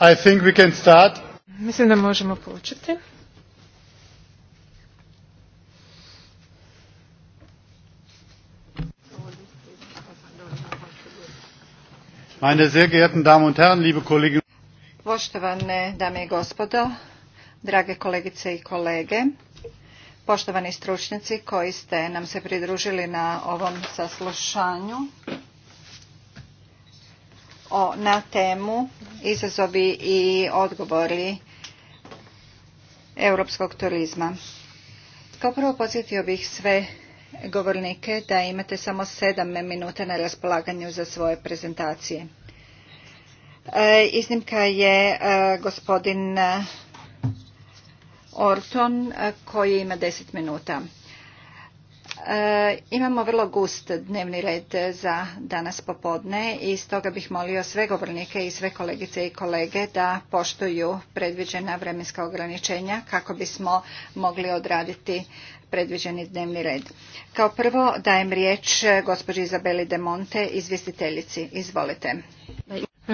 I think we can start. Mislim da možemo početi. Meine sehr geehrten Damen und Herren, liebe Kolleginnen Poštovane dame i gospodo, drage kolegice i kolege, poštovani stručnjaci koji ste nam se pridružili na ovom saslušanju o, na temu izazovi i odgovori europskog turizma. Kao prvo podsjetio bih sve govornike da imate samo sedam minuta na raspolaganju za svoje prezentacije. E, iznimka je e, gospodin Orton e, koji ima deset minuta. E, imamo vrlo gust dnevni red za danas popodne i stoga bih molio sve govornike i sve kolegice i kolege da poštuju predviđena vremenska ograničenja kako bismo mogli odraditi predviđeni dnevni red. Kao prvo dajem riječ gospođi Izabeli de Monte, izvjestiteljici. Izvolite.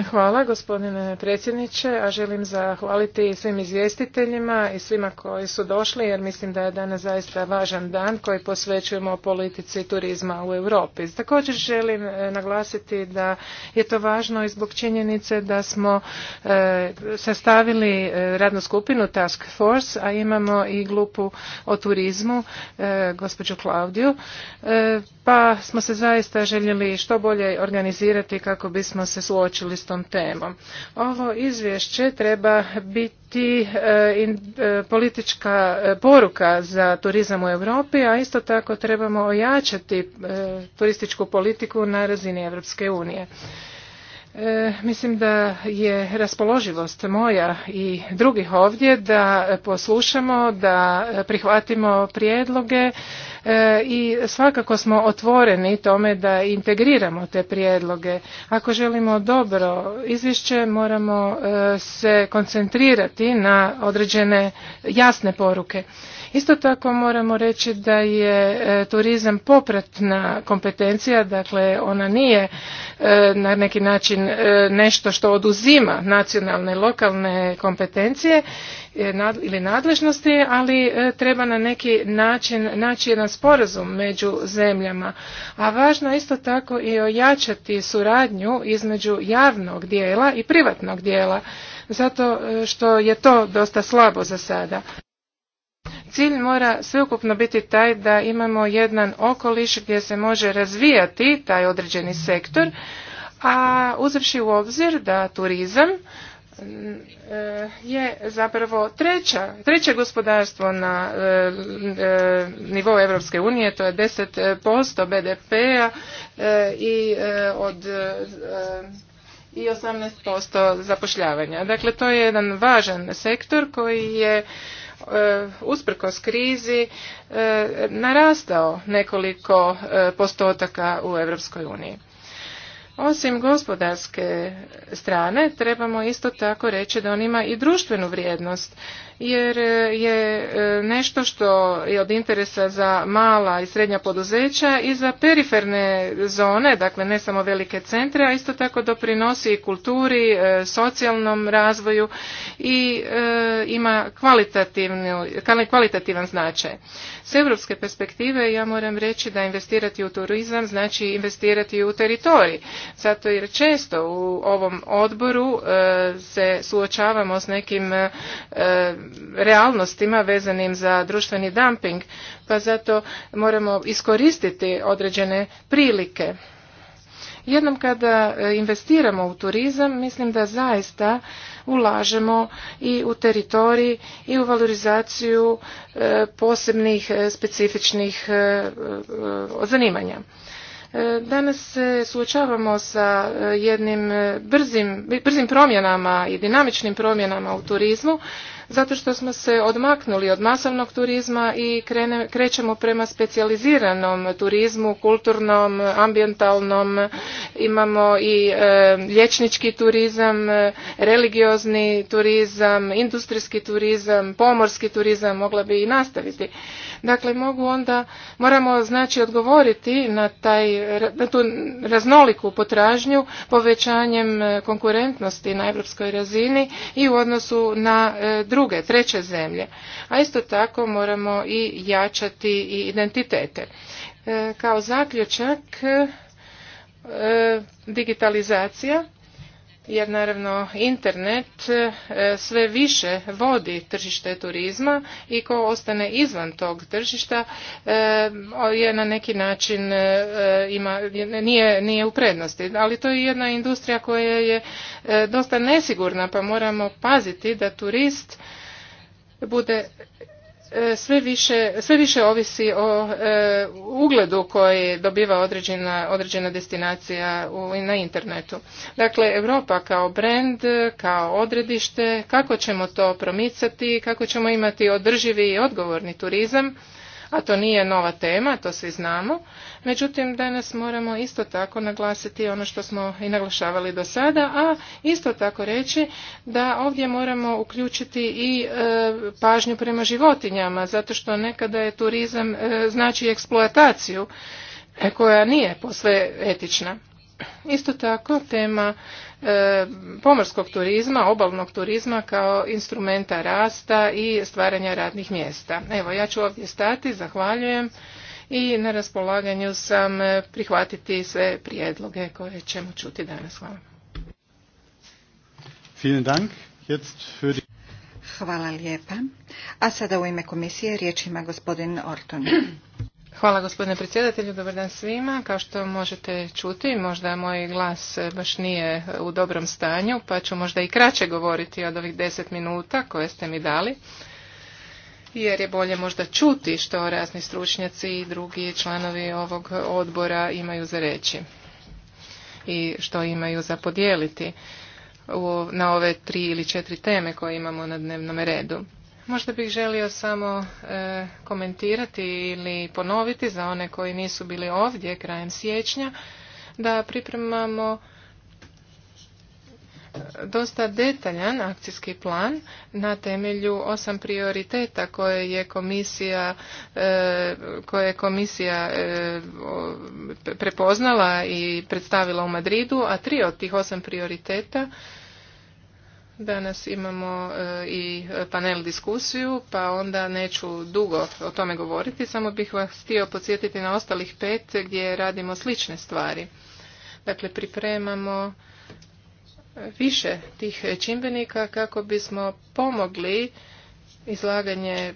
Hvala gospodine predsjedniče, a želim zahvaliti svim izvjestiteljima i svima koji su došli jer mislim da je danas zaista važan dan koji posvećujemo politici turizma u Europi. Također želim e, naglasiti da je to važno i zbog činjenice da smo e, sastavili e, radnu skupinu Task Force, a imamo i glupu o turizmu, gospođu Klaudiju, pa smo se zaista željeli što bolje organizirati kako bismo se suočili s istom temom. Ovo izvješće treba biti e, e, politička e, poruka za turizam u Europi, a isto tako trebamo ojačati turističku politiku na razini Europske unije. E, mislim da je raspoloživost moja i drugih ovdje da poslušamo, da prihvatimo prijedloge e, i svakako smo otvoreni tome da integriramo te prijedloge. Ako želimo dobro izvješće moramo e, se koncentrirati na određene jasne poruke. Isto tako moramo reći da je e, turizam popratna kompetencija, dakle ona nije e, na neki način e, nešto što oduzima nacionalne i lokalne kompetencije ili nadležnosti, ali treba na neki način naći jedan sporazum među zemljama. A važno je isto tako i ojačati suradnju između javnog dijela i privatnog dijela, zato što je to dosta slabo za sada. Cilj mora sveukupno biti taj da imamo jedan okoliš gdje se može razvijati taj određeni sektor, a uzevši u obzir da turizam mm, e, je zapravo treća, treće gospodarstvo na e, e, nivou Europske unije, to je 10% BDP-a i od i 18% zapošljavanja. Dakle, to je jedan važan sektor koji je E, usprkos krizi e, narastao nekoliko e, postotaka u EU. Osim gospodarske strane, trebamo isto tako reći da on ima i društvenu vrijednost jer e, je e, nešto što je od interesa za mala i srednja poduzeća i za periferne zone, dakle ne samo velike centre, a isto tako doprinosi i kulturi, e, socijalnom razvoju i ima kvalitativan značaj. S europske perspektive ja moram reći da investirati u turizam znači investirati u teritorij. Zato jer često u ovom odboru se suočavamo s nekim realnostima vezanim za društveni dumping, pa zato moramo iskoristiti određene prilike. Jednom kada e, investiramo u turizam, mislim da zaista ulažemo i u teritorij i u valorizaciju e, posebnih e, specifičnih zanimanja. Danas se suočavamo sa jednim brzim, brzim promjenama i dinamičnim promjenama u turizmu zato što smo se odmaknuli od masovnog turizma i krećemo prema specijaliziranom turizmu, kulturnom, ambientalnom, imamo i e, lječnički turizam, e, religiozni turizam, industrijski turizam, pomorski turizam, mogla bi i nastaviti. Dakle, mogu onda, moramo znači odgovoriti na, taj, na tu raznoliku potražnju povećanjem e, konkurentnosti na europskoj razini i u odnosu na e, druge, treće zemlje. A isto tako moramo i jačati i identitete. E, kao zaključak digitalizacija jer naravno internet e, sve više vodi tržište turizma i ko ostane izvan tog tržišta e, je na neki način e, ima, nije, nije u prednosti. Ali to je jedna industrija koja je dosta nesigurna pa moramo paziti da turist bude E, sve više, ovisi o e, ugledu koji dobiva određena, destinacija na internetu. Dakle, Europa kao brand, kao odredište, kako ćemo to promicati, kako ćemo imati održivi i odgovorni turizam, a to nije nova tema, to svi znamo, Međutim, danas moramo isto tako naglasiti ono što smo i naglašavali do sada, a isto tako reći da ovdje moramo uključiti i e, pažnju prema životinjama, zato što nekada je turizam e, znači eksploataciju e, koja nije posve etična. Isto tako tema pomorskog turizma, obalnog turizma kao instrumenta rasta i stvaranja radnih mjesta. Evo, ja ću ovdje stati, zahvaljujem i na raspolaganju sam e, prihvatiti sve prijedloge koje ćemo čuti danas. Hvala. Hvala lijepa. A sada u ime komisije riječ ima gospodin Orton. Hvala gospodine predsjedatelju, dobar dan svima. Kao što možete čuti, možda moj glas e, baš nije u dobrom stanju, pa ću možda i kraće govoriti od ovih deset minuta koje ste mi dali jer je bolje možda čuti što razni stručnjaci i drugi članovi ovog odbora imaju za reći i što imaju za podijeliti na ove tri ili četiri teme koje imamo na dnevnom redu. Možda bih želio samo e, komentirati ili ponoviti za one koji nisu bili ovdje krajem siječnja da pripremamo dosta detaljan akcijski plan na temelju osam prioriteta koje je komisija e, koje je komisija e, prepoznala i predstavila u Madridu, a tri od tih osam prioriteta Danas imamo e, i panel diskusiju, pa onda neću dugo o tome govoriti, samo bih vas htio podsjetiti na ostalih pet gdje radimo slične stvari. Dakle, pripremamo više tih čimbenika kako bismo pomogli izlaganje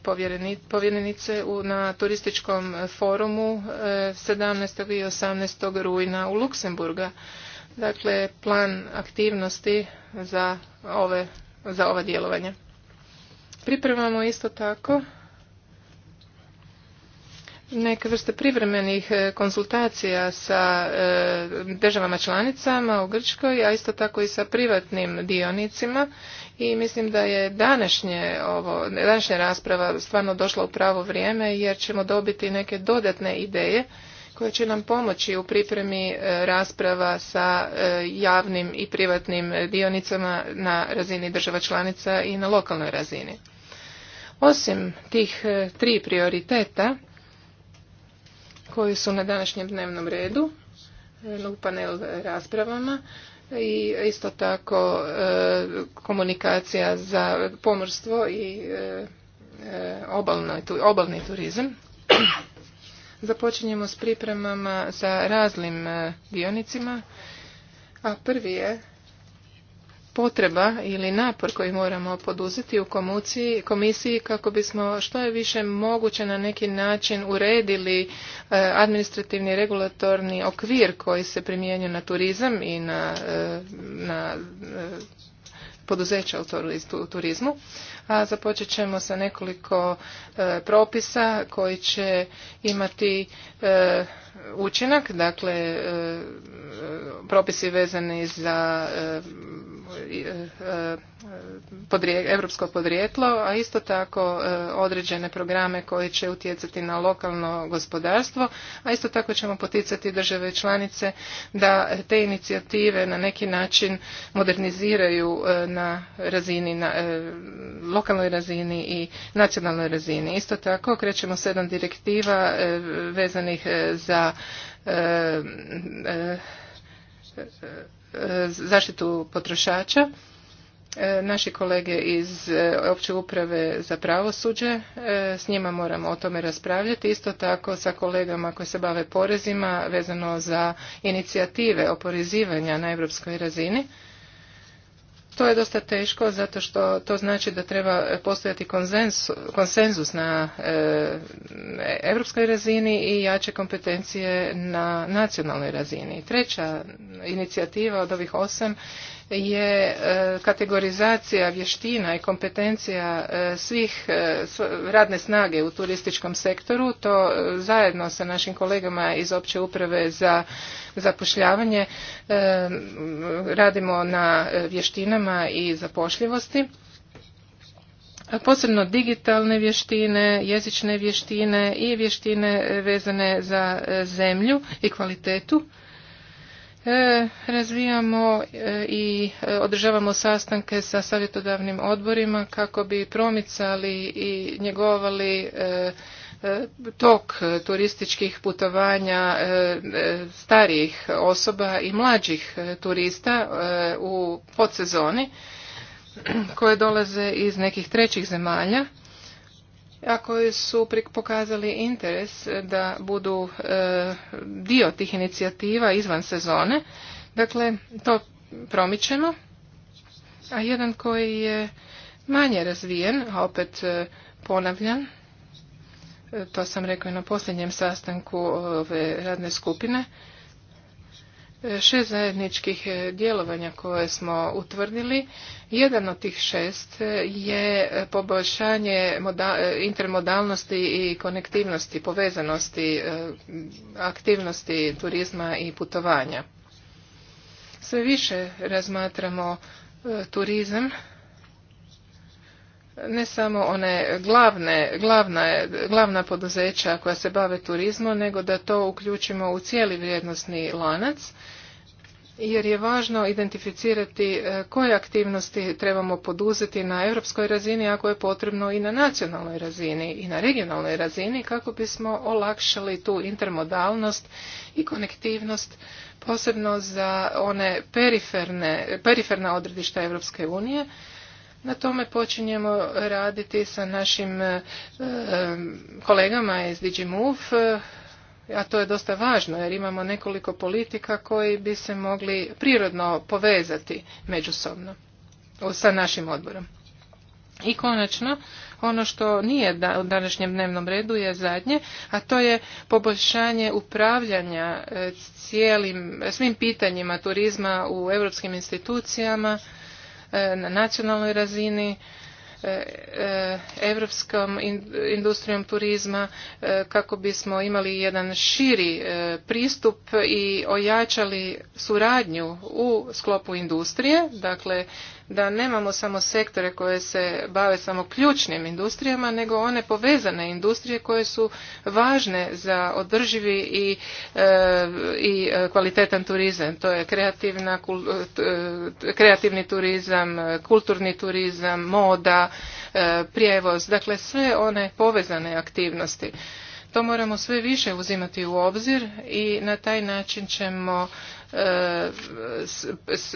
povjerenice na turističkom forumu 17. E, i 18. rujna u Luksemburga. Dakle, plan aktivnosti za, ove, za ova djelovanja. Pripremamo isto tako neke vrste privremenih e, konsultacija sa e, državama članicama u Grčkoj, a isto tako i sa privatnim dionicima i mislim da je današnje ovo, današnja rasprava stvarno došla u pravo vrijeme jer ćemo dobiti neke dodatne ideje koje će nam pomoći u pripremi e, rasprava sa javnim i privatnim dionicama na razini država članica i na lokalnoj razini. Osim tih tri prioriteta, koji su na današnjem dnevnom redu e, u panel raspravama i isto tako e, komunikacija za pomorstvo i e, obalni turizam. Započinjemo s pripremama sa raznim dionicima, a prvi je potreba ili napor koji moramo poduzeti u komisiji kako bismo što je više moguće na neki način uredili e, administrativni regulatorni okvir koji se primjenjuje na turizam i na, e, na e, poduzeća u turizmu. A započet ćemo sa nekoliko propisa koji će imati učinak, dakle e, e, propisi vezani za europsko e, podrijetlo, a isto tako određene programe koji će utjecati na lokalno gospodarstvo, a isto tako ćemo poticati države članice da te inicijative na neki način moderniziraju na razini, na lokalnoj razini i nacionalnoj razini. Isto tako krećemo sedam direktiva vezanih za za e, e, e, zaštitu potrošača naši kolege iz opće uprave za pravosuđe s njima moramo o tome raspravljati isto tako sa kolegama koji se bave porezima vezano za inicijative oporezivanja na europskoj razini to je dosta teško zato što to znači da treba postojati konsenzus na europskoj razini i jače kompetencije na nacionalnoj razini. Treća inicijativa od ovih osam je e, kategorizacija vještina i kompetencija e, svih e, radne snage u turističkom sektoru. To zajedno sa našim kolegama iz opće uprave za zapošljavanje radimo na vještinama i zapošljivosti. Posebno digitalne vještine, jezične vještine i vještine vezane za zemlju i kvalitetu. E, razvijamo e, i e, održavamo sastanke sa savjetodavnim odborima kako bi promicali i njegovali tok turističkih putovanja starijih osoba i mlađih turista u podsezoni koje dolaze iz nekih trećih zemalja a koji su pokazali interes da budu e, dio tih inicijativa izvan sezone. Dakle, to promičemo. A jedan koji je manje razvijen, a opet e, ponavljan, e, to sam rekao i na posljednjem sastanku ove radne skupine, šest zajedničkih e, djelovanja koje smo utvrdili. Jedan od tih šest e, je poboljšanje e, intermodalnosti i konektivnosti, povezanosti aktivnosti turizma i putovanja. Sve više razmatramo turizam ne samo one glavne, glavna, glavna poduzeća koja se bave turizmom, nego da to uključimo u cijeli vrijednosni lanac jer je važno identificirati e, koje aktivnosti trebamo poduzeti na europskoj razini ako je potrebno i na nacionalnoj razini i na regionalnoj razini kako bismo olakšali tu intermodalnost i konektivnost posebno za one periferne, periferna odredišta Europske unije. Na tome počinjemo raditi sa našim e, e, kolegama iz DigiMove a to je dosta važno jer imamo nekoliko politika koji bi se mogli prirodno povezati međusobno sa našim odborom. I konačno, ono što nije u današnjem dnevnom redu je zadnje, a to je poboljšanje upravljanja e, cijelim, svim pitanjima turizma u europskim institucijama e, na nacionalnoj razini, europskom e, industrijom turizma e, kako bismo imali jedan širi e, pristup i ojačali suradnju u sklopu industrije, dakle da nemamo samo sektore koje se bave samo ključnim industrijama, nego one povezane industrije koje su važne za održivi i, e, i e, kvalitetan turizam. To je kreativna, e, kreativni turizam, kulturni turizam, moda, e, prijevoz, dakle sve one povezane aktivnosti. To moramo sve više uzimati u obzir i na taj način ćemo E,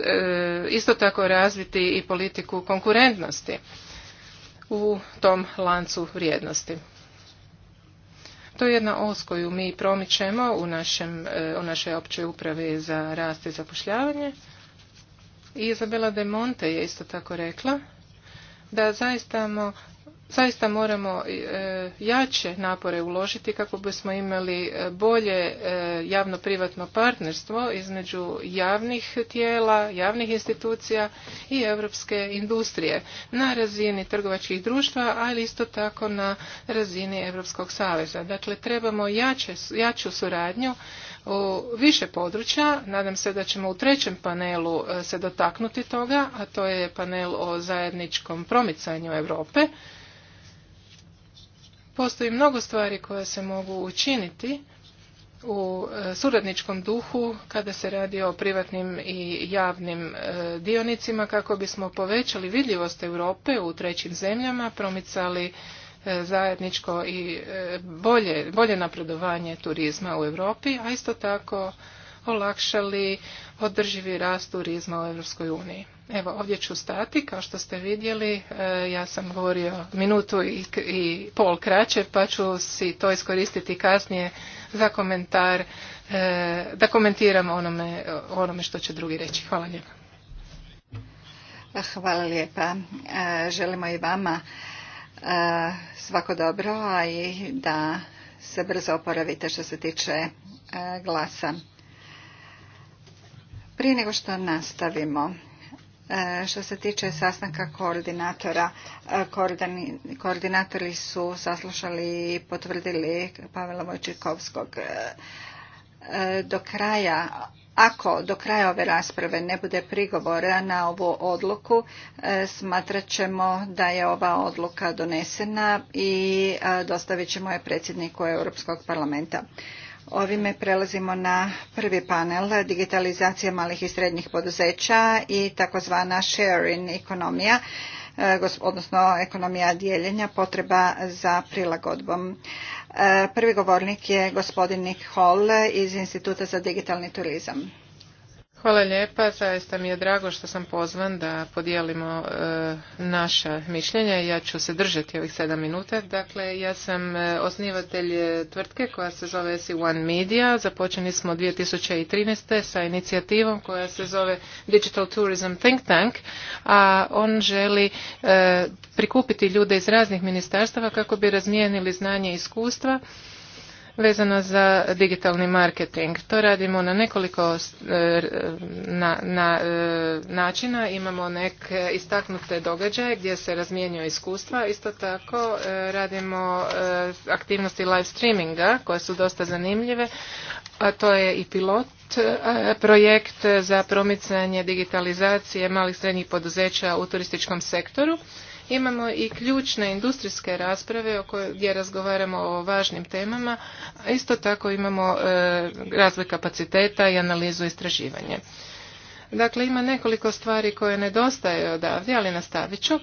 e, isto tako razviti i politiku konkurentnosti u tom lancu vrijednosti. To je jedna os koju mi promičemo u, našem, e, u našoj općoj upravi za rast i zapošljavanje. I Izabela de Monte je isto tako rekla da zaista zaista moramo e, jače napore uložiti kako bismo imali e, bolje e, javno-privatno partnerstvo između javnih tijela, javnih institucija i europske industrije na razini trgovačkih društva, ali isto tako na razini Europskog saveza. Dakle, trebamo jače, jaču suradnju u više područja. Nadam se da ćemo u trećem panelu se dotaknuti toga, a to je panel o zajedničkom promicanju Europe. Postoji mnogo stvari koje se mogu učiniti u e, suradničkom duhu kada se radi o privatnim i javnim e, dionicima kako bismo povećali vidljivost Europe u trećim zemljama, promicali e, zajedničko i bolje, bolje napredovanje turizma u Europi, a isto tako olakšali održivi rast turizma u Europskoj uniji. Evo, ovdje ću stati. Kao što ste vidjeli, e, ja sam govorio minutu i pol kraće, pa ću si to iskoristiti kasnije za komentar, e, da komentiram onome, onome što će drugi reći. Hvala lijepa. Hvala lijepa. E, želimo i vama svako dobro, a i da se brzo oporavite što se tiče glasa. Prije nego što nastavimo, E, što se tiče sastanka koordinatora, e, koordinatori su saslušali i potvrdili Pavela Vojčikovskog e, do kraja ako do kraja ove rasprave ne bude prigovora na ovu odluku, smatrat ćemo da je ova odluka donesena i dostavit ćemo je predsjedniku Europskog parlamenta. Ovime prelazimo na prvi panel digitalizacija malih i srednjih poduzeća i takozvana sharing ekonomija, e, odnosno ekonomija dijeljenja potreba za prilagodbom. E, prvi govornik je gospodin Nick Hall iz Instituta za digitalni turizam. Hvala lijepa, zaista mi je drago što sam pozvan da podijelimo e, naša mišljenja. Ja ću se držati ovih sedam minuta. Dakle, ja sam e, osnivatelj e, tvrtke koja se zove SI 1 Media. Započeli smo 2013. sa inicijativom koja se zove Digital Tourism Think Tank, a on želi prikupiti ljude iz raznih ministarstava kako bi razmijenili znanje i iskustva vezana za digitalni marketing. To radimo na nekoliko e, na, na, e, načina. Imamo neke istaknute događaje gdje se razmijenjuju iskustva. Isto tako e, radimo aktivnosti live streaminga koje su dosta zanimljive, a to je i pilot projekt za promicanje digitalizacije malih srednjih poduzeća u turističkom sektoru Imamo i ključne industrijske rasprave gdje razgovaramo o važnim temama, a isto tako imamo e, razvoj kapaciteta i analizu istraživanja. Dakle, ima nekoliko stvari koje nedostaje odavdje, ali nastavit ću.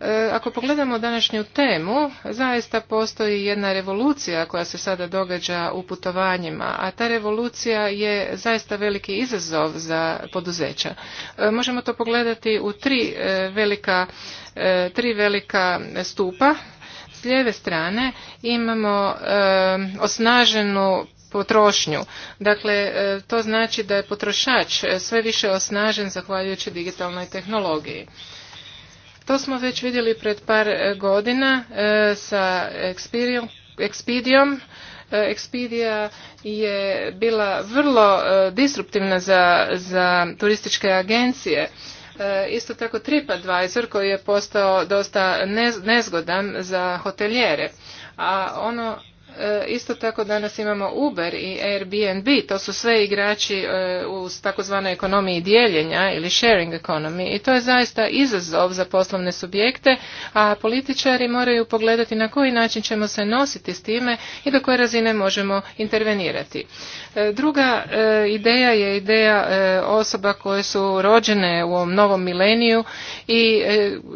E, ako pogledamo današnju temu, zaista postoji jedna revolucija koja se sada događa u putovanjima, a ta revolucija je zaista veliki izazov za poduzeća. E, možemo to pogledati u tri velika E, tri velika stupa. S lijeve strane imamo e, osnaženu potrošnju. Dakle, e, to znači da je potrošač sve više osnažen zahvaljujući digitalnoj tehnologiji. To smo već vidjeli pred par godina sa Expedijom. Expedia je bila vrlo disruptivna za, za turističke agencije E, isto tako TripAdvisor koji je postao dosta nezgodan za hotelijere. A ono E, isto tako danas imamo Uber i Airbnb, to su sve igrači e, u takozvanoj ekonomiji dijeljenja ili sharing economy i to je zaista izazov za poslovne subjekte, a političari moraju pogledati na koji način ćemo se nositi s time i do koje razine možemo intervenirati. E, druga ideja je ideja osoba koje su rođene u ovom novom mileniju i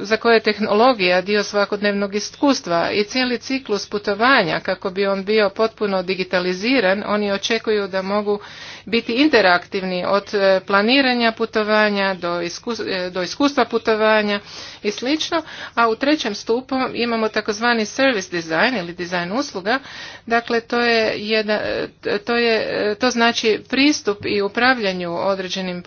za koje je tehnologija dio svakodnevnog iskustva i cijeli ciklus putovanja kako bi on bio potpuno digitaliziran, oni očekuju da mogu biti interaktivni od e, planiranja putovanja do, e, do iskustva putovanja i slično, a u trećem stupu imamo takozvani service design ili dizajn usluga, dakle to je, e, to je to znači pristup i upravljanju određenim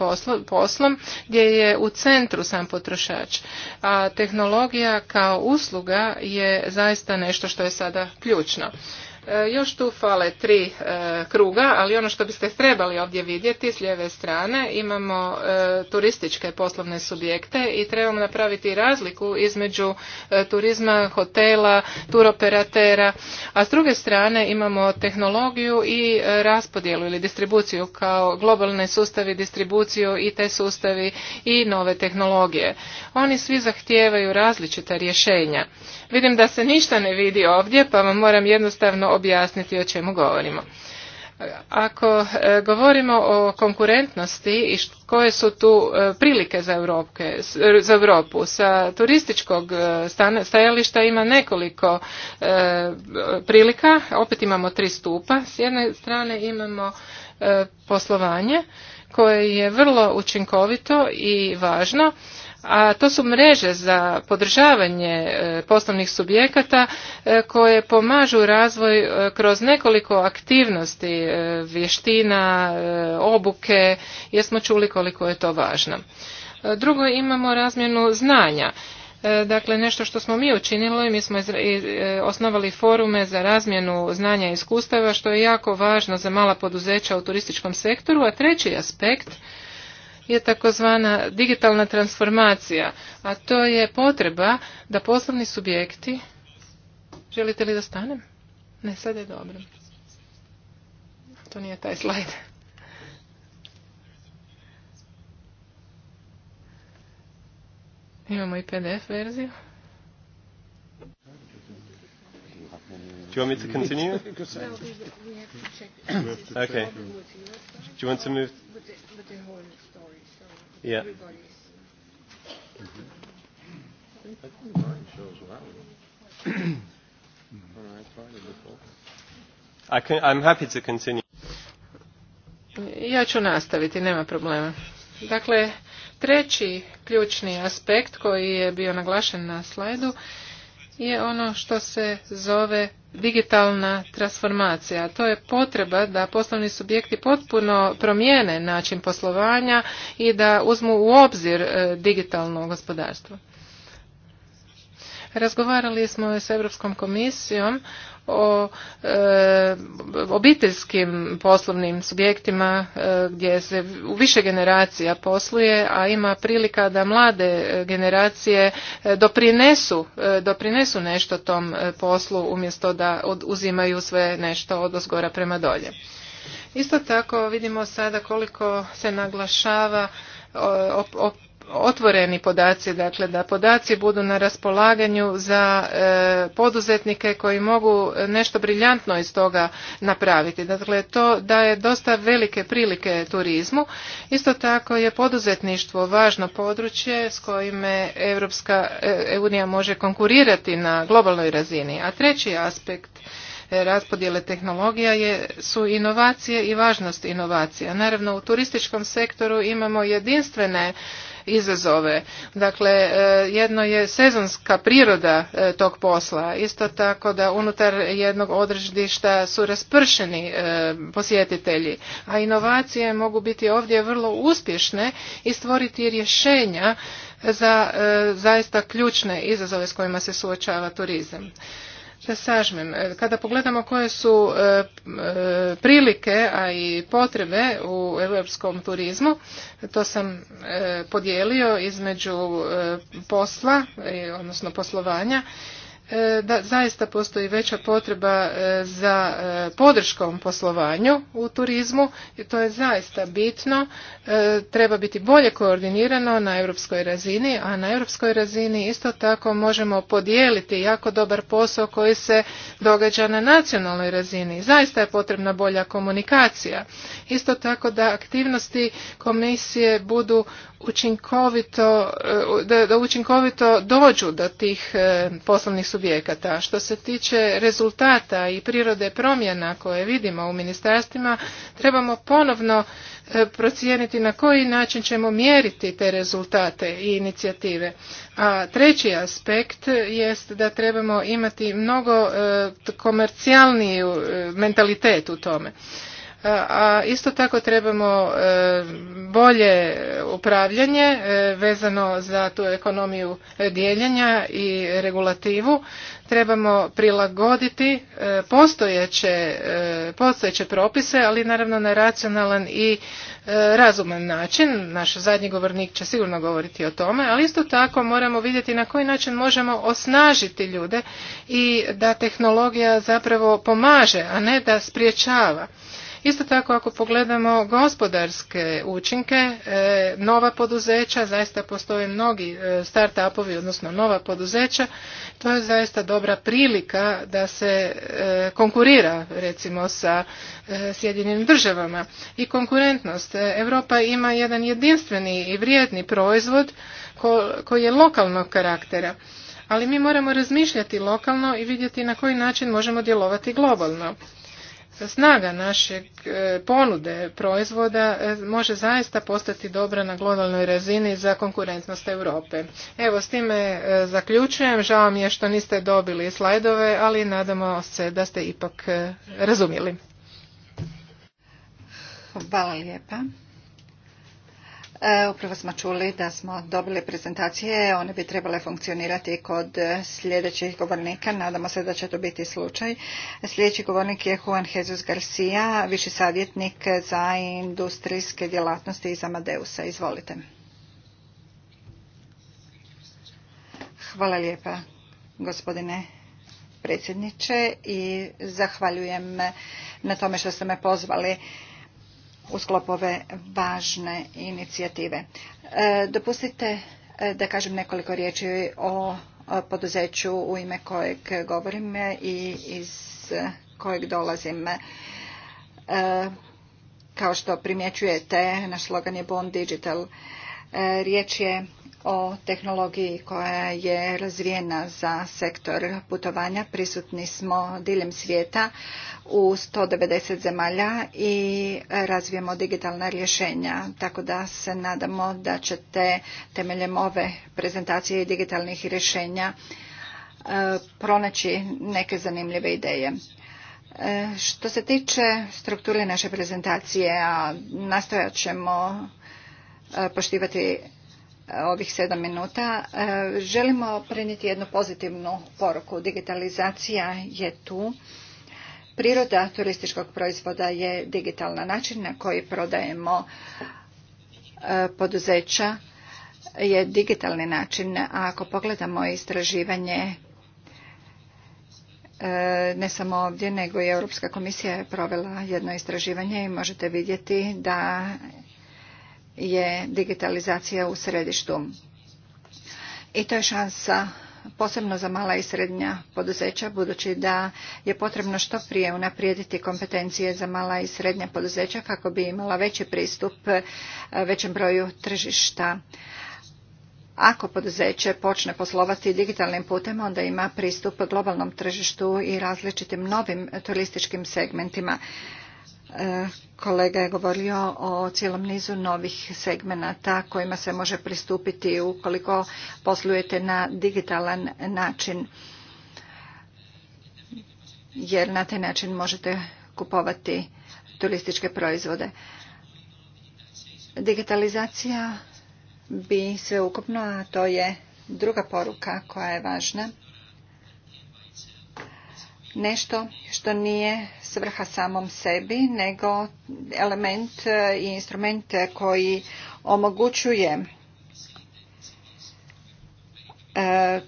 poslom gdje je u centru sam potrošač, a tehnologija kao usluga je zaista nešto što je sada ključno. E, još tu fale tri e, kruga, ali ono što biste trebali ovdje vidjeti s lijeve strane imamo e, turističke poslovne subjekte i trebamo napraviti razliku između turizma, hotela, turoperatera, a s druge strane imamo tehnologiju i raspodjelu ili distribuciju kao globalne sustavi, distribuciju i te sustavi i nove tehnologije. Oni svi zahtijevaju različita rješenja. Vidim da se ništa ne vidi ovdje, pa vam moram jednostavno objasniti o čemu govorimo. Ako e, govorimo o konkurentnosti i koje su tu e, prilike za, Europke, e, za Europu, sa turističkog stajališta ima nekoliko prilika, opet imamo tri stupa. S jedne strane imamo poslovanje koje je vrlo učinkovito i važno a to su mreže za podržavanje e, poslovnih subjekata e, koje pomažu razvoj e, kroz nekoliko aktivnosti vještina, obuke, jer smo čuli koliko je to važno. Drugo imamo razmjenu znanja. Dakle, nešto što smo mi učinili, mi smo osnovali forume za razmjenu znanja i iskustava, što je jako važno za mala poduzeća u turističkom sektoru. A treći aspekt je takozvana digitalna transformacija, a to je potreba da poslovni subjekti... Želite li da stanem? Ne, sad je dobro. To nije taj slajd. Imamo i PDF verziju. Do you want me to continue? okay. Do you want to move? Yeah. Ja ću nastaviti, nema problema. Dakle, treći ključni aspekt koji je bio naglašen na slajdu je ono što se zove digitalna transformacija. To je potreba da poslovni subjekti potpuno promijene način poslovanja i da uzmu u obzir e, digitalno gospodarstvo. Razgovarali smo s Europskom komisijom o eh, obiteljskim poslovnim subjektima eh, gdje se u više generacija posluje, a ima prilika da mlade eh, generacije doprinesu, doprinesu nešto tom poslu umjesto da uzimaju sve nešto od osgora prema dolje. Isto tako vidimo sada koliko se naglašava otvoreni podaci, dakle da podaci budu na raspolaganju za e, poduzetnike koji mogu nešto briljantno iz toga napraviti. Dakle, to daje dosta velike prilike turizmu. Isto tako je poduzetništvo važno područje s kojime Europska e, e, unija može konkurirati na globalnoj razini. A treći aspekt raspodjele tehnologija je, su inovacije i važnost inovacija. Naravno, u turističkom sektoru imamo jedinstvene izazove. Dakle, e, jedno je sezonska priroda e, tog posla, isto tako da unutar jednog odredišta su raspršeni e, posjetitelji, a inovacije mogu biti ovdje vrlo uspješne i stvoriti rješenja za zaista ključne izazove s kojima se suočava turizam. Da sažmem, e, kada pogledamo koje su e, e, prilike, a i potrebe u europskom turizmu, to sam podijelio između posla, odnosno poslovanja E, da zaista postoji veća potreba e, za e, podrškom poslovanju u turizmu i to je zaista bitno. Treba biti bolje koordinirano na europskoj razini, a na europskoj razini isto tako možemo podijeliti jako dobar posao koji se događa na nacionalnoj razini. Zaista je potrebna bolja komunikacija. Isto tako da aktivnosti komisije budu učinkovito, e, da, učinkovito dođu do tih e, poslovnih subjekata. Što se tiče rezultata i prirode promjena koje vidimo u ministarstvima, trebamo ponovno e, procijeniti na koji način ćemo mjeriti te rezultate i inicijative. A treći aspekt jest da trebamo imati mnogo komercijalniji mentalitet u tome a isto tako trebamo e, bolje upravljanje e, vezano za tu ekonomiju dijeljenja i regulativu. Trebamo prilagoditi e, postojeće, postojeće propise, ali naravno na racionalan i razuman način. Naš zadnji govornik će sigurno govoriti o tome, ali isto tako moramo vidjeti na koji način možemo osnažiti ljude i da tehnologija zapravo pomaže, a ne da spriječava. Isto tako ako pogledamo gospodarske učinke, e, nova poduzeća, zaista postoje mnogi e, start-upovi, odnosno nova poduzeća, to je zaista dobra prilika da se e, konkurira recimo sa Sjedinjenim državama. I konkurentnost. Europa ima jedan jedinstveni i vrijedni proizvod koji je lokalnog karaktera ali mi moramo razmišljati lokalno i vidjeti na koji način možemo djelovati globalno. Dakle, snaga našeg e, ponude proizvoda e, može zaista postati dobra na globalnoj razini za konkurentnost Europe. Evo, s time e, zaključujem. Žao mi je što niste dobili slajdove, ali nadamo se da ste ipak razumjeli. Hvala lijepa. E, upravo smo čuli da smo dobili prezentacije, one bi trebale funkcionirati kod sljedećih govornika, nadamo se da će to biti slučaj. Sljedeći govornik je Juan Jesus Garcia, viši savjetnik za industrijske djelatnosti iz Amadeusa. Izvolite. Hvala lijepa gospodine predsjedniče i zahvaljujem na tome što ste me pozvali u sklopu važne inicijative. E, dopustite e, da kažem nekoliko riječi o poduzeću u ime kojeg govorim e, i iz kojeg dolazim. Kao što primjećujete, naš slogan je Bond Digital. Riječ je o tehnologiji koja je razvijena za sektor putovanja. Prisutni smo diljem svijeta u 190 zemalja i razvijemo digitalna rješenja. Tako da se nadamo da ćete temeljem ove prezentacije i digitalnih rješenja e, pronaći neke zanimljive ideje. E, što se tiče strukture naše prezentacije, nastojat ćemo e, poštivati ovih sedam minuta. E, želimo prenijeti jednu pozitivnu poruku. Digitalizacija je tu. Priroda turističkog proizvoda je digitalna način na koji prodajemo e, poduzeća je digitalni način. A ako pogledamo istraživanje e, ne samo ovdje, nego i Europska komisija je provela jedno istraživanje i možete vidjeti da je digitalizacija u središtu. I to je šansa posebno za mala i srednja poduzeća, budući da je potrebno što prije unaprijediti kompetencije za mala i srednja poduzeća kako bi imala veći pristup e, većem broju tržišta. Ako poduzeće počne poslovati digitalnim putem, onda ima pristup globalnom tržištu i različitim novim turističkim segmentima. E, kolega je govorio o cijelom nizu novih segmenata kojima se može pristupiti ukoliko poslujete na digitalan način. Jer na taj način možete kupovati turističke proizvode. Digitalizacija bi sveukupno, a to je druga poruka koja je važna, nešto što nije svrha samom sebi, nego element i instrument koji omogućuje e,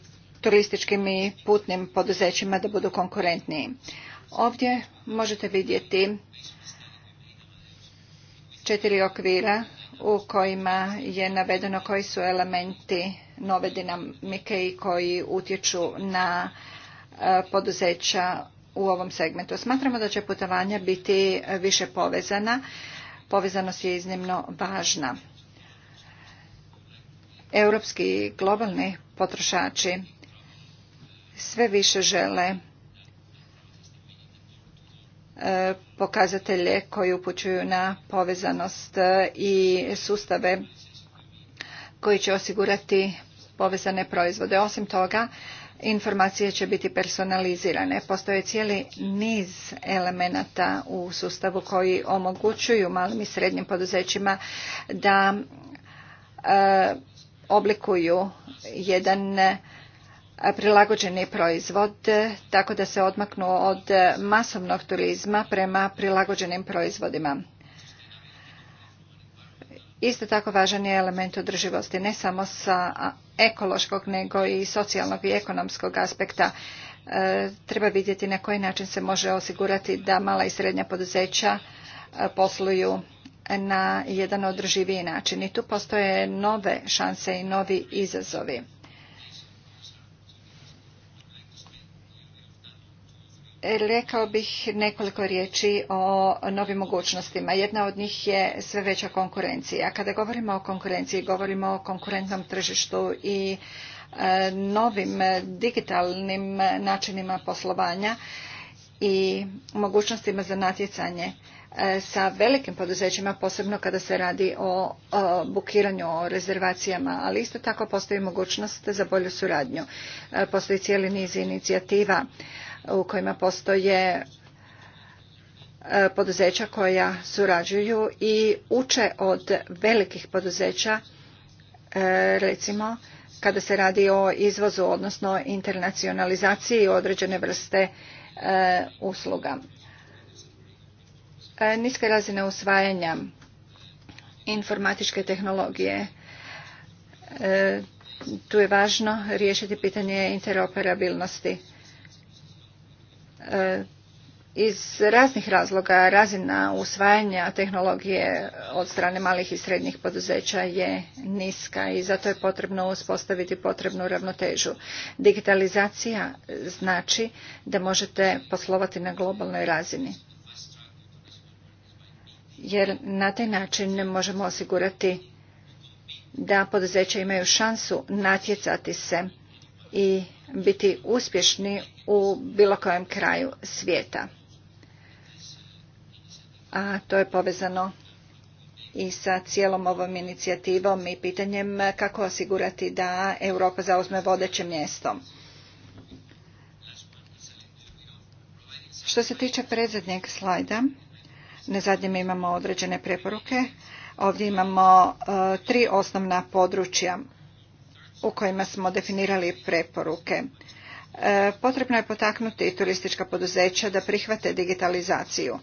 turističkim i putnim poduzećima da budu konkurentniji. Ovdje možete vidjeti četiri okvira u kojima je navedeno koji su elementi nove dinamike i koji utječu na E, poduzeća u ovom segmentu. Smatramo da će putovanja biti više povezana. Povezanost je iznimno važna. Europski globalni potrošači sve više žele e, pokazatelje koji upućuju na povezanost e, i sustave koji će osigurati povezane proizvode. Osim toga, informacije će biti personalizirane. Postoje cijeli niz elemenata u sustavu koji omogućuju malim i srednjim poduzećima da e, oblikuju jedan e, prilagođeni proizvod tako da se odmaknu od masovnog turizma prema prilagođenim proizvodima isto tako važan je element održivosti ne samo sa ekološkog nego i socijalnog i ekonomskog aspekta e, treba vidjeti na koji način se može osigurati da mala i srednja poduzeća e, posluju na jedan održiviji način i tu postoje nove šanse i novi izazovi rekao bih nekoliko riječi o novim mogućnostima. Jedna od njih je sve veća konkurencija. Kada govorimo o konkurenciji, govorimo o konkurentnom tržištu i e, novim digitalnim načinima poslovanja i mogućnostima za natjecanje e, sa velikim poduzećima, posebno kada se radi o bukiranju, o rezervacijama, ali isto tako postoji mogućnost za bolju suradnju. E, postoji cijeli niz inicijativa u kojima postoje e, poduzeća koja surađuju i uče od velikih poduzeća e, recimo kada se radi o izvozu odnosno internacionalizaciji određene vrste e, usluga. Niske razine usvajanja informatičke tehnologije. Tu je važno riješiti pitanje interoperabilnosti E, iz raznih razloga razina usvajanja tehnologije od strane malih i srednjih poduzeća je niska i zato je potrebno uspostaviti potrebnu ravnotežu. Digitalizacija znači da možete poslovati na globalnoj razini. Jer na taj način ne možemo osigurati da poduzeća imaju šansu natjecati se i biti uspješni u bilo kojem kraju svijeta. A to je povezano i sa cijelom ovom inicijativom i pitanjem kako osigurati da Europa zauzme vodeće mjesto. Što se tiče predzadnjeg slajda, na zadnjem imamo određene preporuke. Ovdje imamo e, tri osnovna područja u kojima smo definirali preporuke. E, potrebno je potaknuti turistička poduzeća da prihvate digitalizaciju.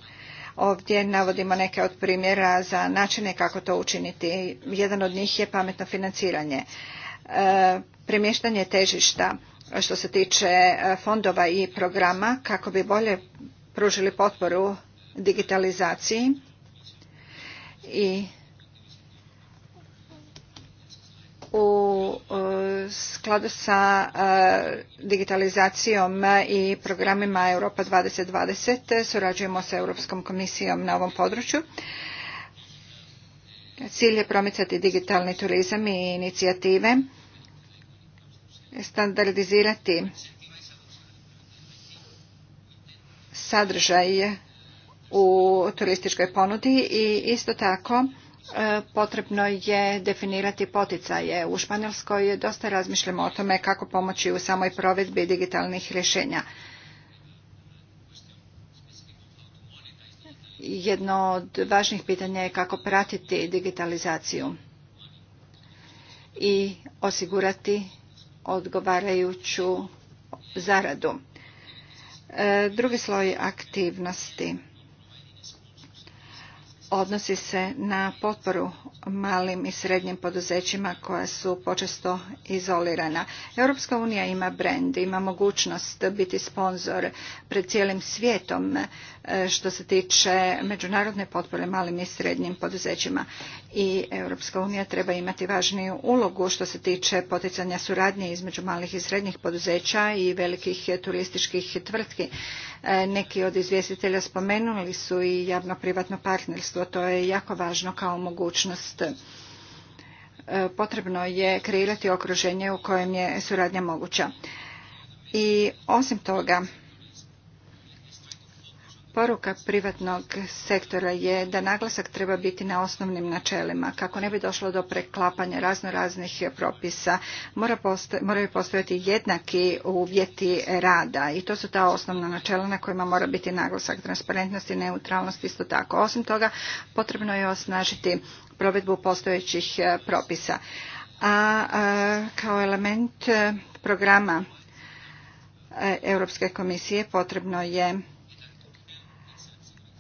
Ovdje navodimo neke od primjera za načine kako to učiniti. Jedan od njih je pametno financiranje. E, premještanje težišta što se tiče e, fondova i programa kako bi bolje pružili potporu digitalizaciji i u e, skladu sa e, digitalizacijom i programima Europa 2020 surađujemo sa Europskom komisijom na ovom području. Cilj je promicati digitalni turizam i inicijative, standardizirati sadržaj u turističkoj ponudi i isto tako E, potrebno je definirati poticaje. U Španjolskoj dosta razmišljamo o tome kako pomoći u samoj provedbi digitalnih rješenja. Jedno od važnih pitanja je kako pratiti digitalizaciju i osigurati odgovarajuću zaradu. E, drugi sloj aktivnosti – odnosi se na potporu malim i srednjim poduzećima koja su počesto izolirana. Europska unija ima brend, ima mogućnost biti sponzor pred cijelim svijetom E, što se tiče međunarodne potpore malim i srednjim poduzećima. I Europska unija treba imati važniju ulogu što se tiče poticanja suradnje između malih i srednjih poduzeća i velikih turističkih tvrtki. E, neki od izvjestitelja spomenuli su i javno-privatno partnerstvo. To je jako važno kao mogućnost e, potrebno je kreirati okruženje u kojem je suradnja moguća. I osim toga, Poruka privatnog sektora je da naglasak treba biti na osnovnim načelima. Kako ne bi došlo do preklapanja razno raznih propisa, moraju postojati jednaki uvjeti rada i to su ta osnovna načela na kojima mora biti naglasak transparentnosti i neutralnost isto tako. Osim toga, potrebno je osnažiti provedbu postojećih e, propisa. a kao element e, programa e, Europske komisije potrebno je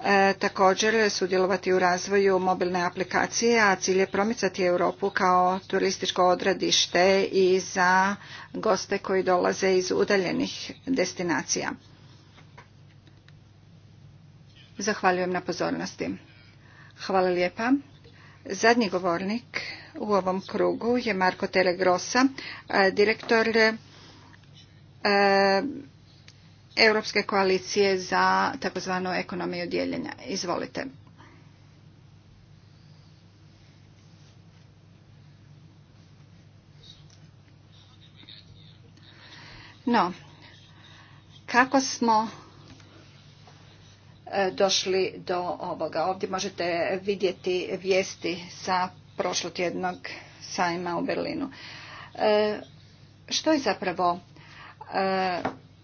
E, također sudjelovati u razvoju mobilne aplikacije, a cilj je promicati Europu kao turističko odredište i za goste koji dolaze iz udaljenih destinacija. Zahvaljujem na pozornosti. Hvala lijepa. Zadnji govornik u ovom krugu je Marko Teregrosa, e, direktor e, Europske koalicije za takozvanu ekonomiju dijeljenja. Izvolite. No, kako smo e, došli do ovoga? Ovdje možete vidjeti vijesti sa prošlotjednog sajma u Berlinu. E, što je zapravo e,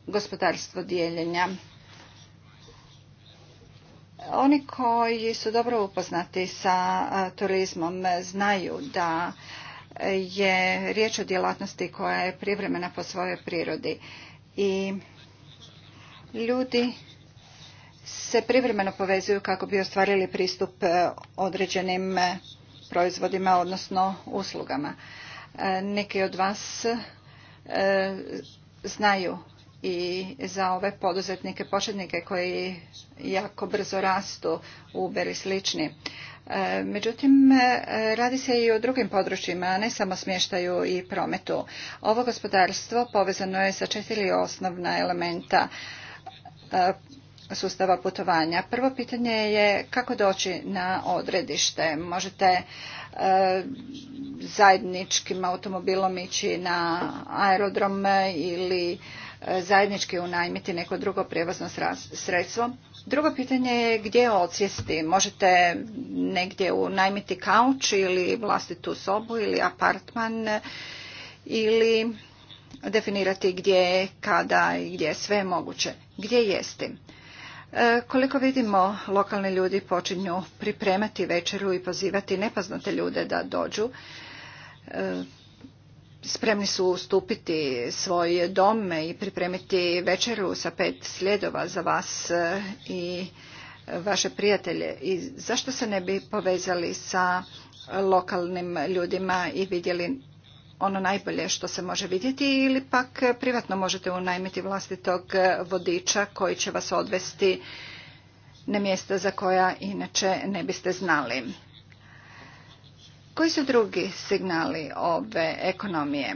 gospodarstvo dijeljenja. Oni koji su dobro upoznati sa turizmom znaju da je riječ o djelatnosti koja je privremena po svojoj prirodi i ljudi se privremeno povezuju kako bi ostvarili pristup e, određenim e, proizvodima odnosno uslugama. E, neki od vas znaju i za ove poduzetnike, početnike koji jako brzo rastu, Uber i slični. E, međutim, e, radi se i o drugim područjima, ne samo smještaju i prometu. Ovo gospodarstvo povezano je sa četiri osnovna elementa e, sustava putovanja. Prvo pitanje je kako doći na odredište. Možete zajedničkim automobilom ići na aerodrom ili e, zajednički unajmiti neko drugo prijevozno sredstvo. Drugo pitanje je gdje odsjesti. Možete negdje unajmiti kauč ili vlastitu sobu ili apartman ili definirati gdje, kada i gdje sve je moguće. Gdje jesti? E, koliko vidimo, lokalni ljudi počinju pripremati večeru i pozivati nepoznate ljude da dođu. E, spremni su ustupiti svoj dom i pripremiti večeru sa pet sljedova za vas e, i vaše prijatelje. I zašto se ne bi povezali sa lokalnim ljudima i vidjeli ono najbolje što se može vidjeti ili pak privatno možete unajmiti vlastitog vodiča koji će vas odvesti na mjesta za koja inače ne biste znali. Koji su drugi signali ove ekonomije?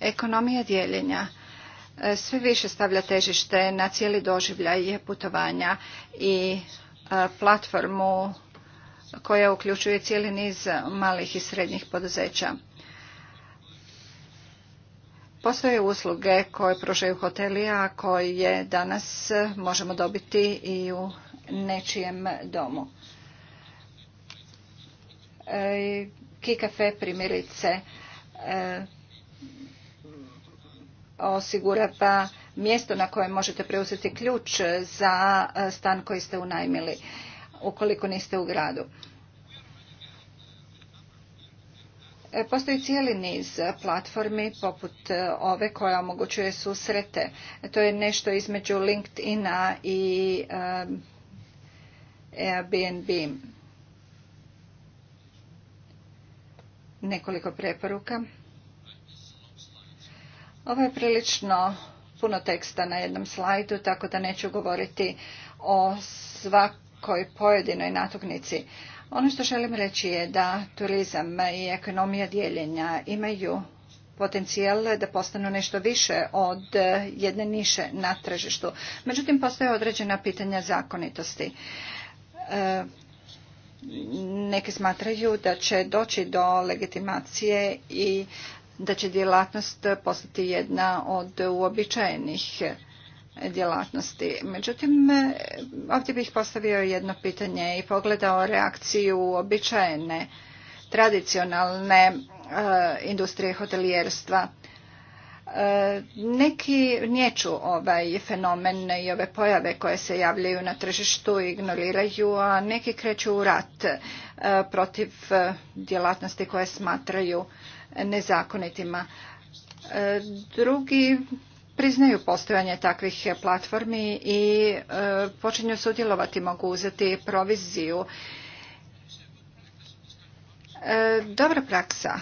Ekonomija dijeljenja e, sve više stavlja težište na cijeli doživljaj putovanja i e, platformu koja uključuje cijeli niz malih i srednjih poduzeća. Postoje usluge koje pružaju hoteli, a koje danas možemo dobiti i u nečijem domu. E, Kikafe primjerice e, osigurava mjesto na kojem možete preuzeti ključ za stan koji ste unajmili ukoliko niste u gradu. E, postoji cijeli niz platformi poput e, ove koja omogućuje susrete. E, to je nešto između LinkedIna i Airbnb. Nekoliko preporuka. Ovo je prilično puno teksta na jednom slajdu, tako da neću govoriti o svakom svakoj pojedinoj natuknici. Ono što želim reći je da turizam i ekonomija dijeljenja imaju potencijal da postanu nešto više od jedne niše na tržištu. Međutim, postoje određena pitanja zakonitosti. E, neki smatraju da će doći do legitimacije i da će djelatnost postati jedna od uobičajenih djelatnosti. Međutim, ovdje bih postavio jedno pitanje i pogledao reakciju običajene, tradicionalne e, industrije hotelijerstva. E, neki nječu ovaj fenomen i ove pojave koje se javljaju na tržištu, ignoriraju, a neki kreću u rat e, protiv djelatnosti koje smatraju nezakonitima. Drugi priznaju postojanje takvih platformi i e, počinju sudjelovati, mogu uzeti proviziju. E, dobra praksa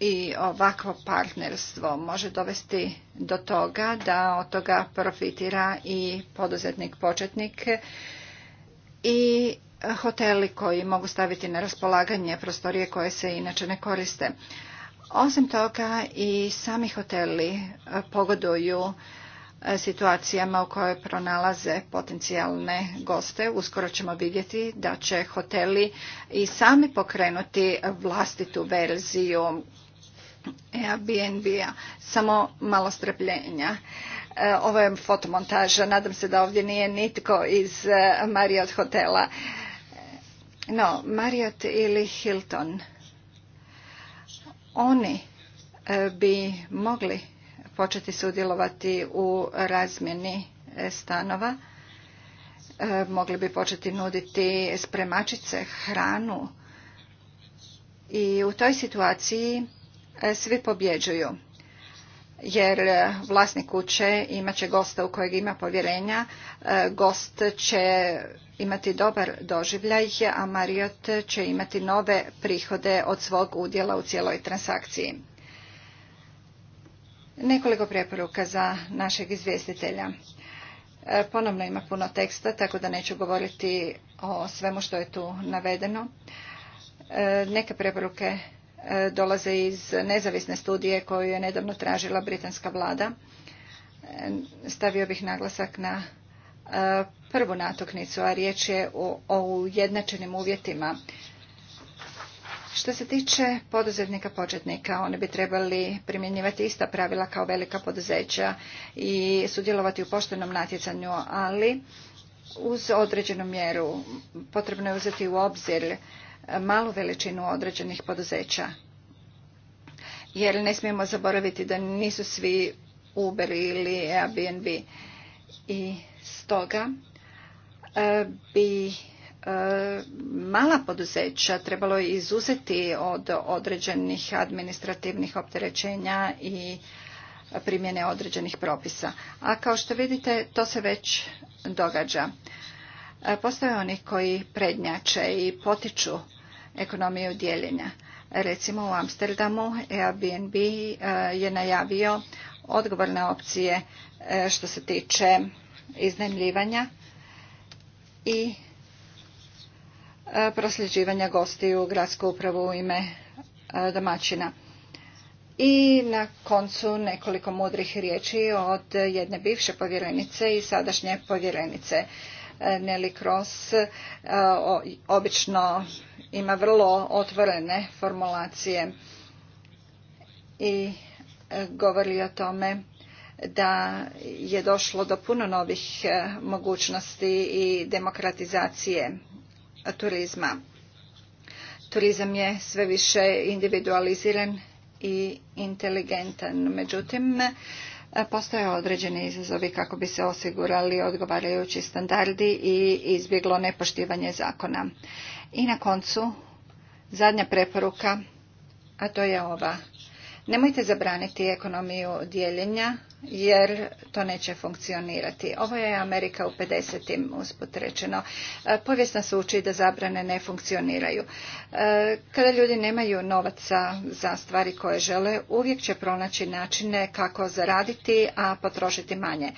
i ovakvo partnerstvo može dovesti do toga da od toga profitira i poduzetnik početnik i hoteli koji mogu staviti na raspolaganje prostorije koje se inače ne koriste. Osim toga i sami hoteli e, pogoduju e, situacijama u kojoj pronalaze potencijalne goste. Uskoro ćemo vidjeti da će hoteli i sami pokrenuti vlastitu verziju Airbnb-a. Samo malo strpljenja. E, ovo je fotomontaža. Nadam se da ovdje nije nitko iz Marriott hotela. No, Marriott ili Hilton oni e, bi mogli početi sudjelovati u razmjeni e, stanova, e, mogli bi početi nuditi spremačice, hranu i u toj situaciji svi pobjeđuju jer e, vlasnik kuće imat će gosta u kojeg ima povjerenja, e, gost će imati dobar doživljaj, a Marriott će imati nove prihode od svog udjela u cijeloj transakciji. Nekoliko preporuka za našeg izvjestitelja. E, ponovno ima puno teksta, tako da neću govoriti o svemu što je tu navedeno. Neke preporuke dolaze iz nezavisne studije koju je nedavno tražila britanska vlada. Stavio bih naglasak na e, prvu natuknicu, a riječ je o ujednačenim uvjetima. Što se tiče poduzetnika početnika, oni bi trebali primjenjivati ista pravila kao velika poduzeća i sudjelovati u poštenom natjecanju, ali uz određenu mjeru potrebno je uzeti u obzir malu veličinu određenih poduzeća. Jer ne smijemo zaboraviti da nisu svi Uber ili Airbnb. I stoga e, bi e, mala poduzeća trebalo izuzeti od određenih administrativnih opterećenja i primjene određenih propisa. A kao što vidite, to se već događa. E, postoje oni koji prednjače i potiču ekonomiju dijeljenja. Recimo u Amsterdamu Airbnb e, je najavio odgovorne opcije e, što se tiče iznajmljivanja i e, prosljeđivanja gostiju u gradsku upravu u ime domaćina. I na koncu nekoliko mudrih riječi od jedne bivše povjerenice i sadašnje povjerenice Nelly Cross, obično ima vrlo otvorene formulacije i e, govori o tome da je došlo do puno novih e, mogućnosti i demokratizacije turizma. Turizam je sve više individualiziran i inteligentan. Međutim, e, postoje određeni izazovi kako bi se osigurali odgovarajući standardi i izbjeglo nepoštivanje zakona. I na koncu, zadnja preporuka, a to je ova. Nemojte zabraniti ekonomiju dijeljenja jer to neće funkcionirati. Ovo je Amerika u 50. usput rečeno. E, Povijest se uči da zabrane ne funkcioniraju. E, kada ljudi nemaju novaca za stvari koje žele, uvijek će pronaći načine kako zaraditi, a potrošiti manje.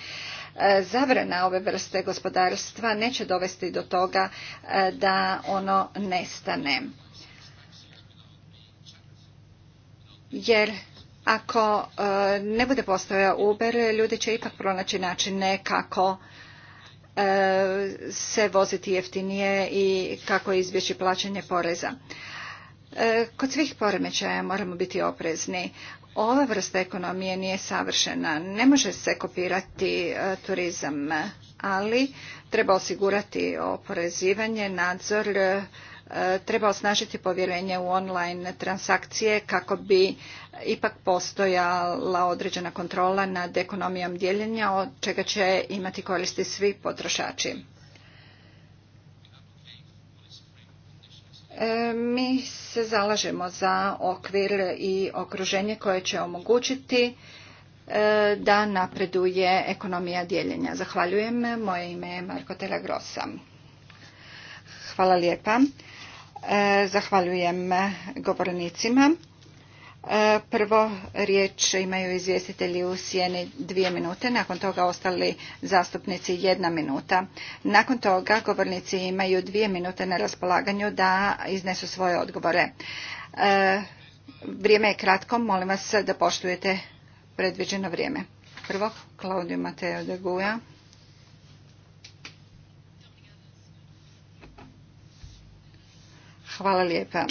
E, zabrana ove vrste gospodarstva neće dovesti do toga e, da ono nestane. Jer ako e, ne bude postojao Uber, ljudi će ipak pronaći načine kako se voziti jeftinije i kako izbjeći plaćanje poreza. Kod svih poremećaja moramo biti oprezni. Ova vrsta ekonomije nije savršena. Ne može se kopirati e, turizam, ali treba osigurati oporezivanje, nadzor, e, treba osnažiti povjerenje u online transakcije kako bi ipak postojala određena kontrola nad ekonomijom dijeljenja od čega će imati koristi svi potrošači. E, mi se zalažemo za okvir i okruženje koje će omogućiti e, da napreduje ekonomija dijeljenja. Zahvaljujem. Moje ime je Marko Telagrosa. Hvala lijepa. E, zahvaljujem govornicima. E, prvo riječ imaju izvjestitelji u sjeni dvije minute, nakon toga ostali zastupnici jedna minuta. Nakon toga govornici imaju dvije minute na raspolaganju da iznesu svoje odgovore. E, vrijeme je kratko, molim vas da poštujete predviđeno vrijeme. Prvo, Claudio Mateo de Guja. Hvala lijepa.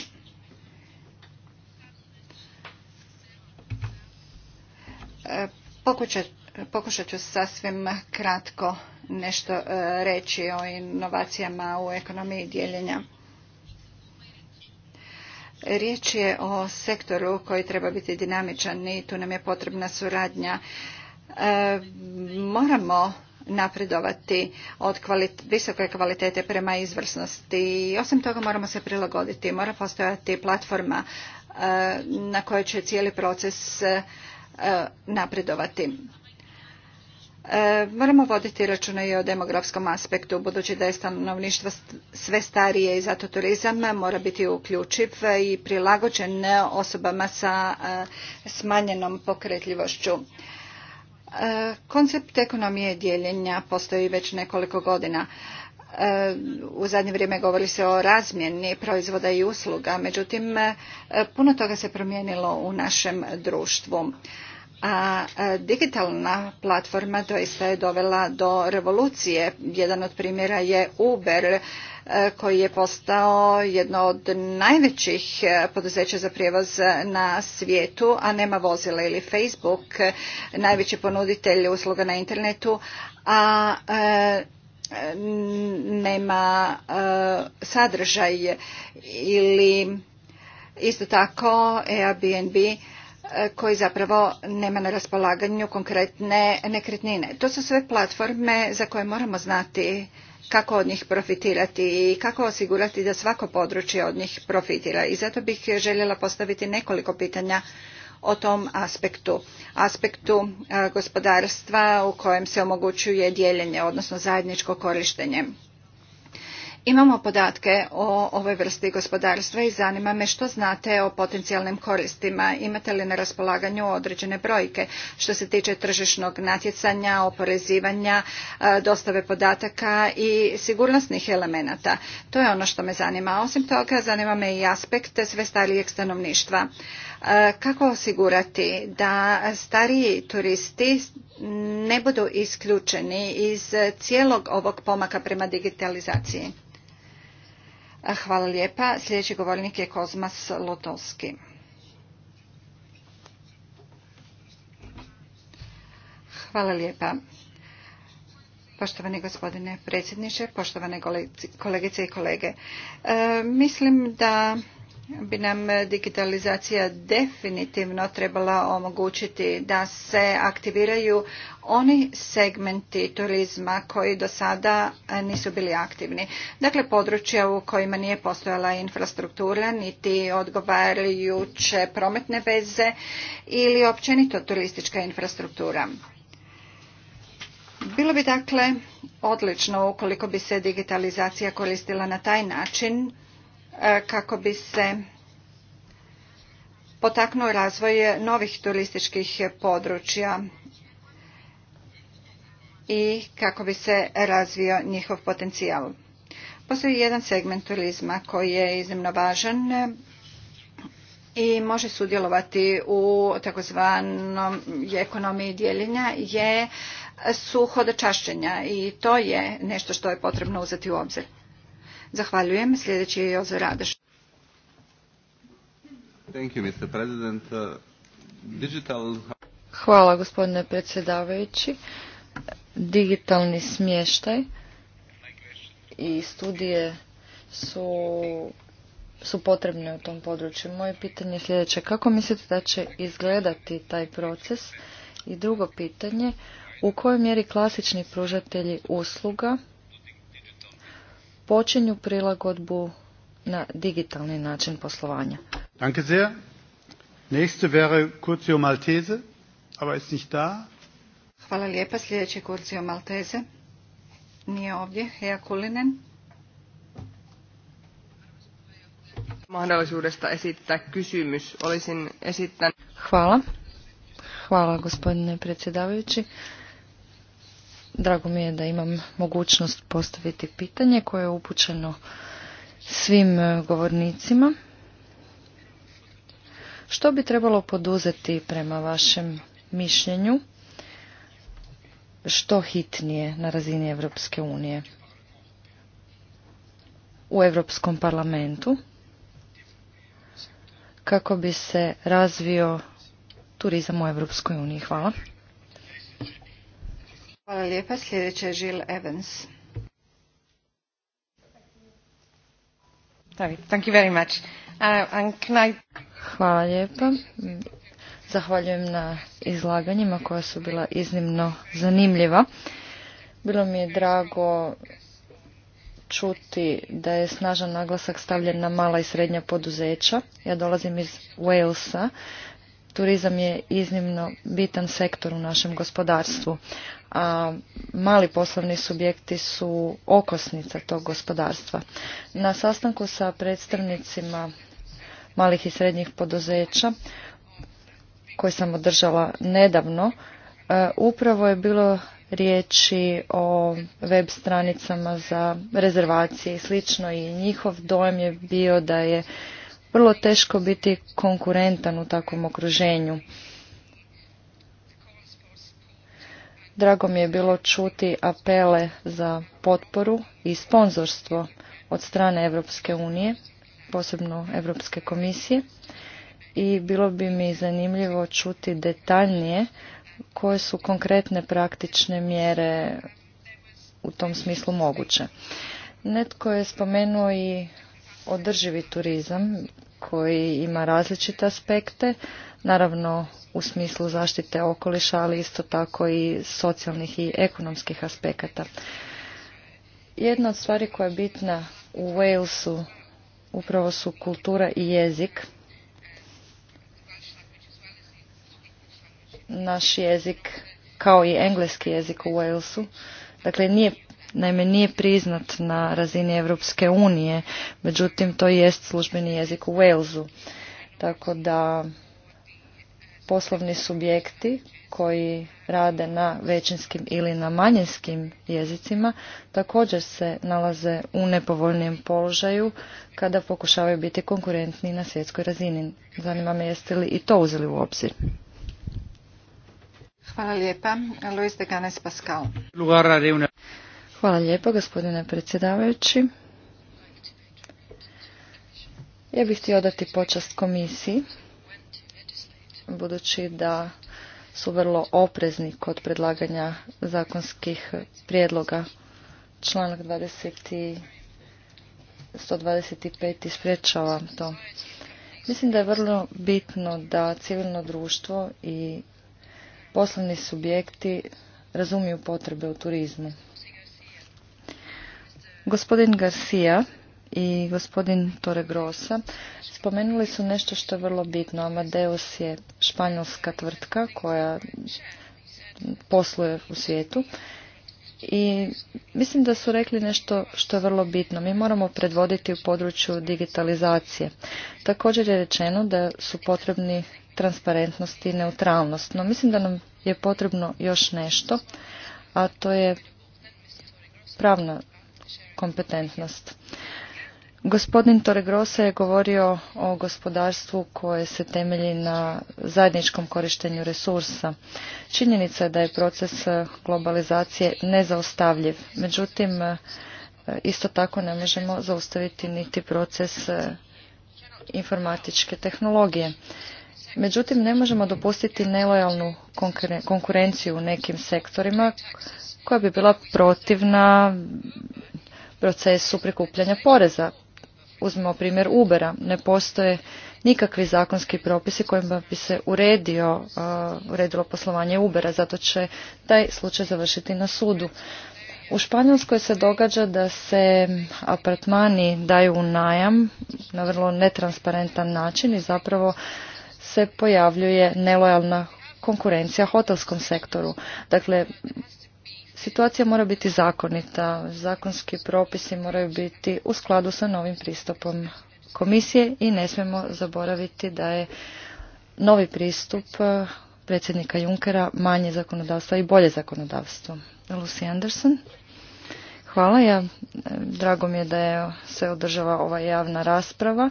Pokušat ću sasvim kratko nešto e, reći o inovacijama u ekonomiji dijeljenja. Riječ je o sektoru koji treba biti dinamičan i tu nam je potrebna suradnja. E, moramo napredovati od visoke kvalitete prema izvrsnosti i osim toga moramo se prilagoditi. Mora postojati platforma e, na kojoj će cijeli proces E, napredovati. E, moramo voditi računa i o demografskom aspektu, budući da je stanovništvo sve starije i zato turizam mora biti uključiv i prilagođen osobama sa e, smanjenom pokretljivošću. Koncept ekonomije dijeljenja postoji već nekoliko godina. U zadnje vrijeme govori se o razmjeni proizvoda i usluga, međutim puno toga se promijenilo u našem društvu. A digitalna platforma doista je dovela do revolucije. Jedan od primjera je Uber e, koji je postao jedno od najvećih e, poduzeća za prijevoz na svijetu, a nema vozila ili Facebook, e, najveći ponuditelj usluga na internetu, a nema sadržaj ili isto tako Airbnb E, koji zapravo nema na raspolaganju konkretne nekretnine. To su sve platforme za koje moramo znati kako od njih profitirati i kako osigurati da svako područje od njih profitira. I zato bih željela postaviti nekoliko pitanja o tom aspektu. Aspektu e, gospodarstva u kojem se omogućuje dijeljenje, odnosno zajedničko korištenje. Imamo podatke o ovoj vrsti gospodarstva i zanima me što znate o potencijalnim koristima. Imate li na raspolaganju određene brojke što se tiče tržišnog natjecanja, oporezivanja, e, dostave podataka i sigurnosnih elemenata? To je ono što me zanima. Osim toga, zanima me i aspekt sve starijeg stanovništva. E, kako osigurati da stariji turisti ne budu isključeni iz cijelog ovog pomaka prema digitalizaciji? Hvala lijepa. Sljedeći govornik je Kozmas Lotovski. Hvala lijepa. Poštovani gospodine predsjedniče, poštovane kolegice i kolege. E, mislim da bi nam digitalizacija definitivno trebala omogućiti da se aktiviraju oni segmenti turizma koji do sada nisu bili aktivni. Dakle, područja u kojima nije postojala infrastruktura, niti odgovarajuće prometne veze ili općenito turistička infrastruktura. Bilo bi dakle odlično ukoliko bi se digitalizacija koristila na taj način E, kako bi se potaknuo razvoj novih turističkih područja i kako bi se razvio njihov potencijal. Postoji jedan segment turizma koji je iznimno važan i može sudjelovati u takozvanoj ekonomiji dijeljenja je su i to je nešto što je potrebno uzeti u obzir. Zahvaljujem. Sljedeći je Jozo Radoš. Uh, Hvala gospodine predsjedavajući. Digitalni smještaj i studije su, su potrebne u tom području. Moje pitanje je sljedeće. Kako mislite da će izgledati taj proces? I drugo pitanje, u kojoj mjeri klasični pružatelji usluga počinju prilagodbu na digitalni način poslovanja. Danke sehr. Nächste wäre Curzio Maltese, aber ist nicht da. Hvala lijepa. Sljedeći Curzio Maltese. Nije ovdje. Hea Kulinen. Mahdollisuudesta esittää kysymys. Olisin esittän... Hvala. Hvala gospodine predsjedavajući. Drago mi je da imam mogućnost postaviti pitanje koje je upućeno svim e, govornicima. Što bi trebalo poduzeti prema vašem mišljenju što hitnije na razini Europske unije? U Europskom parlamentu kako bi se razvio turizam u Europskoj uniji. Hvala. Hvala lijepa. Sljedeće je Jill Evans. Thank uh, Hvala lijepa. Zahvaljujem na izlaganjima koja su bila iznimno zanimljiva. Bilo mi je drago čuti da je snažan naglasak stavljen na mala i srednja poduzeća. Ja dolazim iz Walesa Turizam je iznimno bitan sektor u našem gospodarstvu, a mali poslovni subjekti su okosnica tog gospodarstva. Na sastanku sa predstavnicima malih i srednjih poduzeća koji sam održala nedavno, e, upravo je bilo riječi o web stranicama za rezervacije i slično i njihov dojem je bio da je vrlo teško biti konkurentan u takvom okruženju. Drago mi je bilo čuti apele za potporu i sponzorstvo od strane Europske unije, posebno Europske komisije i bilo bi mi zanimljivo čuti detaljnije koje su konkretne praktične mjere u tom smislu moguće. Netko je spomenuo i održivi turizam koji ima različite aspekte, naravno u smislu zaštite okoliša, ali isto tako i socijalnih i ekonomskih aspekata. Jedna od stvari koja je bitna u Walesu upravo su kultura i jezik. Naš jezik, kao i engleski jezik u Walesu, dakle nije naime nije priznat na razini Evropske unije, međutim to jest službeni jezik u Walesu. Tako da poslovni subjekti koji rade na većinskim ili na manjinskim jezicima također se nalaze u nepovoljnijem položaju kada pokušavaju biti konkurentni na svjetskoj razini. Zanima me jeste li i to uzeli u obzir. Hvala lijepa. Luis de Ganes Pascal. Hvala lijepo gospodine predsjedavajući. Ja bih htio odati počast komisiji, budući da su vrlo oprezni kod predlaganja zakonskih prijedloga. Članak 20. 125. ispriječava to. Mislim da je vrlo bitno da civilno društvo i poslovni subjekti razumiju potrebe u turizmu. Gospodin Garcia i gospodin Torregrosa spomenuli su nešto što je vrlo bitno. Amadeus je španjolska tvrtka koja posluje u svijetu i mislim da su rekli nešto što je vrlo bitno. Mi moramo predvoditi u području digitalizacije. Također je rečeno da su potrebni transparentnost i neutralnost, no mislim da nam je potrebno još nešto, a to je pravna kompetentnost. Gospodin Toregrosa je govorio o gospodarstvu koje se temelji na zajedničkom korištenju resursa. Činjenica je da je proces globalizacije nezaustavljiv. Međutim, isto tako ne možemo zaustaviti niti proces e, informatičke tehnologije. Međutim, ne možemo dopustiti nelojalnu konkurenciju u nekim sektorima koja bi bila protivna procesu prikupljanja poreza. Uzmemo primjer Ubera. Ne postoje nikakvi zakonski propisi kojima bi se uredio, uh, uredilo poslovanje Ubera, zato će taj slučaj završiti na sudu. U Španjolskoj se događa da se apartmani daju u najam na vrlo netransparentan način i zapravo se pojavljuje nelojalna konkurencija hotelskom sektoru. Dakle, situacija mora biti zakonita, zakonski propisi moraju biti u skladu sa novim pristupom komisije i ne smemo zaboraviti da je novi pristup eh, predsjednika Junkera manje zakonodavstva i bolje zakonodavstvo. Lucy Anderson. Hvala ja. Eh, drago mi je da je se održava ova javna rasprava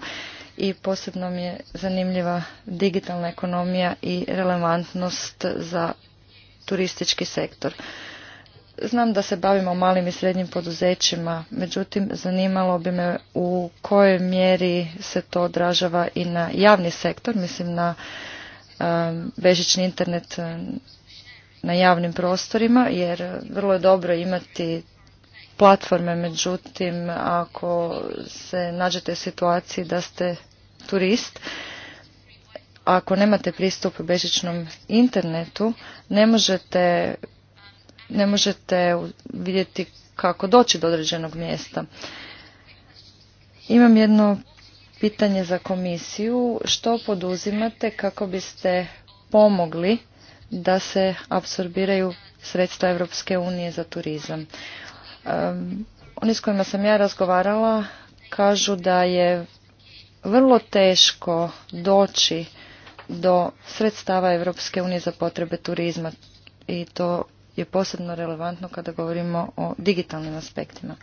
i posebno mi je zanimljiva digitalna ekonomija i relevantnost za turistički sektor. Znam da se bavimo malim i srednjim poduzećima, međutim zanimalo bi me u kojoj mjeri se to odražava i na javni sektor, mislim na um, bežični internet um, na javnim prostorima, jer vrlo je dobro imati platforme, međutim ako se nađete u situaciji da ste turist, ako nemate pristup bežičnom internetu, ne možete ne možete vidjeti kako doći do određenog mjesta. Imam jedno pitanje za komisiju. Što poduzimate kako biste pomogli da se apsorbiraju sredstva Europske unije za turizam? oni s kojima sam ja razgovarala kažu da je vrlo teško doći do sredstava Europske unije za potrebe turizma i to je posebno relevantno kada govorimo o digitalnim aspektima.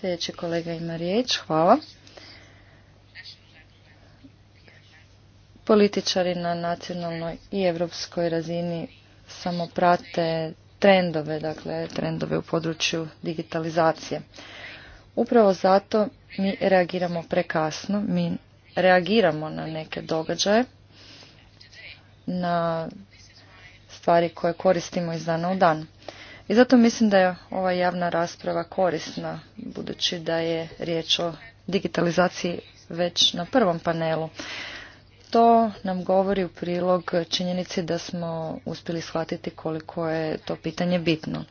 Sljedeći kolega ima riječ. Hvala. Političari na nacionalnoj i europskoj razini samo prate trendove, dakle trendove u području digitalizacije. Upravo zato mi reagiramo prekasno, mi reagiramo na neke događaje, na stvari koje koristimo iz dana u dan. I zato mislim da je ova javna rasprava korisna, budući da je riječ o digitalizaciji već na prvom panelu. To nam govori u prilog činjenici da smo uspjeli shvatiti koliko je to pitanje bitno.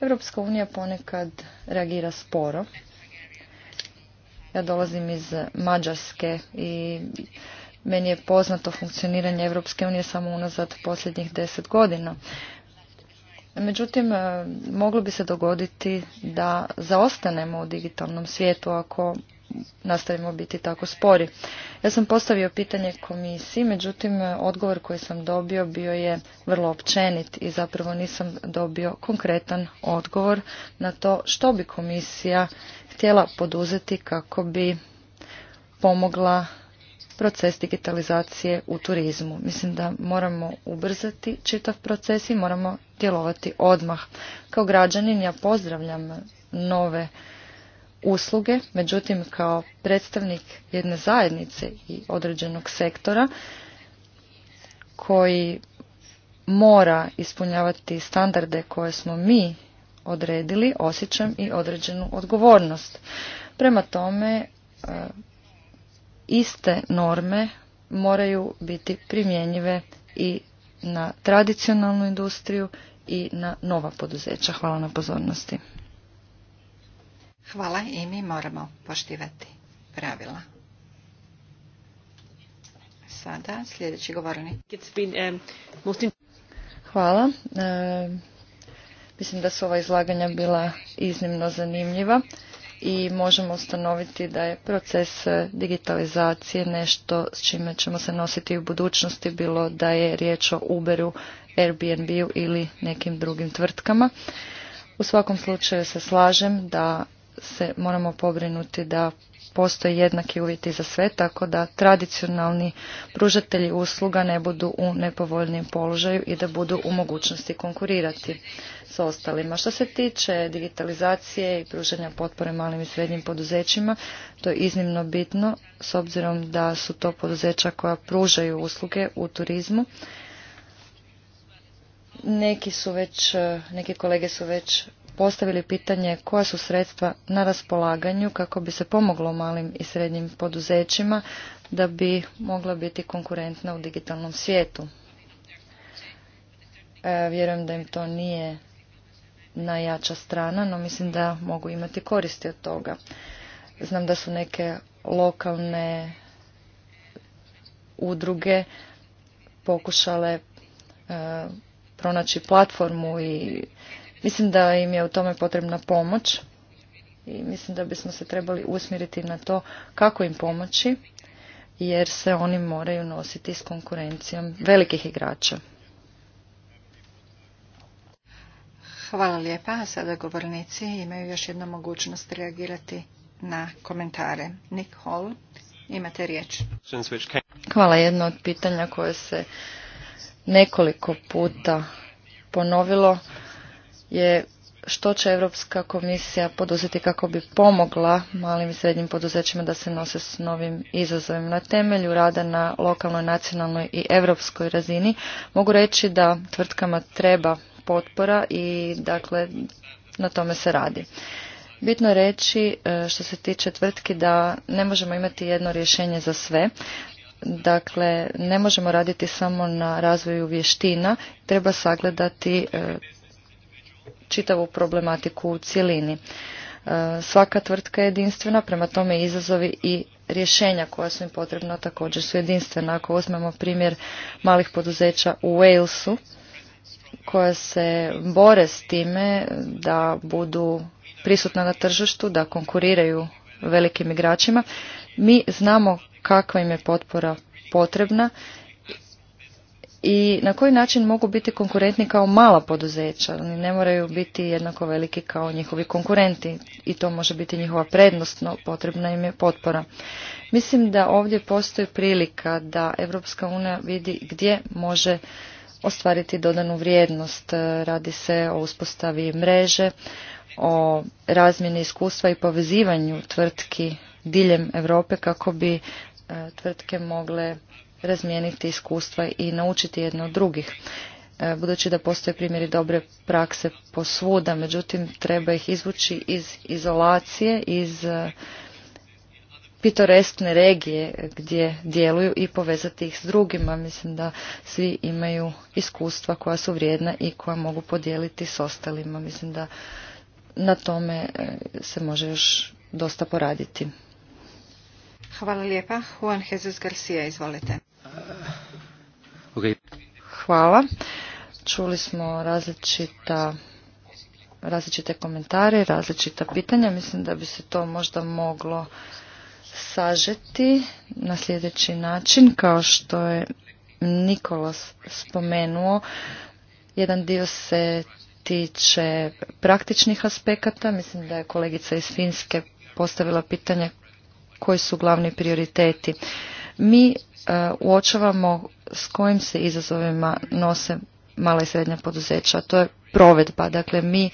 Europska unija ponekad reagira sporo, ja dolazim iz Mađarske i meni je poznato funkcioniranje Europske unije samo unazad posljednjih deset godina. Međutim, e, moglo bi se dogoditi da zaostanemo u digitalnom svijetu ako nastavimo biti tako spori. Ja sam postavio pitanje komisiji, međutim e, odgovor koji sam dobio bio je vrlo općenit i zapravo nisam dobio konkretan odgovor na to što bi komisija htjela poduzeti kako bi pomogla proces digitalizacije u turizmu. Mislim da moramo ubrzati čitav proces i moramo djelovati odmah. Kao građanin ja pozdravljam nove usluge, međutim kao predstavnik jedne zajednice i određenog sektora koji mora ispunjavati standarde koje smo mi odredili, osjećam i određenu odgovornost. Prema tome, e, iste norme moraju biti primjenjive i na tradicionalnu industriju i na nova poduzeća. Hvala na pozornosti. Hvala i mi moramo poštivati pravila. Sada sljedeći govornik. Um, Hvala. E, Mislim da su ova izlaganja bila iznimno zanimljiva i možemo ustanoviti da je proces e, digitalizacije nešto s čime ćemo se nositi u budućnosti, bilo da je riječ o Uberu, Airbnb-u ili nekim drugim tvrtkama. U svakom slučaju se slažem da se moramo pobrinuti da postoje jednaki uvjeti za sve, tako da tradicionalni pružatelji usluga ne budu u nepovoljnim položaju i da budu u mogućnosti konkurirati s ostalima. Što se tiče digitalizacije i pružanja potpore malim i srednjim poduzećima, to je iznimno bitno s obzirom da su to poduzeća koja pružaju usluge u turizmu. Neki su već, neki kolege su već postavili pitanje koja su sredstva na raspolaganju kako bi se pomoglo malim i srednjim poduzećima da bi mogla biti konkurentna u digitalnom svijetu. E, vjerujem da im to nije najjača strana, no mislim da mogu imati koristi od toga. Znam da su neke lokalne udruge pokušale e, pronaći platformu i Mislim da im je u tome potrebna pomoć i mislim da bismo se trebali usmjeriti na to kako im pomoći jer se oni moraju nositi s konkurencijom velikih igrača. Hvala lijepa. sada govornici imaju još jednu mogućnost reagirati na komentare. Nick Hall, imate riječ. Hvala. Jedno od pitanja koje se nekoliko puta ponovilo je što će Europska komisija poduzeti kako bi pomogla malim i srednjim poduzećima da se nose s novim izazovima. Na temelju rada na lokalnoj, nacionalnoj i europskoj razini mogu reći da tvrtkama treba potpora i dakle na tome se radi. Bitno je reći e, što se tiče tvrtki da ne možemo imati jedno rješenje za sve. Dakle, ne možemo raditi samo na razvoju vještina, treba sagledati e, čitavu problematiku u cjelini. E, svaka tvrtka je jedinstvena, prema tome izazovi i rješenja koja su im potrebna također su jedinstvena. Ako uzmemo primjer malih poduzeća u Walesu koja se bore s time da budu prisutna na tržištu, da konkuriraju velikim igračima, mi znamo kakva im je potpora potrebna i na koji način mogu biti konkurentni kao mala poduzeća. Oni ne moraju biti jednako veliki kao njihovi konkurenti i to može biti njihova prednost, no potrebna im je potpora. Mislim da ovdje postoji prilika da Evropska unija vidi gdje može ostvariti dodanu vrijednost. Radi se o uspostavi mreže, o razmjeni iskustva i povezivanju tvrtki diljem Europe kako bi e, tvrtke mogle razmijeniti iskustva i naučiti jedno od drugih. E, budući da postoje primjeri dobre prakse posvuda, međutim treba ih izvući iz izolacije, iz e, pitoreskne regije gdje djeluju i povezati ih s drugima. Mislim da svi imaju iskustva koja su vrijedna i koja mogu podijeliti s ostalima. Mislim da na tome e, se može još dosta poraditi. Hvala lijepa. Juan Jesus izvolite. Uh, Hvala. Čuli smo različita različite komentare, različita pitanja. Mislim da bi se to možda moglo sažeti na sljedeći način, kao što je Nikolas spomenuo. Jedan dio se tiče praktičnih aspekata. Mislim da je kolegica iz Finske postavila pitanje koji su glavni prioriteti. Mi e, uočavamo s kojim se izazovima nose mala i srednja poduzeća, to je provedba. Dakle, mi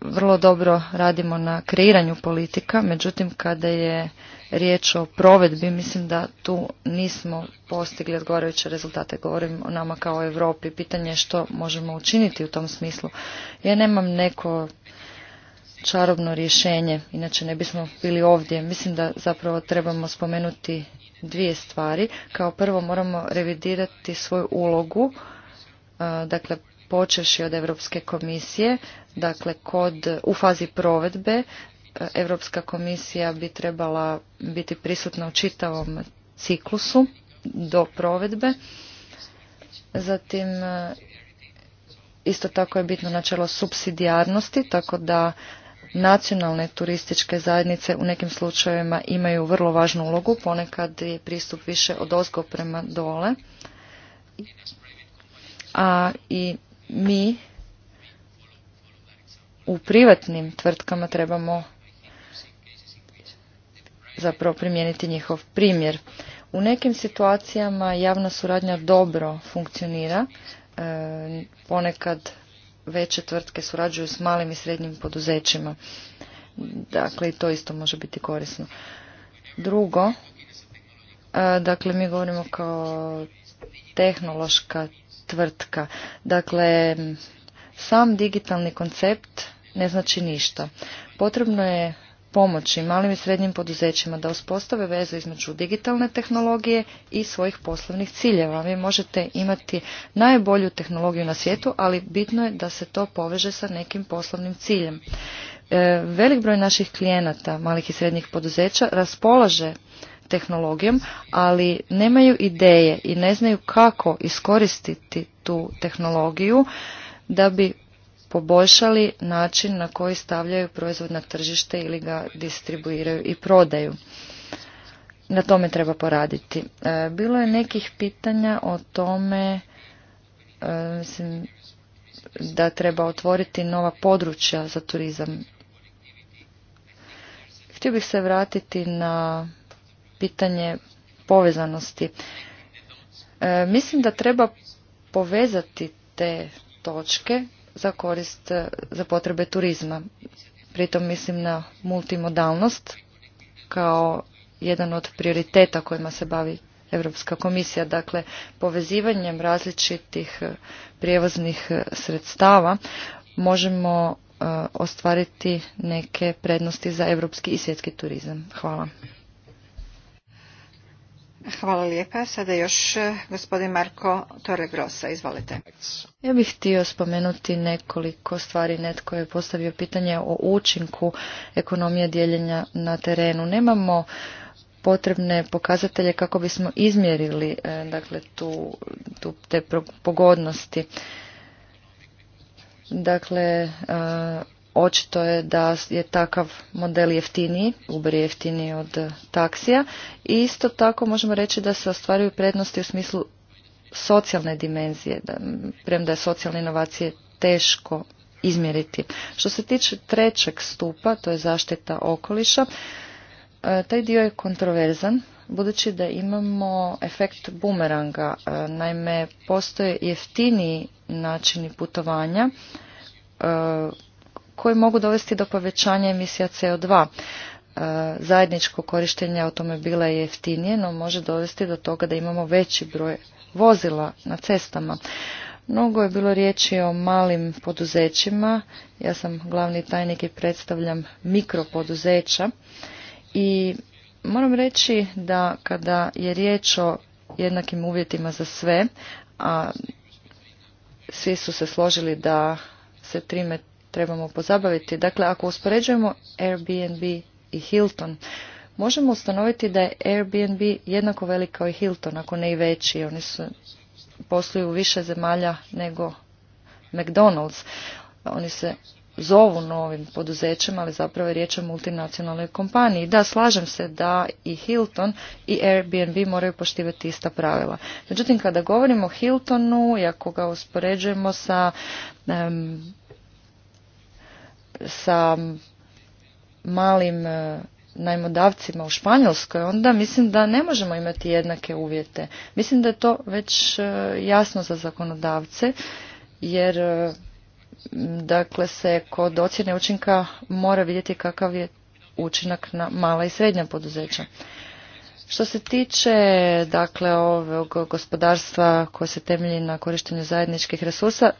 vrlo dobro radimo na kreiranju politika, međutim kada je riječ o provedbi, mislim da tu nismo postigli odgovarajuće rezultate. Govorim o nama kao Europi. Pitanje je što možemo učiniti u tom smislu. Ja nemam neko čarobno rješenje, inače ne bismo bili ovdje. Mislim da zapravo trebamo spomenuti dvije stvari. Kao prvo moramo revidirati svoju ulogu, e, dakle počeši od Europske komisije, dakle kod, u fazi provedbe e, Europska komisija bi trebala biti prisutna u čitavom ciklusu do provedbe. Zatim e, isto tako je bitno načelo subsidijarnosti, tako da Nacionalne turističke zajednice u nekim slučajevima imaju vrlo važnu ulogu, ponekad je pristup više od ozgo prema dole. A i mi u privatnim tvrtkama trebamo zapravo primijeniti njihov primjer. U nekim situacijama javna suradnja dobro funkcionira, e, ponekad veće tvrtke surađuju s malim i srednjim poduzećima. Dakle, i to isto može biti korisno. Drugo, e, dakle, mi govorimo kao tehnološka tvrtka. Dakle, sam digitalni koncept ne znači ništa. Potrebno je pomoći malim i srednjim poduzećima da uspostave vezu između digitalne tehnologije i svojih poslovnih ciljeva. Vi možete imati najbolju tehnologiju na svijetu, ali bitno je da se to poveže sa nekim poslovnim ciljem. E, velik broj naših klijenata, malih i srednjih poduzeća, raspolaže tehnologijom, ali nemaju ideje i ne znaju kako iskoristiti tu tehnologiju da bi poboljšali način na koji stavljaju proizvod na tržište ili ga distribuiraju i prodaju. Na tome treba poraditi. E, bilo je nekih pitanja o tome e, mislim, da treba otvoriti nova područja za turizam. Htio bih se vratiti na pitanje povezanosti. E, mislim da treba povezati te točke za korist e, za potrebe turizma. Pritom mislim na multimodalnost kao jedan od prioriteta kojima se bavi Europska komisija, dakle povezivanjem različitih e, prijevoznih e, sredstava možemo ostvariti neke prednosti za europski i svjetski turizam. Hvala. Hvala lijepa. Sada još e, gospodin Marko Toregrosa, izvolite. Ja bih htio spomenuti nekoliko stvari. Netko je postavio pitanje o učinku ekonomije dijeljenja na terenu. Nemamo potrebne pokazatelje kako bismo izmjerili e, dakle, tu, tu te pogodnosti. Dakle, e, očito je da je takav model jeftiniji, Uber je jeftiniji od taksija i isto tako možemo reći da se ostvaruju prednosti u smislu socijalne dimenzije, da, premda je socijalne inovacije teško izmjeriti. Što se tiče trećeg stupa, to je zaštita okoliša, e, taj dio je kontroverzan, budući da imamo efekt bumeranga. E, naime, postoje jeftiniji načini putovanja e, koji mogu dovesti do povećanja emisija CO2. E, zajedničko korištenje automobila je jeftinije, no može dovesti do toga da imamo veći broj vozila na cestama. Mnogo je bilo riječi o malim poduzećima. Ja sam glavni tajnik i predstavljam mikropoduzeća. I moram reći da kada je riječ o jednakim uvjetima za sve, a svi su se složili da se trime trebamo pozabaviti. Dakle, ako uspoređujemo Airbnb i Hilton, možemo ustanoviti da je Airbnb jednako velik kao i Hilton, ako ne i veći. Oni su, posluju u više zemalja nego McDonald's. Oni se zovu novim poduzećem, ali zapravo je riječ o multinacionalnoj kompaniji. Da, slažem se da i Hilton i Airbnb moraju poštivati ista pravila. Međutim, kada govorimo o Hiltonu i ako ga uspoređujemo sa sa malim e, najmodavcima u Španjolskoj, onda mislim da ne možemo imati jednake uvjete. Mislim da je to već e, jasno za zakonodavce, jer e, dakle se kod ocjene učinka mora vidjeti kakav je učinak na mala i srednja poduzeća. Što se tiče dakle ovog gospodarstva koje se temelji na korištenju zajedničkih resursa,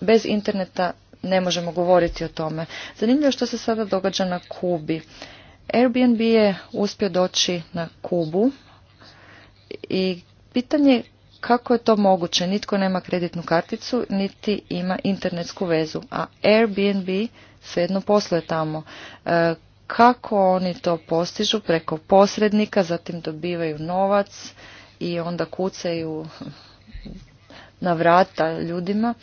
bez interneta ne možemo govoriti o tome. Zanimljivo što se sada događa na Kubi. Airbnb je uspio doći na Kubu i pitanje kako je to moguće? Nitko nema kreditnu karticu, niti ima internetsku vezu, a Airbnb svejedno posluje tamo. E, kako oni to postižu preko posrednika, zatim dobivaju novac i onda kucaju na vrata ljudima.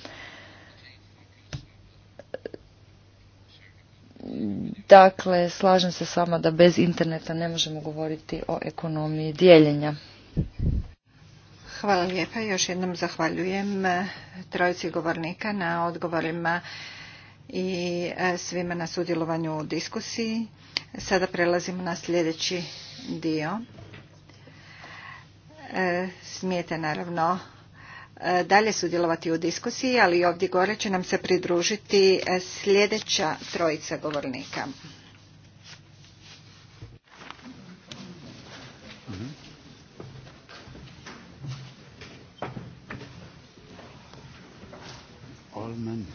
Dakle, slažem se s vama da bez interneta ne možemo govoriti o ekonomiji dijeljenja. Hvala lijepa. Još jednom zahvaljujem eh, trojici govornika na odgovorima i eh, svima na sudjelovanju u diskusiji. Sada prelazimo na sljedeći dio. Eh, smijete naravno E, dalje sudjelovati u diskusiji, ali ovdje gore će nam se pridružiti e, sljedeća trojica govornika. Allman.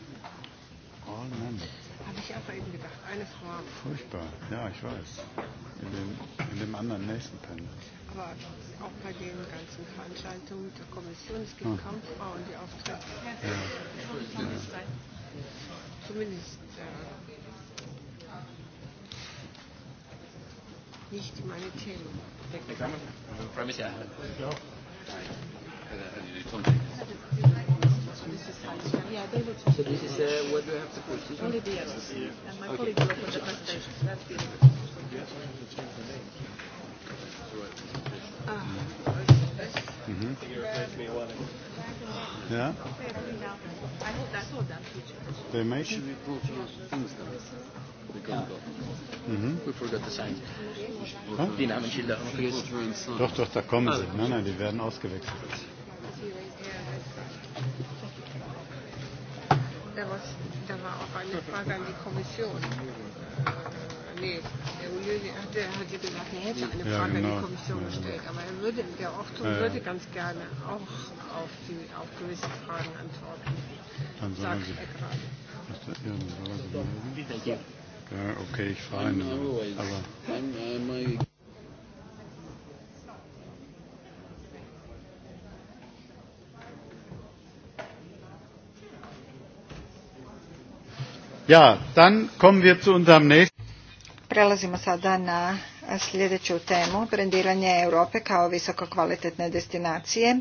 Allman. Habe ich auch gedacht. Eine Furchtbar. Ja, ich weiß. In dem, in dem anderen nächsten Panel war auch bei den ganzen Veranstaltungen der Kommission, es hm. die Ja. Zumindest äh, nicht meine Themen. So this is uh, what we have to push. Only And my the presentation. That's the. Doch, doch, da kommen sie. Oh. Nein, nein, die werden ausgewechselt. war auch eine Frage an die Kommission nee, der Ullöse hatte, hat ja gesagt, er hätte eine Frage ja, genau. an die Kommission ja, gestellt, aber er würde, der Ortung ja, würde ganz gerne auch auf, die, auf gewisse Fragen antworten. Dann sagt Sie, er gerade. Ja, okay, ich fahre ihn. Aber. Uh, ja, dann kommen wir zu unserem nächsten. Prelazimo sada na sljedeću temu, brendiranje Europe kao visoko kvalitetne destinacije,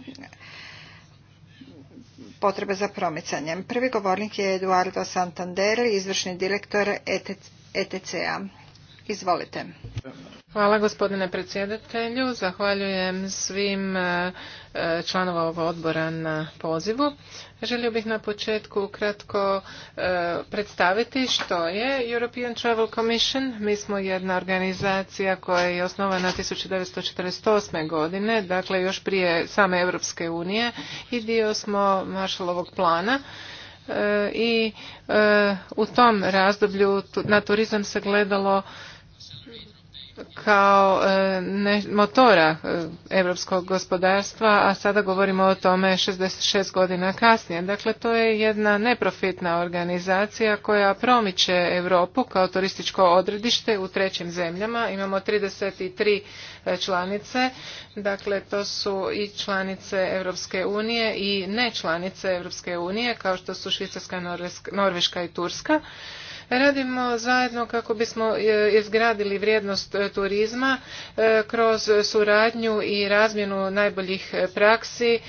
potrebe za promicanjem. Prvi govornik je Eduardo Santander, izvršni direktor ETC-a. Izvolite. Hvala gospodine predsjedatelju. Zahvaljujem svim e, e, članova ovog odbora na pozivu. Želio bih na početku kratko e, predstaviti što je European Travel Commission. Mi smo jedna organizacija koja je osnovana 1948. godine, dakle još prije same Europske unije i dio smo Marshallovog plana i u tom razdoblju na turizam se gledalo kao e, ne, motora europskog gospodarstva, a sada govorimo o tome 66 godina kasnije. Dakle, to je jedna neprofitna organizacija koja promiče Europu kao turističko odredište u trećim zemljama. Imamo 33 e, članice, dakle to su i članice Europske unije i ne članice Europske unije kao što su Švicarska, Norveška i Turska Radimo zajedno kako bismo e, izgradili vrijednost e, turizma e, kroz suradnju i razmjenu najboljih praksi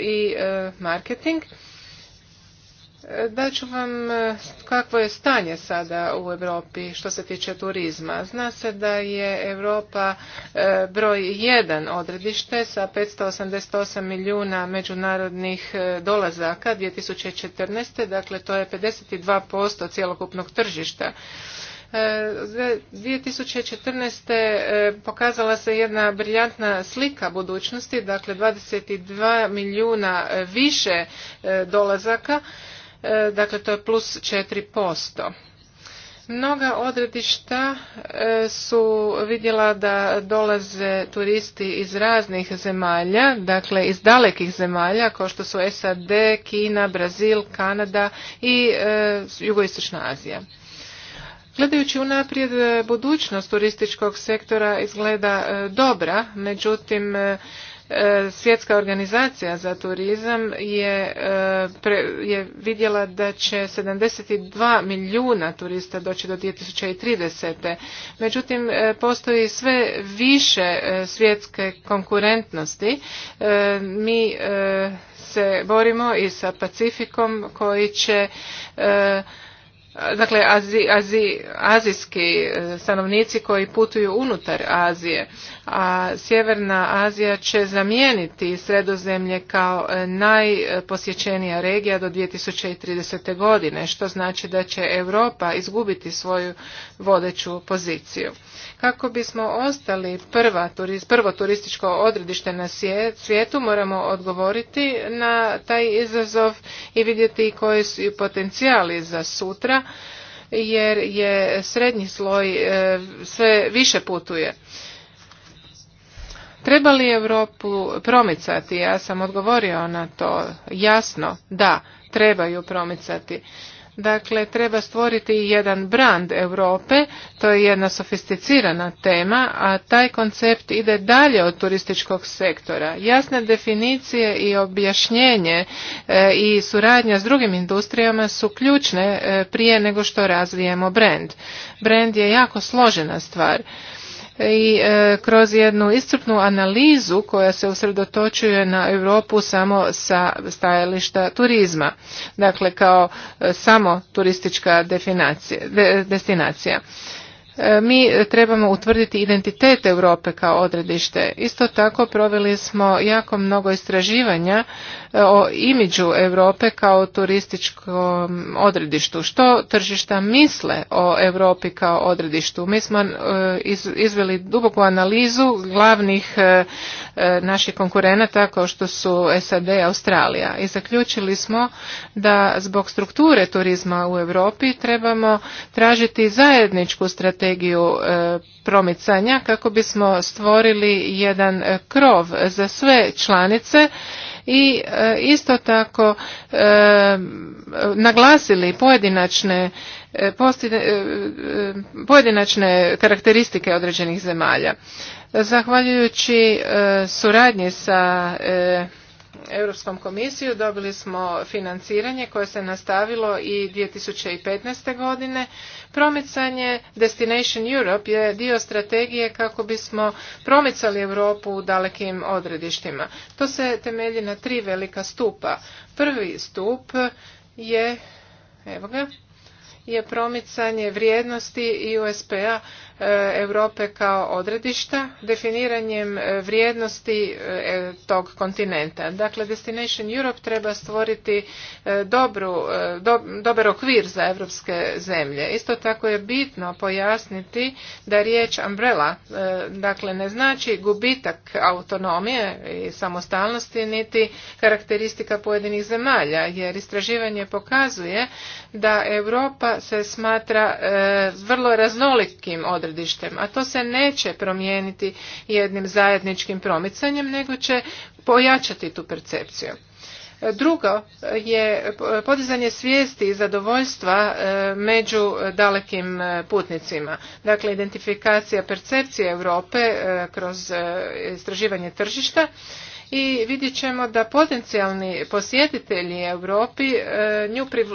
i marketing ću vam e, kakvo je stanje sada u Europi što se tiče turizma. Zna se da je Europa e, broj jedan odredište sa 588 milijuna međunarodnih e, dolazaka 2014. Dakle, to je 52% cjelokupnog tržišta. 2014. pokazala se jedna briljantna slika budućnosti, dakle 22 milijuna više dolazaka E, dakle to je plus 4%. Mnoga odredišta e, su vidjela da dolaze turisti iz raznih zemalja, dakle iz dalekih zemalja kao što su SAD, Kina, Brazil, Kanada i e, Jugoistočna Azija. Gledajući unaprijed budućnost turističkog sektora izgleda dobra, međutim E, svjetska organizacija za turizam je, e, je vidjela da će 72 milijuna turista doći do 2030. Međutim, e, postoji sve više svjetske konkurentnosti. Mi se borimo i sa Pacifikom koji će dakle azi, azijski e, stanovnici koji putuju unutar Azije, a Sjeverna Azija će zamijeniti sredozemlje kao e, najposjećenija regija do 2030. godine, što znači da će Europa izgubiti svoju vodeću poziciju. Kako bismo ostali prva, prvo turističko odredište na svijetu, moramo odgovoriti na taj izazov i vidjeti koji su potencijali za sutra, jer je srednji sloj e, sve više putuje. Treba li Europu promicati? Ja sam odgovorio na to jasno, da, trebaju promicati. Dakle, treba stvoriti jedan brand Europe, to je jedna sofisticirana tema, a taj koncept ide dalje od turističkog sektora. Jasne definicije i objašnjenje e, i suradnja s drugim industrijama su ključne e, prije nego što razvijemo brand. Brand je jako složena stvar i e, kroz jednu iscrpnu analizu koja se usredotočuje na Europu samo sa stajališta turizma, dakle kao e, samo turistička destinacija. E, mi trebamo utvrditi identitet Europe kao odredište. Isto tako proveli smo jako mnogo istraživanja e, o imidžu Europe kao turističkom odredištu. Što tržišta misle o Europi kao odredištu? Mi smo e, izveli duboku analizu glavnih naših konkurenata kao što su SAD i Australija i zaključili smo da zbog strukture turizma u Europi trebamo tražiti zajedničku strategiju strategiju e, promicanja kako bismo stvorili jedan e, krov za sve članice i e, isto tako naglasili pojedinačne pojedinačne karakteristike određenih zemalja. Zahvaljujući suradnji sa Europskom komisiju dobili smo financiranje koje se nastavilo i 2015. godine. Promicanje Destination Europe je dio strategije kako bismo promicali Europu u dalekim odredištima. To se temelji na tri velika stupa. Prvi stup je, evo ga, je promicanje vrijednosti i USP-a E, Europe kao odredišta definiranjem e, vrijednosti e, tog kontinenta. Dakle, Destination Europe treba stvoriti dobru, dobar okvir za europske zemlje. Isto tako je bitno pojasniti da riječ umbrella dakle ne znači gubitak autonomije i samostalnosti niti karakteristika pojedinih zemalja jer istraživanje pokazuje da Europa se smatra vrlo raznolikim od odredištem, a to se neće promijeniti jednim zajedničkim promicanjem, nego će pojačati tu percepciju. Drugo je podizanje svijesti i zadovoljstva e, među dalekim e, putnicima. Dakle, identifikacija percepcije Europe e, kroz istraživanje tržišta i vidjet ćemo da potencijalni posjetitelji Europi, e,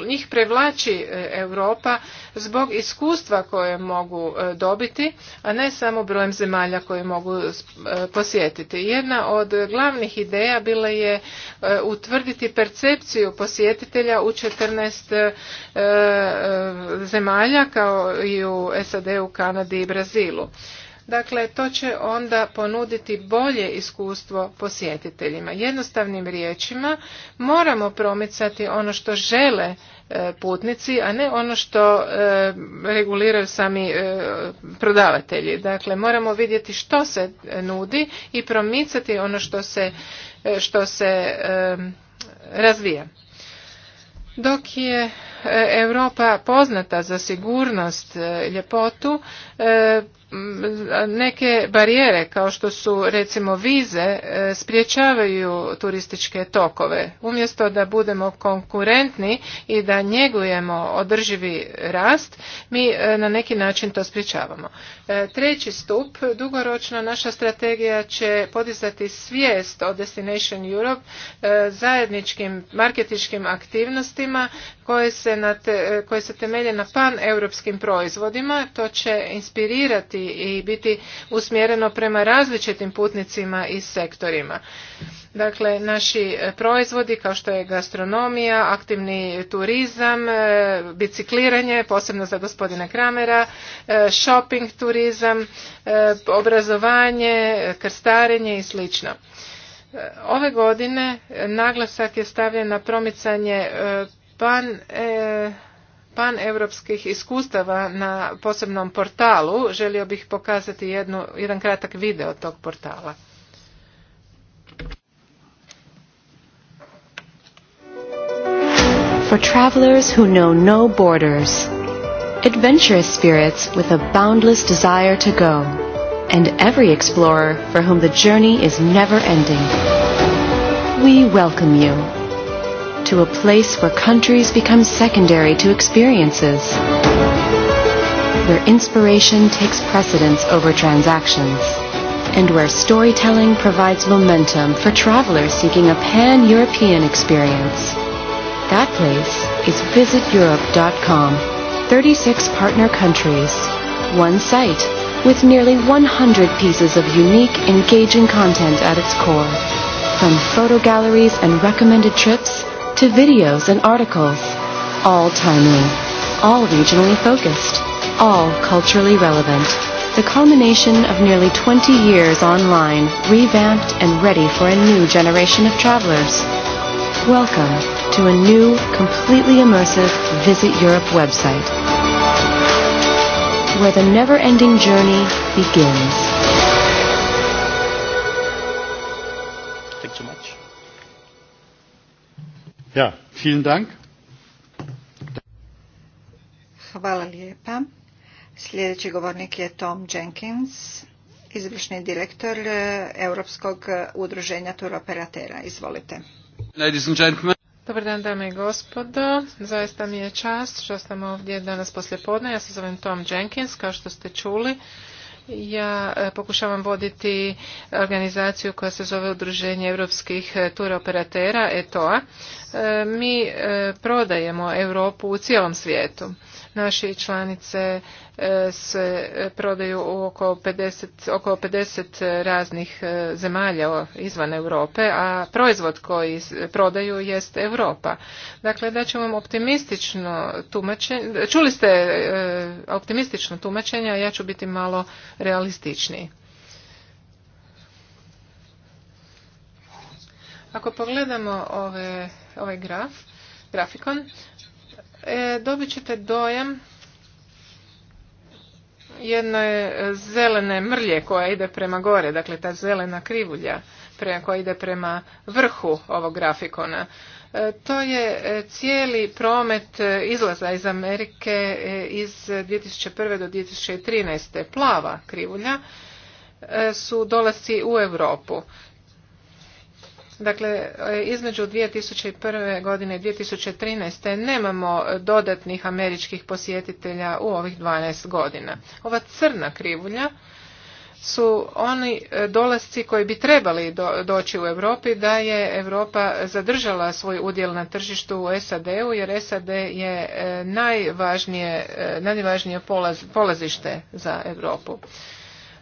njih prevlači e, Europa zbog iskustva koje mogu e, dobiti, a ne samo brojem zemalja koje mogu posjetiti. Jedna od glavnih ideja bila je utvrditi percepciju posjetitelja u 14 zemalja kao i u SAD, u Kanadi i Brazilu. Dakle, to će onda ponuditi bolje iskustvo posjetiteljima. Jednostavnim riječima moramo promicati ono što žele e, putnici, a ne ono što e, reguliraju sami e, prodavatelji. Dakle, moramo vidjeti što se nudi i promicati ono što se, što se razvija. Dok je E, Europa poznata za sigurnost, e, ljepotu, e, neke barijere kao što su recimo vize spriječavaju turističke tokove. Umjesto da budemo konkurentni i da njegujemo održivi rast, mi na neki način to spriječavamo. Treći stup, dugoročno naša strategija će podizati svijest o Destination Europe zajedničkim marketičkim aktivnostima koje se koje se temelje na paneuropskim proizvodima. To će inspirirati i biti usmjereno prema različitim putnicima i sektorima. Dakle, naši proizvodi kao što je gastronomija, aktivni turizam, e, bicikliranje, posebno za gospodina Kramera, e, shopping turizam, e, obrazovanje, krstarenje i slično. Ove godine naglasak je stavljen na promicanje pan e, evropskih iskustava na posebnom portalu. Želio bih pokazati jednu, jedan kratak video tog portala. For travelers who know no borders, adventurous spirits with a boundless desire to go, and every explorer for whom the journey is never ending. We welcome you to a place where countries become secondary to experiences, where inspiration takes precedence over transactions, and where storytelling provides momentum for travelers seeking a pan-European experience. That place is visiteurope.com. 36 partner countries, one site with nearly 100 pieces of unique, engaging content at its core. From photo galleries and recommended trips to videos and articles, all timely, all regionally focused, all culturally relevant. The culmination of nearly 20 years online, revamped and ready for a new generation of travelers. Welcome to a new, completely immersive Visit Europe website, where the never-ending journey begins. Hvala lijepa. Sljedeći govornik je Tom Jenkins, izvršni direktor e, Europskog udruženja turoperatera. Izvolite. Dobar dan dame i gospodo, zaista mi je čast što sam ovdje danas poslije podne. Ja se zovem Tom Jenkins, kao što ste čuli. Ja e, pokušavam voditi organizaciju koja se zove Udruženje europskih e, turoperatera, ETOA. E, mi prodajemo Europu u cijelom svijetu naše članice e, se prodaju u oko 50, oko 50 raznih e, zemalja izvan Europe, a proizvod koji prodaju jest Europa. Dakle, da ćemo vam optimistično tumačenje, čuli ste e, optimistično tumačenje, a ja ću biti malo realističniji. Ako pogledamo ove, ovaj graf, grafikon, E, dobit ćete dojam jedne zelene mrlje koja ide prema gore, dakle ta zelena krivulja koja ide prema vrhu ovog grafikona. E, to je e, cijeli promet izlaza iz Amerike iz 2001. do 2013. Plava krivulja su dolasci u Europu. Dakle, e, između 2001. godine i 2013. nemamo dodatnih američkih posjetitelja u ovih 12 godina. Ova crna krivulja su oni e, dolasci koji bi trebali doći u Europi da je Europa zadržala svoj udjel na tržištu u SAD-u jer SAD je e, najvažnije, najvažnije polazište za Europu.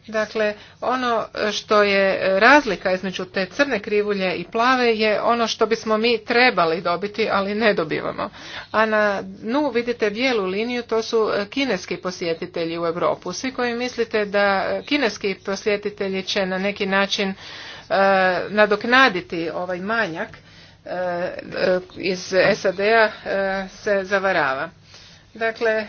Dakle, ono što je razlika između te crne krivulje i plave je ono što bismo mi trebali dobiti, ali ne dobivamo. A na dnu vidite bijelu liniju, to su kineski posjetitelji u Europu. Svi koji mislite da kineski posjetitelji će na neki način e, nadoknaditi ovaj manjak e, e, iz SAD-a se zavarava. Dakle, e,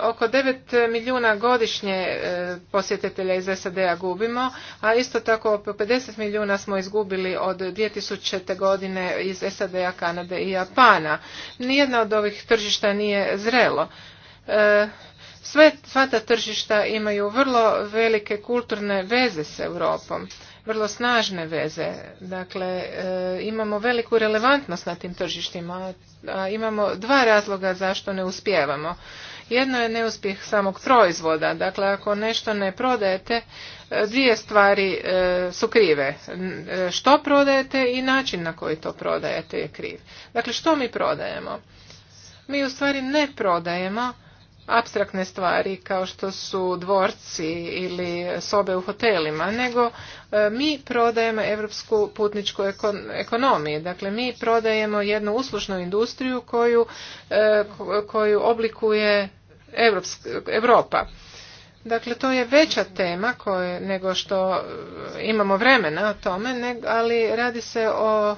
oko 9 milijuna godišnje e, posjetitelja iz SAD-a gubimo, a isto tako oko 50 milijuna smo izgubili od 2000. godine iz SAD-a, Kanade i Japana. Nijedna od ovih tržišta nije zrelo. E, sve, sva ta tržišta imaju vrlo velike kulturne veze s Europom vrlo snažne veze. Dakle, e, imamo veliku relevantnost na tim tržištima, a imamo dva razloga zašto ne uspijevamo. Jedno je neuspjeh samog proizvoda, dakle ako nešto ne prodajete, e, dvije stvari e, su krive. Što prodajete i način na koji to prodajete je kriv. Dakle, što mi prodajemo? Mi u stvari ne prodajemo abstraktne stvari kao što su dvorci ili sobe u hotelima, nego e, mi prodajemo europsku putničku ekonomiju. Dakle, mi prodajemo jednu uslušnu industriju koju, e, koju oblikuje Europa. Dakle, to je veća tema koje, nego što e, imamo vremena o tome, ali radi se o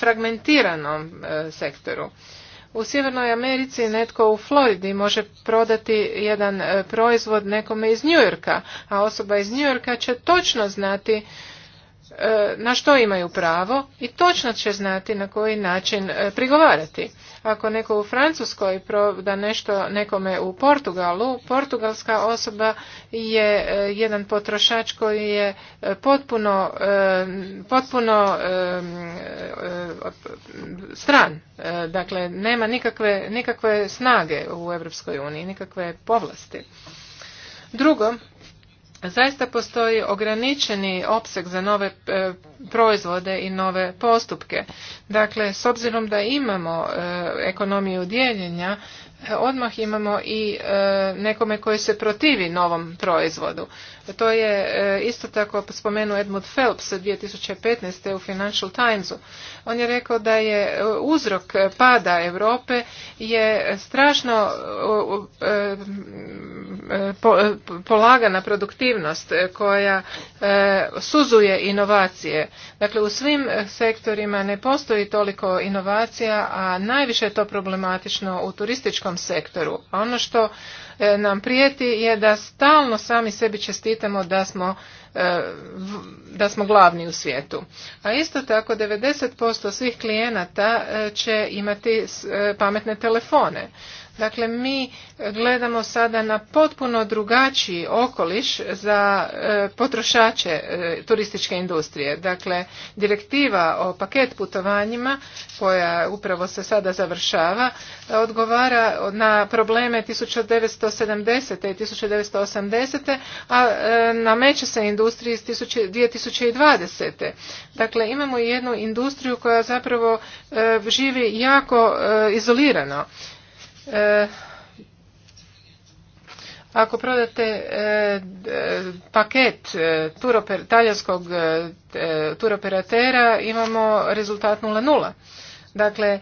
fragmentiranom sektoru. U Sjevernoj Americi netko u Floridi može prodati jedan e, proizvod nekome iz Njujorka, a osoba iz Njujorka će točno znati e, na što imaju pravo i točno će znati na koji način e, prigovarati. Ako neko u Francuskoj proda nešto nekome u Portugalu, portugalska osoba je e, jedan potrošač koji je e, potpuno, e, potpuno stran. Dakle, nema nikakve, nikakve snage u Europskoj uniji, nikakve povlasti. Drugo, zaista postoji ograničeni opseg za nove e, proizvode i nove postupke. Dakle, s obzirom da imamo e, ekonomiju dijeljenja, E, odmah imamo i e, nekome koji se protivi novom proizvodu. To je e, isto tako spomenuo Edmund Phelps 2015. u Financial Timesu. On je rekao da je uzrok pada Europe je strašno polagana produktivnost koja suzuje inovacije. Dakle, u svim sektorima ne postoji toliko inovacija, a najviše je to problematično u turističkom sektoru. ono što e, nam prijeti je da stalno sami sebi čestitamo da smo, e, da smo glavni u svijetu. A isto tako 90% svih klijenata e, će imati pametne telefone. Dakle, mi gledamo sada na potpuno drugačiji okoliš za e, potrošače e, turističke industrije. Dakle, direktiva o paket putovanjima koja upravo se sada završava odgovara na probleme 1970. i 1980. a e, nameće se industriji iz 2020. Dakle, imamo jednu industriju koja zapravo živi jako izolirano E, ako prodate e, paket e, talijanskog turoperatera imamo rezultat 0-0. Dakle,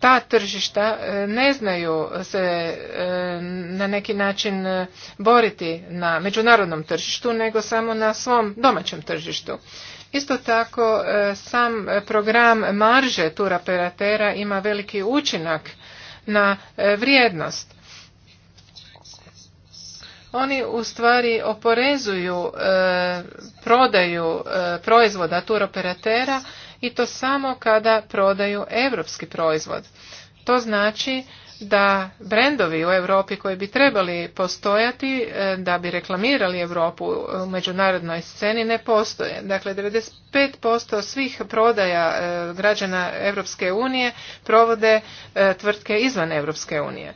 ta tržišta ne znaju se na neki način boriti na međunarodnom tržištu, nego samo na svom domaćem tržištu. Isto tako, sam program marže turoperatera ima veliki učinak na e, vrijednost. Oni u stvari oporezuju e, prodaju proizvoda e, proizvoda turoperatera i to samo kada prodaju europski proizvod. To znači da brendovi u Europi koji bi trebali postojati e, da bi reklamirali Europu u međunarodnoj sceni ne postoje. Dakle 95% svih prodaja e, građana Europske unije provode e, tvrtke izvan Europske unije.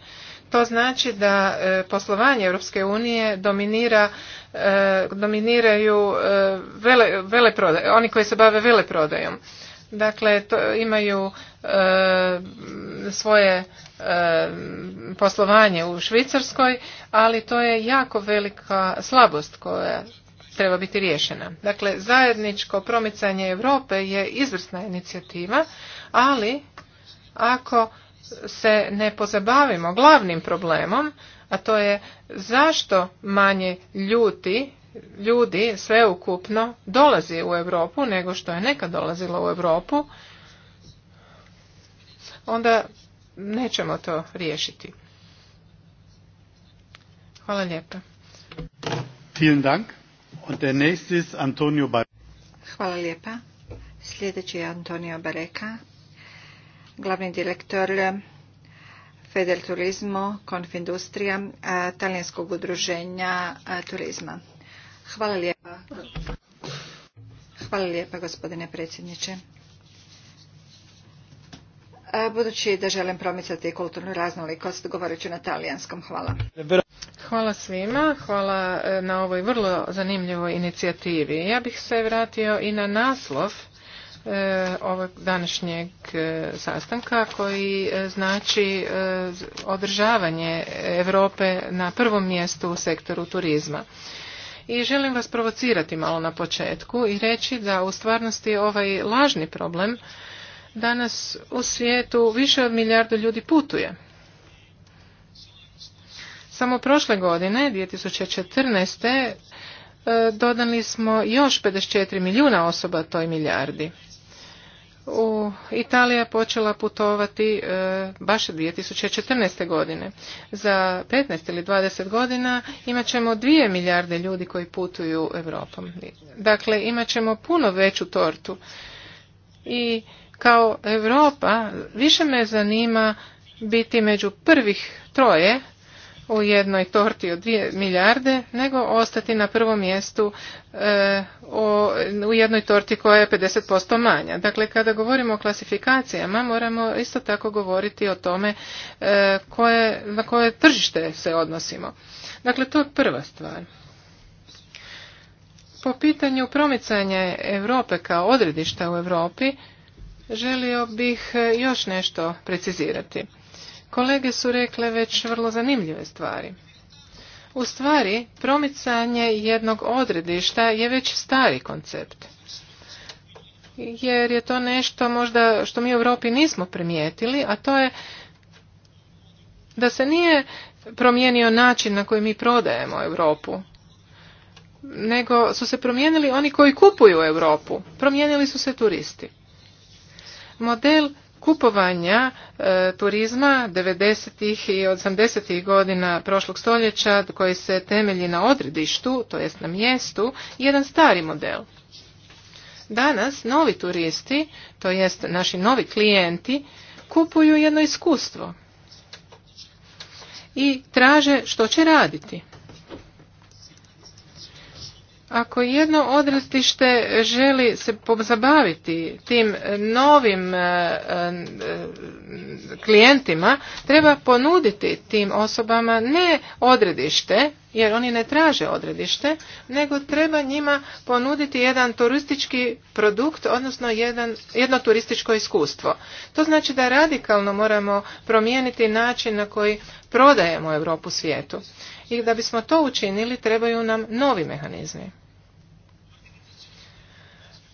To znači da poslovanje Europske unije dominira dominiraju vele, vele oni koji se bave veleprodajom. Dakle, to imaju E, svoje e, poslovanje u Švicarskoj, ali to je jako velika slabost koja treba biti riješena. Dakle, zajedničko promicanje Europe je izvrsna inicijativa, ali ako se ne pozabavimo glavnim problemom, a to je zašto manje ljuti, ljudi sveukupno dolazi u Europu nego što je nekad dolazilo u Europu, onda nećemo to riješiti. Hvala lijepa. Vielen Dank. Und der nächste Antonio Hvala lijepa. Sljedeći je Antonio Bareka, glavni direktor Feder Turismo, Konfindustrija, Talijanskog udruženja turizma. Hvala lijepa. Hvala lijepa gospodine predsjedniče. E, budući da želim promicati kulturnu raznolikost, govorit ću na talijanskom. Hvala. Hvala svima, hvala e, na ovoj vrlo zanimljivoj inicijativi. Ja bih se vratio i na naslov e, ovog današnjeg sastanka koji znači održavanje Europe na prvom mjestu u sektoru turizma. I želim vas provocirati malo na početku i reći da u stvarnosti ovaj lažni problem Danas u svijetu više od milijardu ljudi putuje. Samo prošle godine, 2014. E, dodali smo još 54 milijuna osoba toj milijardi. U Italija počela putovati e, baš 2014. godine. Za 15 ili 20 godina imat ćemo 2 milijarde ljudi koji putuju Europom. Dakle, imat ćemo puno veću tortu. I kao Europa više me zanima biti među prvih troje u jednoj torti od dvije milijarde, nego ostati na prvom mjestu eh, u jednoj torti koja je 50% manja. Dakle, kada govorimo o klasifikacijama, moramo isto tako govoriti o tome eh, na koje tržište se odnosimo. Dakle, to je prva stvar. Po pitanju promicanja Europe kao odredišta u Europi, želio bih e, još nešto precizirati. Kolege su rekle već vrlo zanimljive stvari. U stvari, promicanje jednog odredišta je već stari koncept. Jer je to nešto možda što mi u Europi nismo primijetili, a to je da se nije promijenio način na koji mi prodajemo Europu, nego su se promijenili oni koji kupuju Europu, promijenili su se turisti. Model kupovanja e, turizma 90. i 80. godina prošlog stoljeća koji se temelji na odredištu, to jest na mjestu, jedan stari model. Danas novi turisti, to jest naši novi klijenti, kupuju jedno iskustvo i traže što će raditi. Ako jedno odredište želi se pozabaviti tim novim e, e, klijentima, treba ponuditi tim osobama ne odredište, jer oni ne traže odredište, nego treba njima ponuditi jedan turistički produkt, odnosno jedan, jedno turističko iskustvo. To znači da radikalno moramo promijeniti način na koji prodajemo Europu svijetu i da bismo to učinili trebaju nam novi mehanizmi.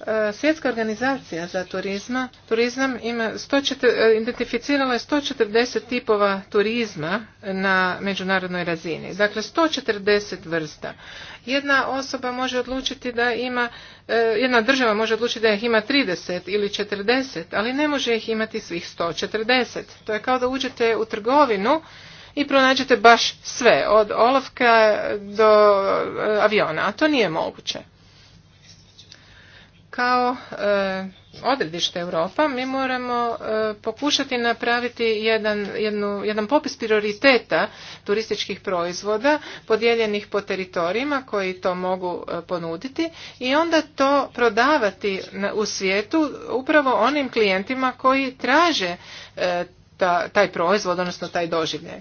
E, Svjetska organizacija za turizma, turizam ima 140, e, identificirala je 140 tipova turizma na međunarodnoj razini. Dakle, 140 vrsta. Jedna osoba može odlučiti da ima, e, jedna država može odlučiti da ih ima 30 ili 40, ali ne može ih imati svih 140. To je kao da uđete u trgovinu i pronađete baš sve, od olovka do e, aviona, a to nije moguće. Kao e, odredište Europa mi moramo e, pokušati napraviti jedan, jednu, jedan popis prioriteta turističkih proizvoda podijeljenih po teritorijima koji to mogu ponuditi i onda to prodavati na, u svijetu upravo onim klijentima koji traže taj proizvod, odnosno taj doživljaj.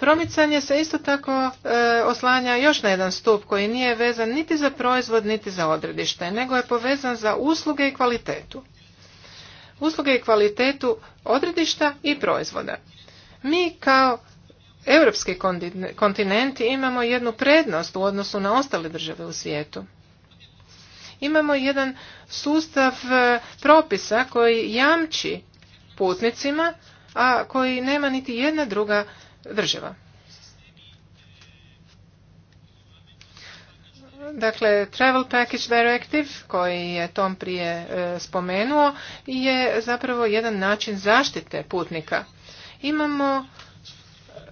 Promicanje se isto tako e, oslanja još na jedan stup koji nije vezan niti za proizvod niti za odredište, nego je povezan za usluge i kvalitetu. Usluge i kvalitetu odredišta i proizvoda. Mi kao europski kontinent imamo jednu prednost u odnosu na ostale države u svijetu. Imamo jedan sustav e, propisa koji jamči putnicima, a koji nema niti jedna druga država. Dakle, Travel Package Directive, koji je Tom prije e, spomenuo, je zapravo jedan način zaštite putnika. Imamo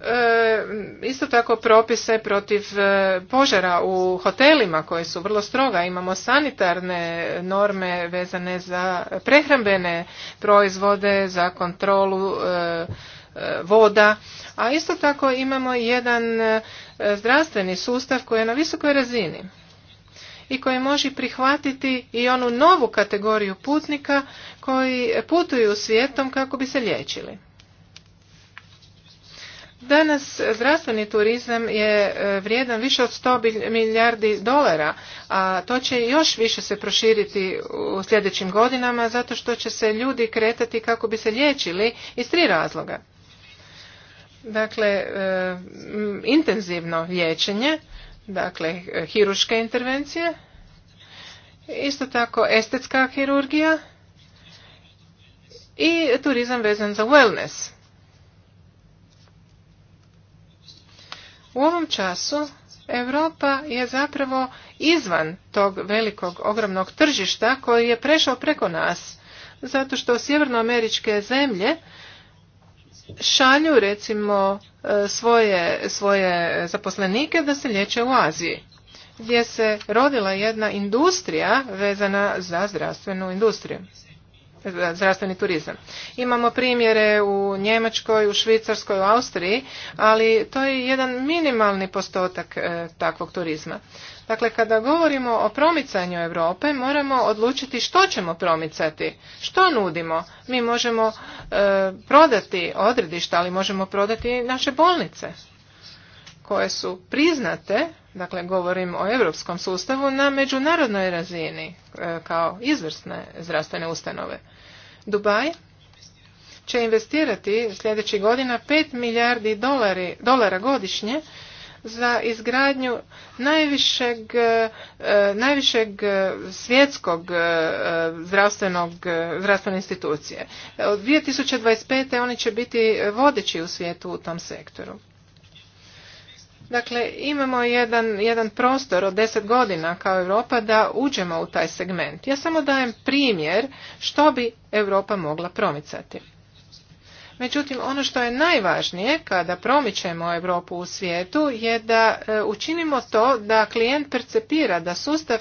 e, isto tako propise protiv e, požara u hotelima koje su vrlo stroga. Imamo sanitarne norme vezane za prehrambene proizvode, za kontrolu voda a isto tako imamo jedan e, zdravstveni sustav koji je na visokoj razini i koji može prihvatiti i onu novu kategoriju putnika koji putuju svijetom kako bi se liječili. Danas zdravstveni turizam je e, vrijedan više od 100 milijardi dolara, a to će još više se proširiti u sljedećim godinama zato što će se ljudi kretati kako bi se liječili iz tri razloga. Dakle, e, intenzivno liječenje, dakle, hiruške intervencije, isto tako estetska hirurgija i turizam vezan za wellness. U ovom času Europa je zapravo izvan tog velikog ogromnog tržišta koji je prešao preko nas, zato što sjevernoameričke zemlje šalju recimo e, svoje, svoje zaposlenike da se liječe u Aziji gdje se rodila jedna industrija vezana za zdravstvenu industriju zdravstveni turizam. Imamo primjere u Njemačkoj, u Švicarskoj, u Austriji, ali to je jedan minimalni postotak e, takvog turizma. Dakle, kada govorimo o promicanju Europe, moramo odlučiti što ćemo promicati, što nudimo. Mi možemo e, prodati odredišta, ali možemo prodati i naše bolnice koje su priznate dakle govorim o europskom sustavu, na međunarodnoj razini e, kao izvrsne zdravstvene ustanove. Dubaj će investirati sljedećih godina 5 milijardi dolari, dolara godišnje za izgradnju najvišeg, e, e, najvišeg svjetskog zdravstvenog, zdravstvene institucije. Od 2025. oni će biti vodeći u svijetu u tom sektoru. Dakle, imamo jedan, jedan prostor od deset godina kao Europa da uđemo u taj segment. Ja samo dajem primjer što bi Europa mogla promicati. Međutim, ono što je najvažnije kada promičemo Europu u svijetu je da e, učinimo to da klijent percepira da sustav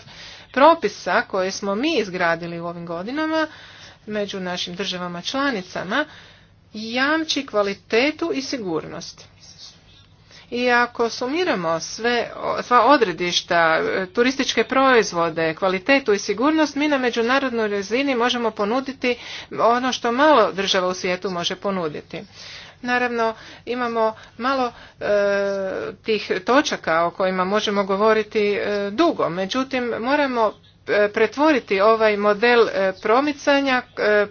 propisa koje smo mi izgradili u ovim godinama među našim državama članicama jamči kvalitetu i sigurnost. I ako sumiramo sve, sva odredišta, e, turističke proizvode, kvalitetu i sigurnost, mi na međunarodnoj razini možemo ponuditi ono što malo država u svijetu može ponuditi. Naravno, imamo malo e, tih točaka o kojima možemo govoriti e, dugo, međutim moramo pretvoriti ovaj model promicanja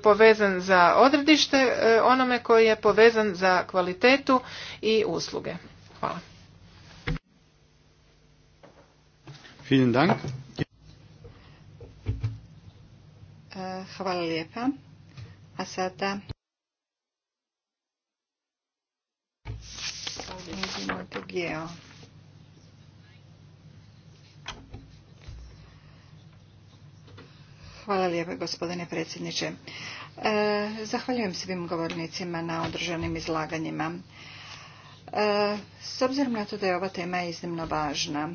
povezan za odredište onome koji je povezan za kvalitetu i usluge. Hvala. Eh, hvala lijepa. A sada Hvala lijepa gospodine predsjedniče. Eh, zahvaljujem svim govornicima na održanim izlaganjima. E, s obzirom na to da je ova tema iznimno važna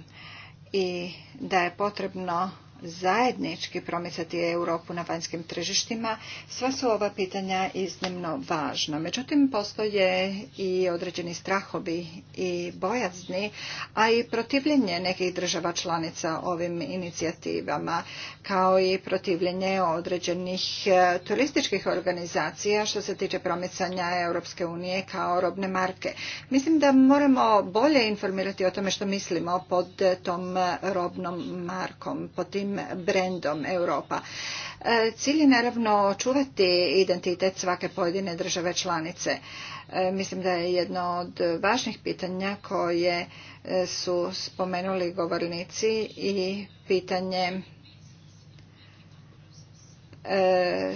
i da je potrebno zajednički promicati Europu na vanjskim tržištima, sva su ova pitanja iznimno važna. Međutim, postoje i određeni strahovi i bojazni, a i protivljenje nekih država članica ovim inicijativama, kao i protivljenje određenih e, turističkih organizacija što se tiče promicanja Europske unije kao robne marke. Mislim da moramo bolje informirati o tome što mislimo pod tom robnom markom, pod tim svojim brendom Europa. E, cilj je naravno očuvati identitet svake pojedine države članice. E, mislim da je jedno od važnih pitanja koje e, su spomenuli govornici i pitanje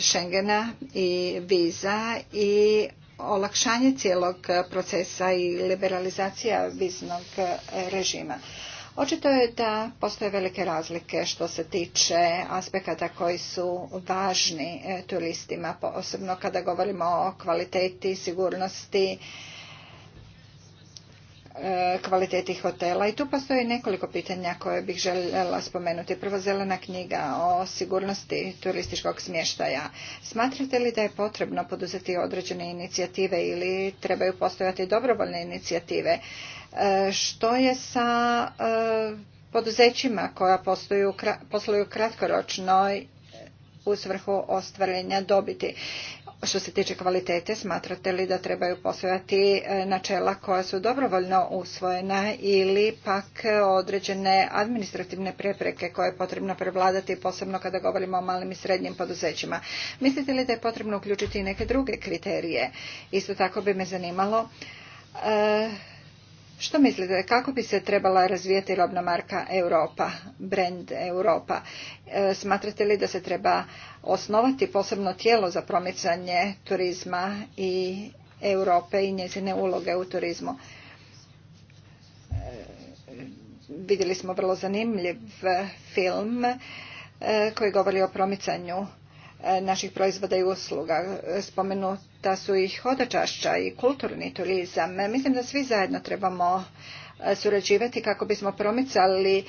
Schengena i viza i olakšanje cijelog procesa i liberalizacija viznog režima. Očito je da postoje velike razlike što se tiče aspekata koji su važni e, turistima, posebno kada govorimo o kvaliteti, sigurnosti, e, kvaliteti hotela i tu postoji nekoliko pitanja koje bih željela spomenuti. Prvo zelena knjiga o sigurnosti turističkog smještaja. Smatrate li da je potrebno poduzeti određene inicijative ili trebaju postojati dobrovoljne inicijative E, što je sa e, poduzećima koja posluju, kratkoročno u svrhu ostvarenja dobiti? Što se tiče kvalitete, smatrate li da trebaju postojati e, načela koja su dobrovoljno usvojena ili pak određene administrativne prepreke koje je potrebno prevladati, posebno kada govorimo o malim i srednjim poduzećima? Mislite li da je potrebno uključiti i neke druge kriterije? Isto tako bi me zanimalo što mislite, kako bi se trebala razvijati robna marka Europa, brand Europa? E, smatrate li da se treba osnovati posebno tijelo za promicanje turizma i Europe i njezine uloge u turizmu? E, vidjeli smo vrlo zanimljiv film e, koji govori o promicanju E, naših proizvoda i usluga. E, spomenuta su i hodočašća i kulturni turizam. E, mislim da svi zajedno trebamo surađivati kako bismo promicali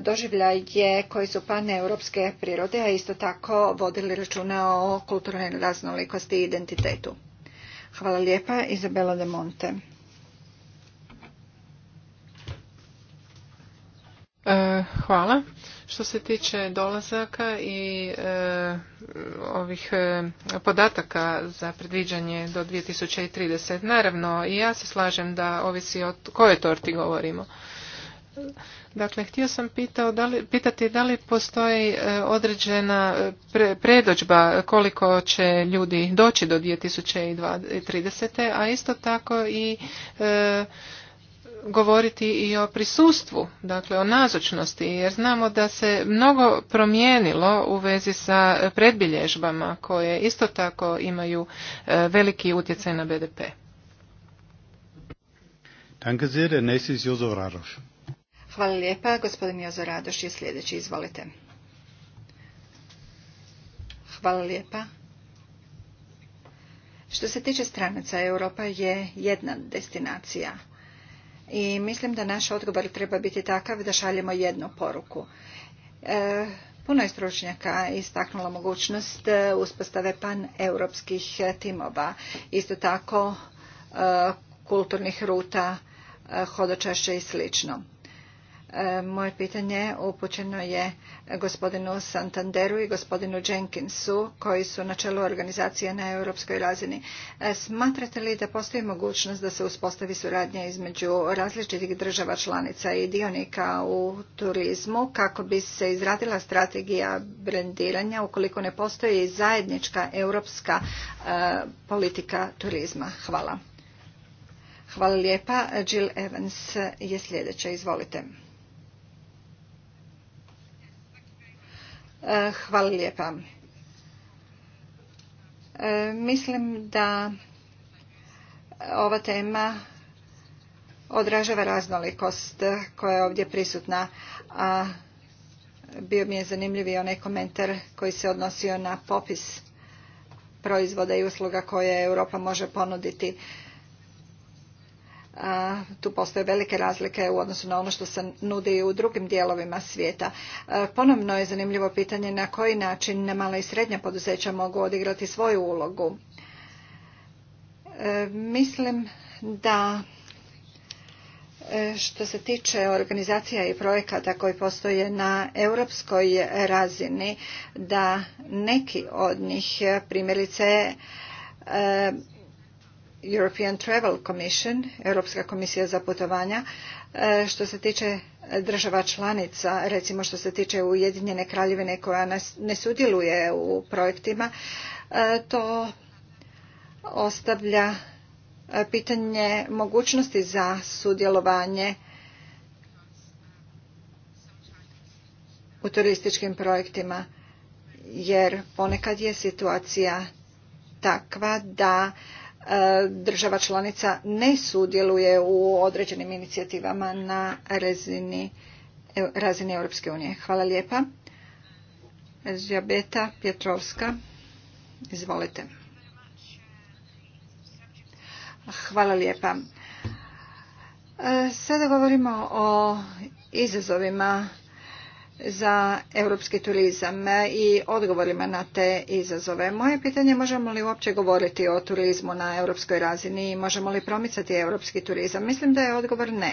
doživljaje koji su europske prirode, a isto tako vodili računa o kulturnoj raznolikosti i identitetu. Hvala lijepa, Izabela de Monte. hvala. Što se tiče dolazaka i e, ovih e, podataka za predviđanje do 2030, naravno i ja se slažem da ovisi o kojoj torti govorimo. Dakle, htio sam pitao, da pitati da li postoji e, određena pre, predođba koliko će ljudi doći do 2030. a isto tako i govoriti i o prisustvu, dakle o nazočnosti, jer znamo da se mnogo promijenilo u vezi sa predbilježbama koje isto tako imaju e, veliki utjecaj na BDP. Hvala lijepa, gospodin Jozo Radoš je sljedeći, izvolite. Hvala lijepa. Što se tiče stranica, Europa je jedna destinacija i mislim da naš odgovor treba biti takav da šaljemo jednu poruku. E, puno je stručnjaka istaknula mogućnost e, uspostave pan-europskih timova. Isto tako e, kulturnih ruta, hodočašća i slično. E, moje pitanje upućeno je gospodinu Santanderu i gospodinu Jenkinsu koji su na čelu organizacije na europskoj razini. E, smatrate li da postoji mogućnost da se uspostavi suradnja između različitih država članica i dionika u turizmu kako bi se izradila strategija brendiranja ukoliko ne postoji zajednička europska e, politika turizma? Hvala. Hvala lijepa. Jill Evans je sljedeća. Izvolite. Eh, hvala lijepa. Eh, mislim da ova tema odražava raznolikost koja je ovdje prisutna, a bio mi je zanimljiv i onaj komentar koji se odnosio na popis proizvoda i usluga koje Europa može ponuditi tu postoje velike razlike u odnosu na ono što se nudi u drugim dijelovima svijeta. E, ponovno je zanimljivo pitanje na koji način mala i srednja poduzeća mogu odigrati svoju ulogu. E, mislim da e, što se tiče organizacija i projekata koji postoje na europskoj razini, da neki od njih primjerice European Travel Commission, Europska komisija za putovanja, e, što se tiče država članica, recimo što se tiče Ujedinjene kraljevine koja ne sudjeluje u projektima, e, to ostavlja e, pitanje mogućnosti za sudjelovanje u turističkim projektima, jer ponekad je situacija takva da E, država članica ne sudjeluje u određenim inicijativama na razini, e, razini Europske unije. Hvala lijepa. Zjabeta Pjetrovska, izvolite. Hvala lijepa. E, sada govorimo o izazovima za europski turizam i odgovorima na te izazove. Moje pitanje je možemo li uopće govoriti o turizmu na europskoj razini i možemo li promicati europski turizam? Mislim da je odgovor ne.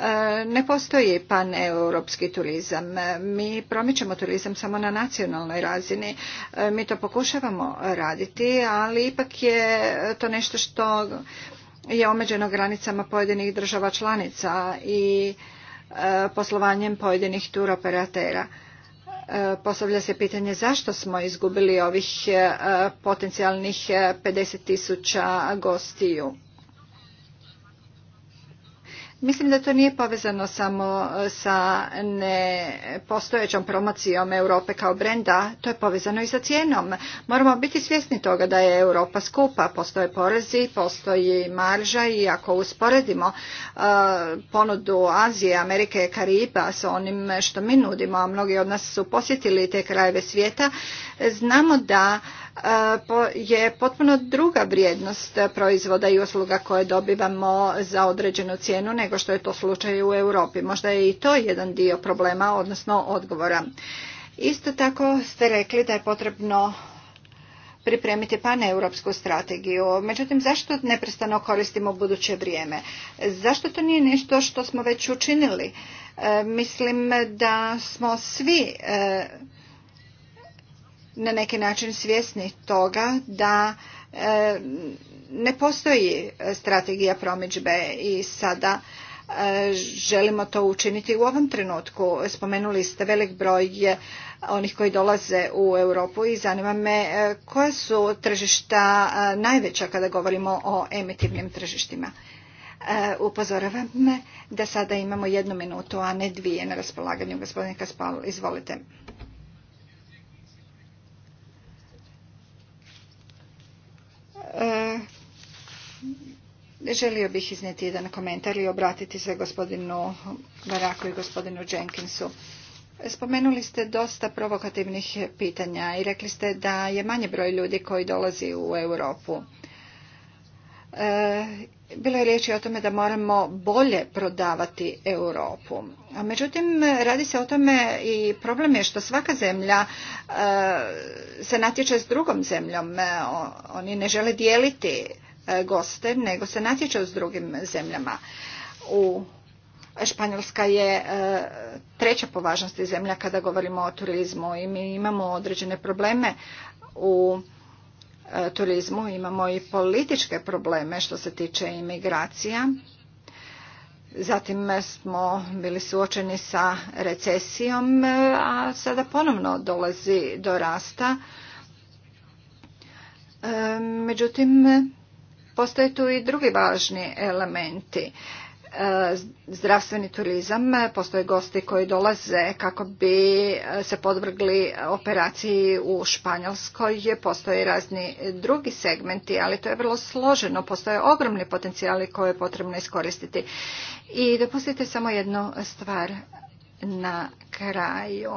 E, ne postoji paneuropski turizam. Mi promičemo turizam samo na nacionalnoj razini. E, mi to pokušavamo raditi, ali ipak je to nešto što je omeđeno granicama pojedinih država članica i E, poslovanjem pojedinih turoperatera. E, postavlja se pitanje zašto smo izgubili ovih e, potencijalnih 50.000 tisuća gostiju. Mislim da to nije povezano samo e, sa nepostojećom promocijom Europe kao brenda, to je povezano i sa cijenom. Moramo biti svjesni toga da je Europa skupa, postoje porezi, postoji marža i ako usporedimo e, ponudu Azije, Amerike, Kariba sa onim što mi nudimo, a mnogi od nas su posjetili te krajeve svijeta, znamo da E, je potpuno druga vrijednost proizvoda i usluga koje dobivamo za određenu cijenu nego što je to slučaj u Europi. Možda je i to jedan dio problema, odnosno odgovora. Isto tako ste rekli da je potrebno pripremiti paneuropsku strategiju. Međutim, zašto neprestano koristimo buduće vrijeme? Zašto to nije nešto što smo već učinili? E, mislim da smo svi e, na neki način svjesni toga da e, ne postoji strategija promidžbe i sada e, želimo to učiniti u ovom trenutku. Spomenuli ste velik broj onih koji dolaze u Europu i zanima me e, koja su tržišta najveća kada govorimo o emitivnim tržištima. Upozoravam me da sada imamo jednu minutu, a ne dvije na raspolaganju. Gospodin Kaspal, izvolite. E, želio bih iznijeti jedan komentar i obratiti se gospodinu Baraku i gospodinu Jenkinsu. Spomenuli ste dosta provokativnih pitanja i rekli ste da je manje broj ljudi koji dolazi u Europu. E, bilo je riječi o tome da moramo bolje prodavati Europu. A međutim, radi se o tome i problem je što svaka zemlja e, se natječe s drugom zemljom. E, oni ne žele dijeliti e, goste, nego se natječe s drugim zemljama. U Španjolska je treća po važnosti zemlja kada govorimo o turizmu i mi imamo određene probleme u E, turizmu, imamo i političke probleme što se tiče imigracija. Zatim smo bili suočeni sa recesijom, e, a sada ponovno dolazi do rasta. E, međutim, postoje tu i drugi važni elementi. E, zdravstveni turizam. E, postoje gosti koji dolaze kako bi e, se podvrgli operaciji u Španjolskoj. Postoje razni drugi segmenti, ali to je vrlo složeno. Postoje ogromni potencijali koje je potrebno iskoristiti. I dopustite samo jednu stvar na kraju.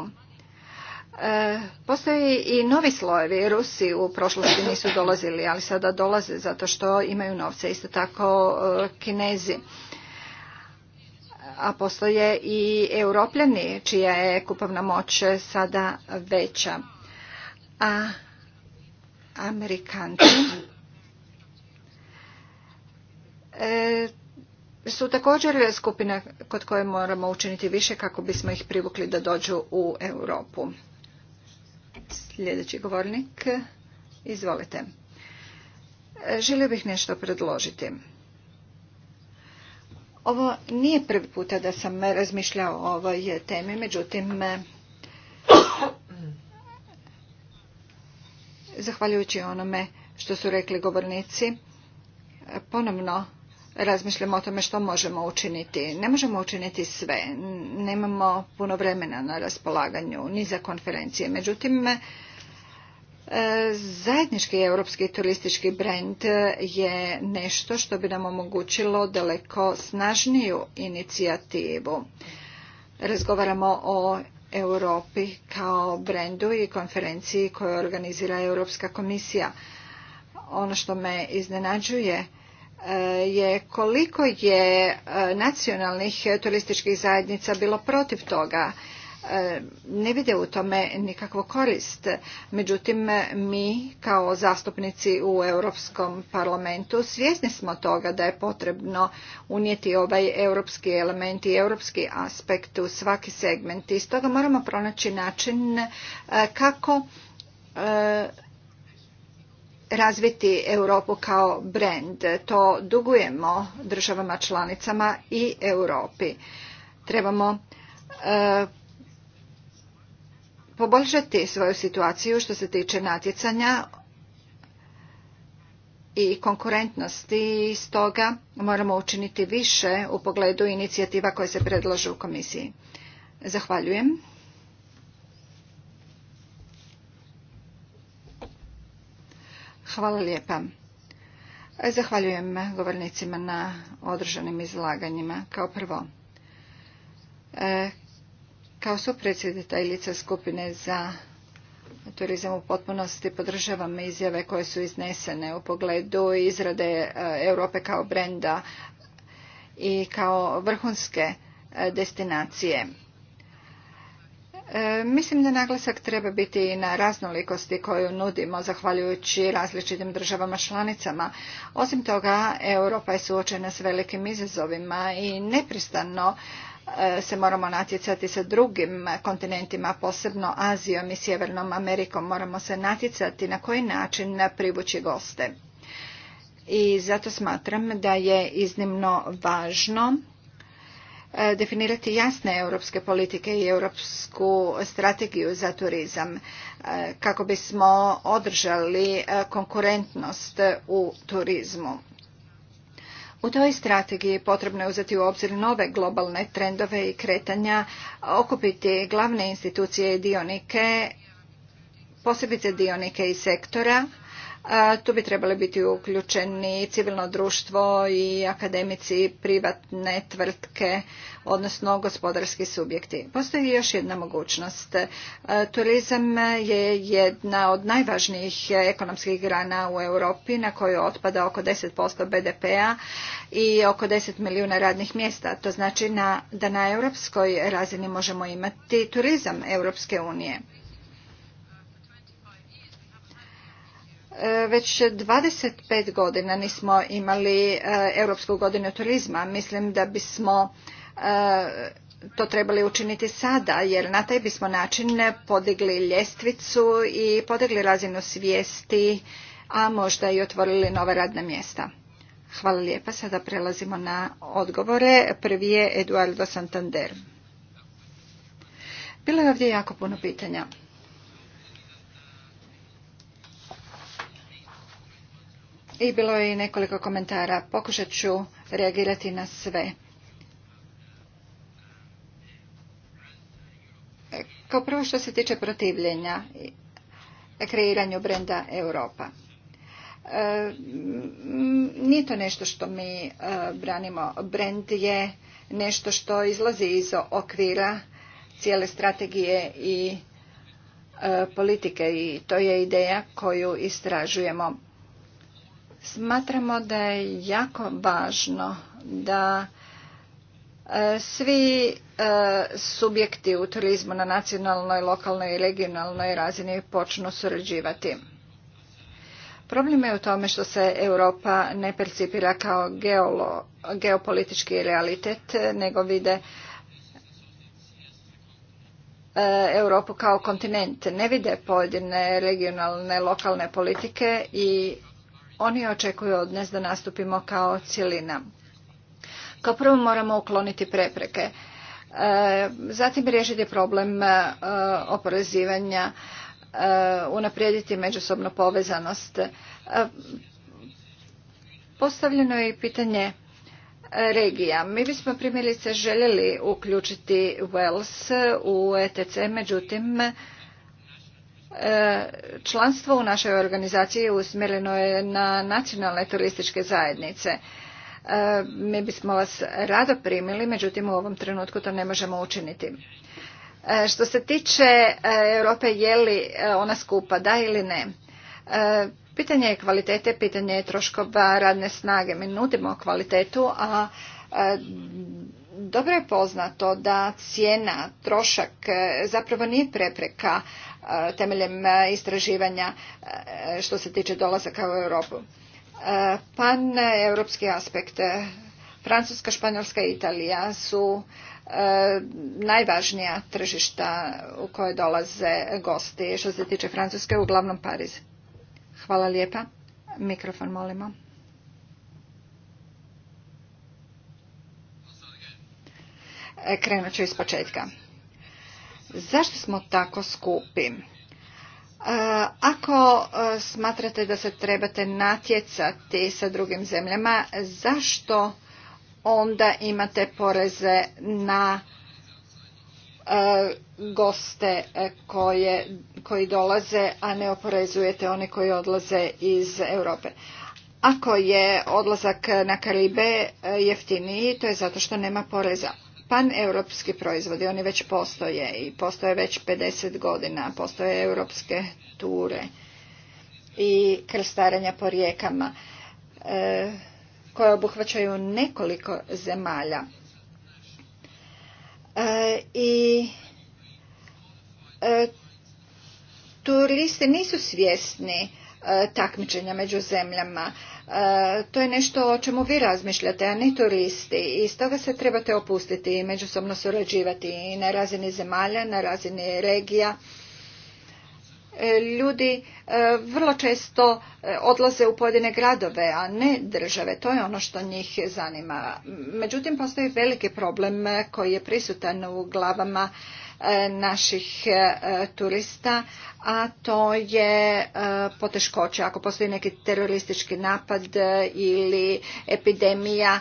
Postoje i novi slojevi. Rusi u prošlosti nisu dolazili, ali sada dolaze zato što imaju novce. Isto tako kinezi a postoje i europljani čija je kupovna moć sada veća. A Amerikanci e, su također skupina kod koje moramo učiniti više kako bismo ih privukli da dođu u Europu. Sljedeći govornik, izvolite. E, želio bih nešto predložiti. Ovo nije prvi puta da sam razmišljao o ovoj temi, međutim, eh, zahvaljujući onome što su rekli govornici, ponovno razmišljamo o tome što možemo učiniti. Ne možemo učiniti sve, nemamo puno vremena na raspolaganju ni za konferencije. Međutim, E, zajednički europski turistički brand e, je nešto što bi nam omogućilo daleko snažniju inicijativu. Razgovaramo o Europi kao brendu i konferenciji koju organizira Europska komisija. Ono što me iznenađuje e, je koliko je nacionalnih turističkih zajednica bilo protiv toga. E, ne vide u tome nikakvu korist. Međutim, mi kao zastupnici u Europskom parlamentu svjesni smo toga da je potrebno unijeti ovaj europski element i europski aspekt u svaki segment i stoga moramo pronaći način e, kako e, razviti Europu kao brand. To dugujemo državama članicama i Europi. Trebamo poboljšati svoju situaciju što se tiče natjecanja i konkurentnosti i stoga moramo učiniti više u pogledu inicijativa koje se predlažu u komisiji. Zahvaljujem. Hvala lijepa. Zahvaljujem govornicima na održanim izlaganjima. Kao prvo, kao supredsjedateljica skupine za turizam u potpunosti podržavam izjave koje su iznesene u pogledu izrade e, Europe kao brenda i kao vrhunske e, destinacije. E, mislim da naglasak treba biti i na raznolikosti koju nudimo zahvaljujući različitim državama članicama. Osim toga, Europa je suočena s velikim izazovima i nepristano E, se moramo natjecati sa drugim kontinentima, posebno Azijom i Sjevernom Amerikom. Moramo se natjecati na koji način privući goste. I zato smatram da je iznimno važno e, definirati jasne europske politike i europsku strategiju za turizam e, kako bismo održali konkurentnost u turizmu. U toj strategiji potrebno je uzeti u obzir nove globalne trendove i kretanja, okupiti glavne institucije i dionike, posebice dionike i sektora, tu bi trebali biti uključeni civilno društvo i akademici, privatne tvrtke, odnosno gospodarski subjekti. Postoji još jedna mogućnost. Turizam je jedna od najvažnijih ekonomskih grana u Europi na kojoj otpada oko 10% BDP-a i oko 10 milijuna radnih mjesta. To znači da na europskoj razini možemo imati turizam Europske unije. E, već 25 godina nismo imali e, Europsku godinu turizma. Mislim da bismo e, to trebali učiniti sada, jer na taj bismo način podigli ljestvicu i podigli razinu svijesti, a možda i otvorili nova radna mjesta. Hvala lijepa. Sada prelazimo na odgovore. Prvi je Eduardo Santander. Bilo je ovdje jako puno pitanja. i bilo je i nekoliko komentara. Pokušat ću reagirati na sve. Kao prvo što se tiče protivljenja kreiranju brenda Europa. E, nije to nešto što mi e, branimo. Brend je nešto što izlazi iz okvira cijele strategije i e, politike i to je ideja koju istražujemo Smatramo da je jako važno da e, svi e, subjekti u turizmu na nacionalnoj, lokalnoj i regionalnoj razini počnu surađivati. Problem je u tome što se Europa ne percipira kao geopolitički realitet, nego vide e, Europu kao kontinent. Ne vide pojedine regionalne, lokalne politike i oni očekuju od nas da nastupimo kao cjelina. Kao prvo moramo ukloniti prepreke. E, zatim riješiti problem e, oporezivanja, e, unaprijediti međusobnu povezanost. Postavljeno je i pitanje regija. Mi bismo primjerice željeli uključiti Wells u ETC, međutim E, članstvo u našoj organizaciji usmjereno je na nacionalne turističke zajednice. E, mi bismo vas rado primili, međutim u ovom trenutku to ne možemo učiniti. E, što se tiče Europe, je li ona skupa, da ili ne? Pitanje je kvalitete, pitanje je troškova radne snage. Mi nudimo kvalitetu, a dobro je poznato da cijena, trošak zapravo nije prepreka E, temeljem e, istraživanja e, što se tiče dolazaka u Europu. Pan europski aspekt. Francuska, Španjolska i Italija su najvažnija tržišta u koje dolaze gosti. Što se tiče Francuske, uglavnom Pariz. Hvala lijepa. Mikrofon molimo. Krenut ću iz početka. Zašto smo tako skupi? E, ako e, smatrate da se trebate natjecati sa drugim zemljama, zašto onda imate poreze na e, goste koji dolaze, a ne oporezujete one koji odlaze iz Europe? Ako je odlazak na Karibe jeftiniji, to je zato što nema poreza paneuropski proizvodi, oni već postoje i postoje već 50 godina, postoje europske ture i krstarenja po rijekama e, koje obuhvaćaju nekoliko zemalja. E, I e, turisti nisu svjesni takmičenja među zemljama E, to je nešto o čemu vi razmišljate, a ne turisti. I stoga se trebate opustiti i međusobno surađivati i na razini zemalja, na razini regija. E, ljudi e, vrlo često odlaze u pojedine gradove, a ne države. To je ono što njih zanima. Međutim, postoji veliki problem koji je prisutan u glavama E, naših e, turista, a to je e, poteškoće. Ako postoji neki teroristički napad ili epidemija,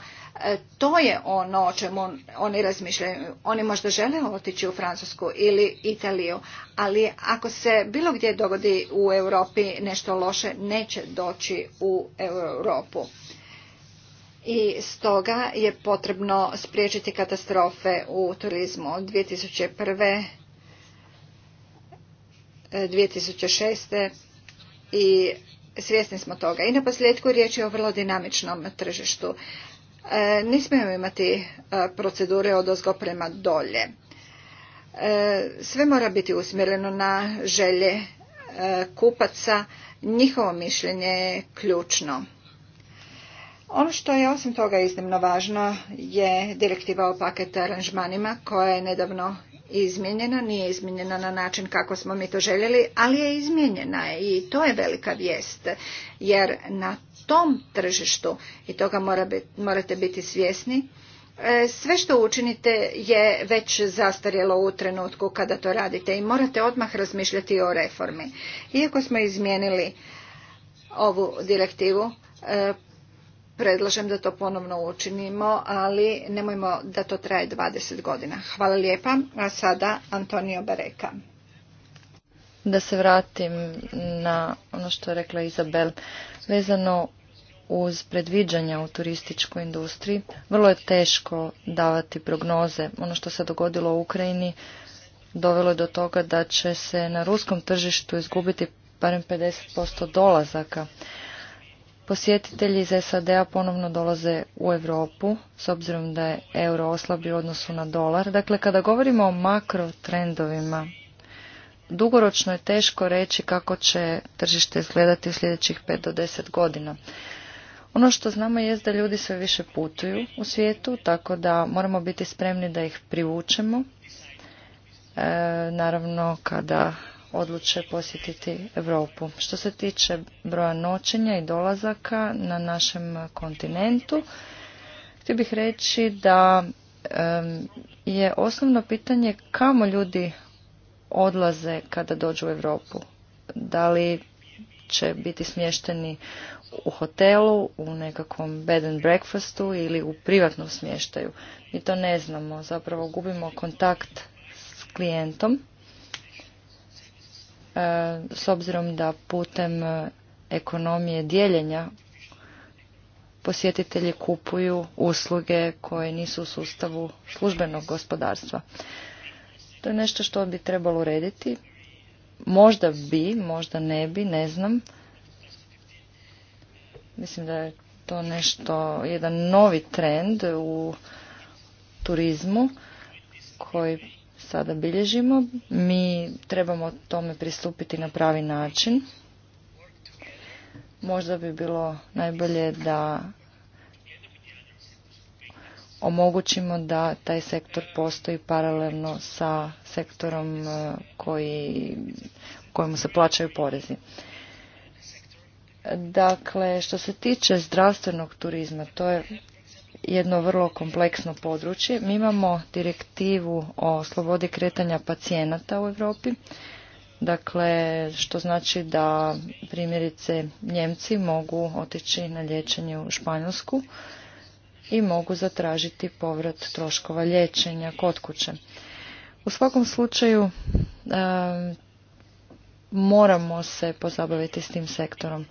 to je ono o čemu oni razmišljaju. Oni možda žele otići u Francusku ili Italiju, ali ako se bilo gdje dogodi u Europi nešto loše, neće doći u Europu i stoga je potrebno spriječiti katastrofe u turizmu. 2001. 2006. E, i svjesni smo toga. I na posljedku riječ je o vrlo dinamičnom tržištu. E, ne smijemo imati e, procedure od prema dolje. Sve mora biti usmjereno na želje kupaca. Njihovo mišljenje je ključno ono što je osim toga iznimno važno je direktiva o paket aranžmanima koja je nedavno izmijenjena, nije izmijenjena na način kako smo mi to željeli, ali je izmijenjena i to je velika vijest jer na tom tržištu i toga morate biti svjesni e, sve što učinite je već zastarjelo u trenutku kada to radite i morate odmah razmišljati o reformi. Iako smo izmijenili ovu direktivu, e, predlažem da to ponovno učinimo, ali nemojmo da to traje 20 godina. Hvala lijepa. A sada Antonio Bareka Da se vratim na ono što je rekla Izabel. Vezano uz predviđanja u turističkoj industriji, vrlo je teško davati prognoze. Ono što se dogodilo u Ukrajini dovelo je do toga da će se na ruskom tržištu izgubiti barem 50% dolazaka. Posjetitelji iz SAD-a ponovno dolaze u Europu s obzirom da je euro oslabio u odnosu na dolar. Dakle, kada govorimo o makro trendovima, dugoročno je teško reći kako će tržište izgledati u sljedećih 5 do 10 godina. Ono što znamo je da ljudi sve više putuju u svijetu, tako da moramo biti spremni da ih privučemo. E, naravno, kada odluče posjetiti Europu. Što se tiče broja noćenja i dolazaka na našem kontinentu, htio bih reći da je osnovno pitanje kamo ljudi odlaze kada dođu u Europu. Da li će biti smješteni u hotelu, u nekakvom bed and breakfastu ili u privatnom smještaju. Mi to ne znamo, zapravo gubimo kontakt s klijentom s obzirom da putem e, ekonomije dijeljenja posjetitelji kupuju usluge koje nisu u sustavu službenog gospodarstva. To je nešto što bi trebalo urediti. Možda bi, možda ne bi, ne znam. Mislim da je to nešto, jedan novi trend u turizmu koji sada bilježimo. Mi trebamo tome pristupiti na pravi način. Možda bi bilo najbolje da omogućimo da taj sektor postoji paralelno sa sektorom e, koji, kojemu se plaćaju porezi. Dakle, što se tiče zdravstvenog turizma, to je jedno vrlo kompleksno područje. Mi imamo direktivu o slobodi kretanja pacijenata u Europi. Dakle, što znači da primjerice Njemci mogu otići na liječenje u Španjolsku i mogu zatražiti povrat troškova liječenja kod kuće. U svakom slučaju moramo se pozabaviti s tim sektorom.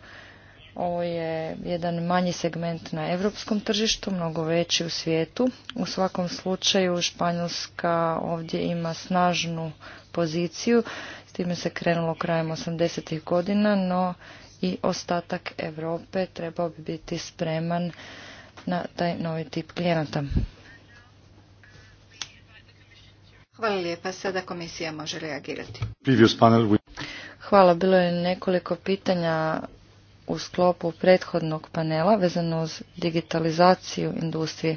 Ovo je jedan manji segment na europskom tržištu, mnogo veći u svijetu. U svakom slučaju Španjolska ovdje ima snažnu poziciju, s time se krenulo krajem 80. godina, no i ostatak Europe trebao bi biti spreman na taj novi tip klijenata. Hvala lijepa. Sada komisija može reagirati. Hvala. Bilo je nekoliko pitanja u sklopu prethodnog panela vezano uz digitalizaciju industrije.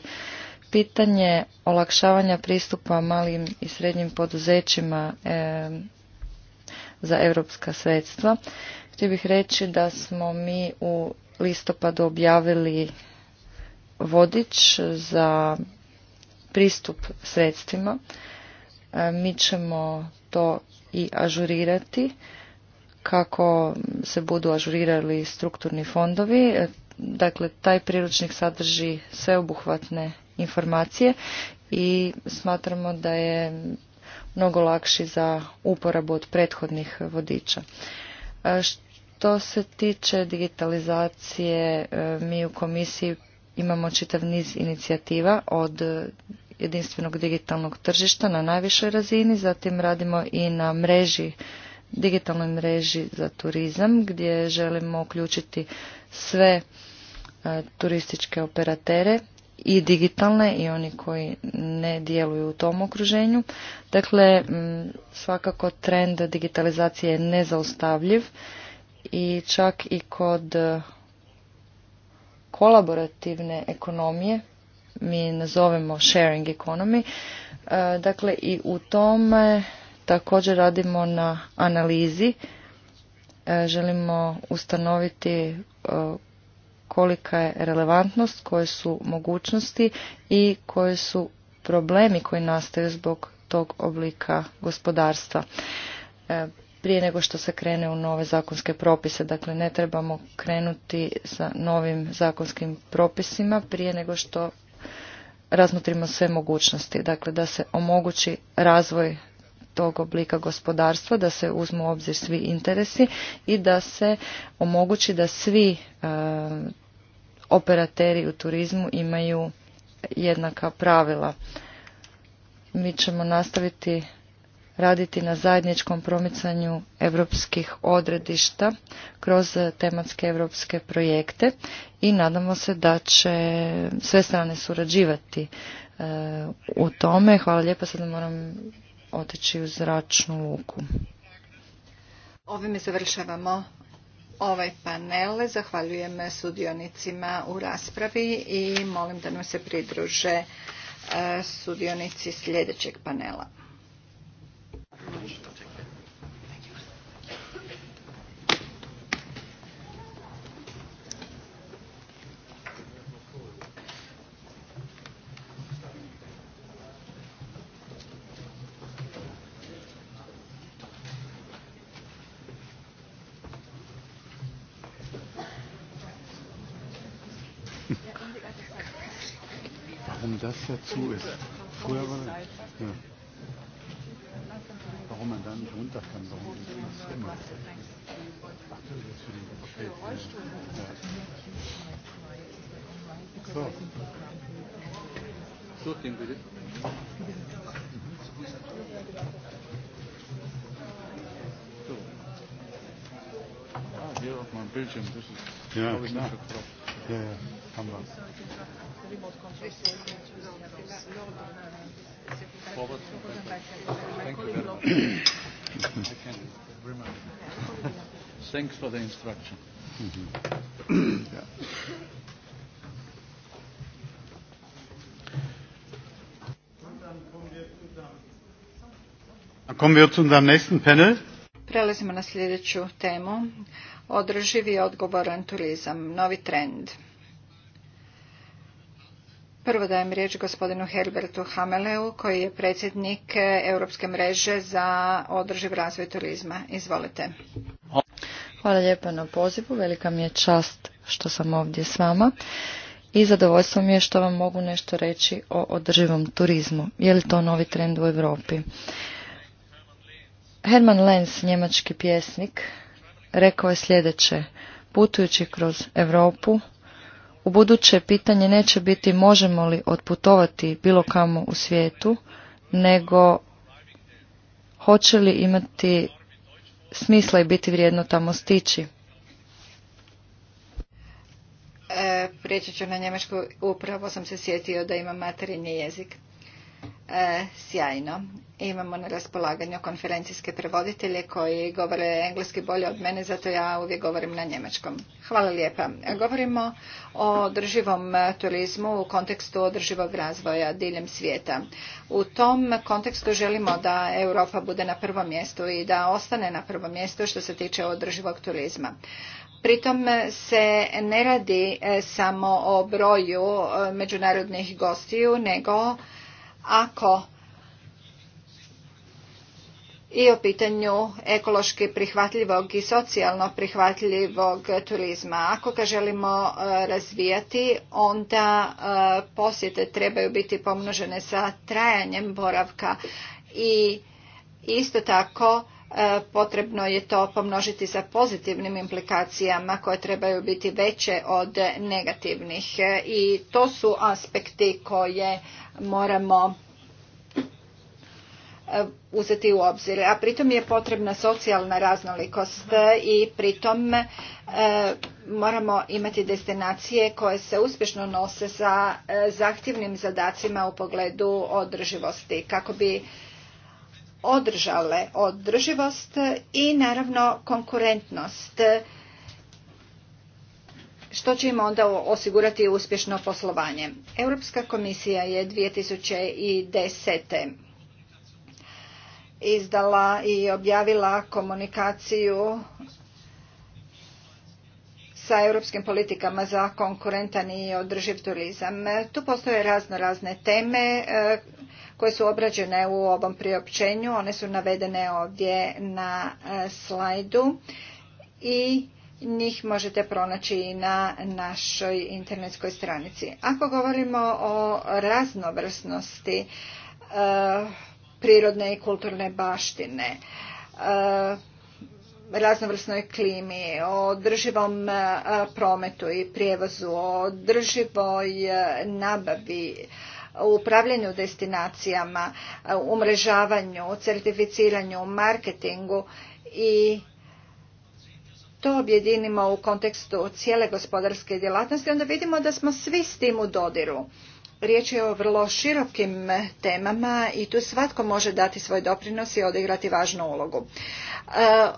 Pitanje olakšavanja pristupa malim i srednjim poduzećima za europska sredstva. Htio bih reći da smo mi u listopadu objavili vodič za pristup sredstvima. mi ćemo to i ažurirati kako se budu ažurirali strukturni fondovi. E, dakle, taj priručnik sadrži sveobuhvatne informacije i smatramo da je mnogo lakši za uporabu od prethodnih vodiča. E, što se tiče digitalizacije, e, mi u komisiji imamo čitav niz inicijativa od jedinstvenog digitalnog tržišta na najvišoj razini, zatim radimo i na mreži digitalnoj mreži za turizam gdje želimo uključiti sve e, turističke operatere i digitalne i oni koji ne djeluju u tom okruženju. Dakle, svakako trend digitalizacije je nezaustavljiv i čak i kod e, kolaborativne ekonomije, mi nazovemo sharing economy, e, dakle i u tome Također radimo na analizi. E, želimo ustanoviti e, kolika je relevantnost, koje su mogućnosti i koje su problemi koji nastaju zbog tog oblika gospodarstva. E, prije nego što se krene u nove zakonske propise, dakle ne trebamo krenuti sa novim zakonskim propisima prije nego što razmotrimo sve mogućnosti, dakle da se omogući razvoj tog oblika gospodarstva, da se uzmu u obzir svi interesi i da se omogući da svi e, operateri u turizmu imaju jednaka pravila. Mi ćemo nastaviti raditi na zajedničkom promicanju europskih odredišta kroz tematske europske projekte i nadamo se da će sve strane surađivati e, u tome. Hvala lijepa, sad moram otići u zračnu luku. Ovime završavamo ovaj panel. Zahvaljujem sudionicima u raspravi i molim da nam se pridruže e, sudionici sljedećeg panela. ist. Warum man dann runter kann, So. Ah, auf meinem Bildschirm, das ist, ja, Ja, ja, Thanks for the instruction. yeah. Prelazimo na sljedeću temu. Održivi i odgovoran turizam. Novi trend. Prvo dajem riječ gospodinu Herbertu Hameleu koji je predsjednik Europske mreže za održiv razvoj turizma. Izvolite. Hvala lijepa na pozivu. Velika mi je čast što sam ovdje s vama. I zadovoljstvo mi je što vam mogu nešto reći o održivom turizmu. Je li to novi trend u Europi? Herman Lenz, njemački pjesnik, rekao je sljedeće. Putujući kroz Europu, u buduće pitanje neće biti možemo li otputovati bilo kamo u svijetu, nego hoće li imati smisla i biti vrijedno tamo stići. E, ću na njemačku, upravo sam se sjetio da imam materinji jezik. E, sjajno. Imamo na raspolaganju konferencijske prevoditelje koji govore engleski bolje od mene, zato ja uvijek govorim na njemačkom. Hvala lijepa. Govorimo o održivom turizmu u kontekstu održivog razvoja diljem svijeta. U tom kontekstu želimo da Europa bude na prvom mjestu i da ostane na prvom mjestu što se tiče održivog turizma. Pritom se ne radi e, samo o broju e, međunarodnih gostiju, nego ako i o pitanju ekološki prihvatljivog i socijalno prihvatljivog turizma. Ako ga želimo e, razvijati, onda e, posjete trebaju biti pomnožene sa trajanjem boravka i isto tako E, potrebno je to pomnožiti sa pozitivnim implikacijama koje trebaju biti veće od negativnih e, i to su aspekti koje moramo e, uzeti u obzir. A pritom je potrebna socijalna raznolikost i pritom moramo imati destinacije koje se uspješno nose sa zahtjevnim zadacima u pogledu održivosti kako bi održale održivost i naravno konkurentnost što će im onda osigurati uspješno poslovanje. Europska komisija je 2010. izdala i objavila komunikaciju sa europskim politikama za konkurentan i održiv turizam. Tu postoje razno razne teme koje su obrađene u ovom priopćenju. One su navedene ovdje na e, slajdu i njih možete pronaći i na našoj internetskoj stranici. Ako govorimo o raznovrsnosti e, prirodne i kulturne baštine, e, raznovrsnoj klimi, o drživom prometu i prijevozu, o drživoj nabavi, u upravljanju destinacijama, umrežavanju, certificiranju, marketingu i to objedinimo u kontekstu cijele gospodarske djelatnosti, onda vidimo da smo svi s tim u dodiru. Riječ je o vrlo širokim temama i tu svatko može dati svoj doprinos i odigrati važnu ulogu. E,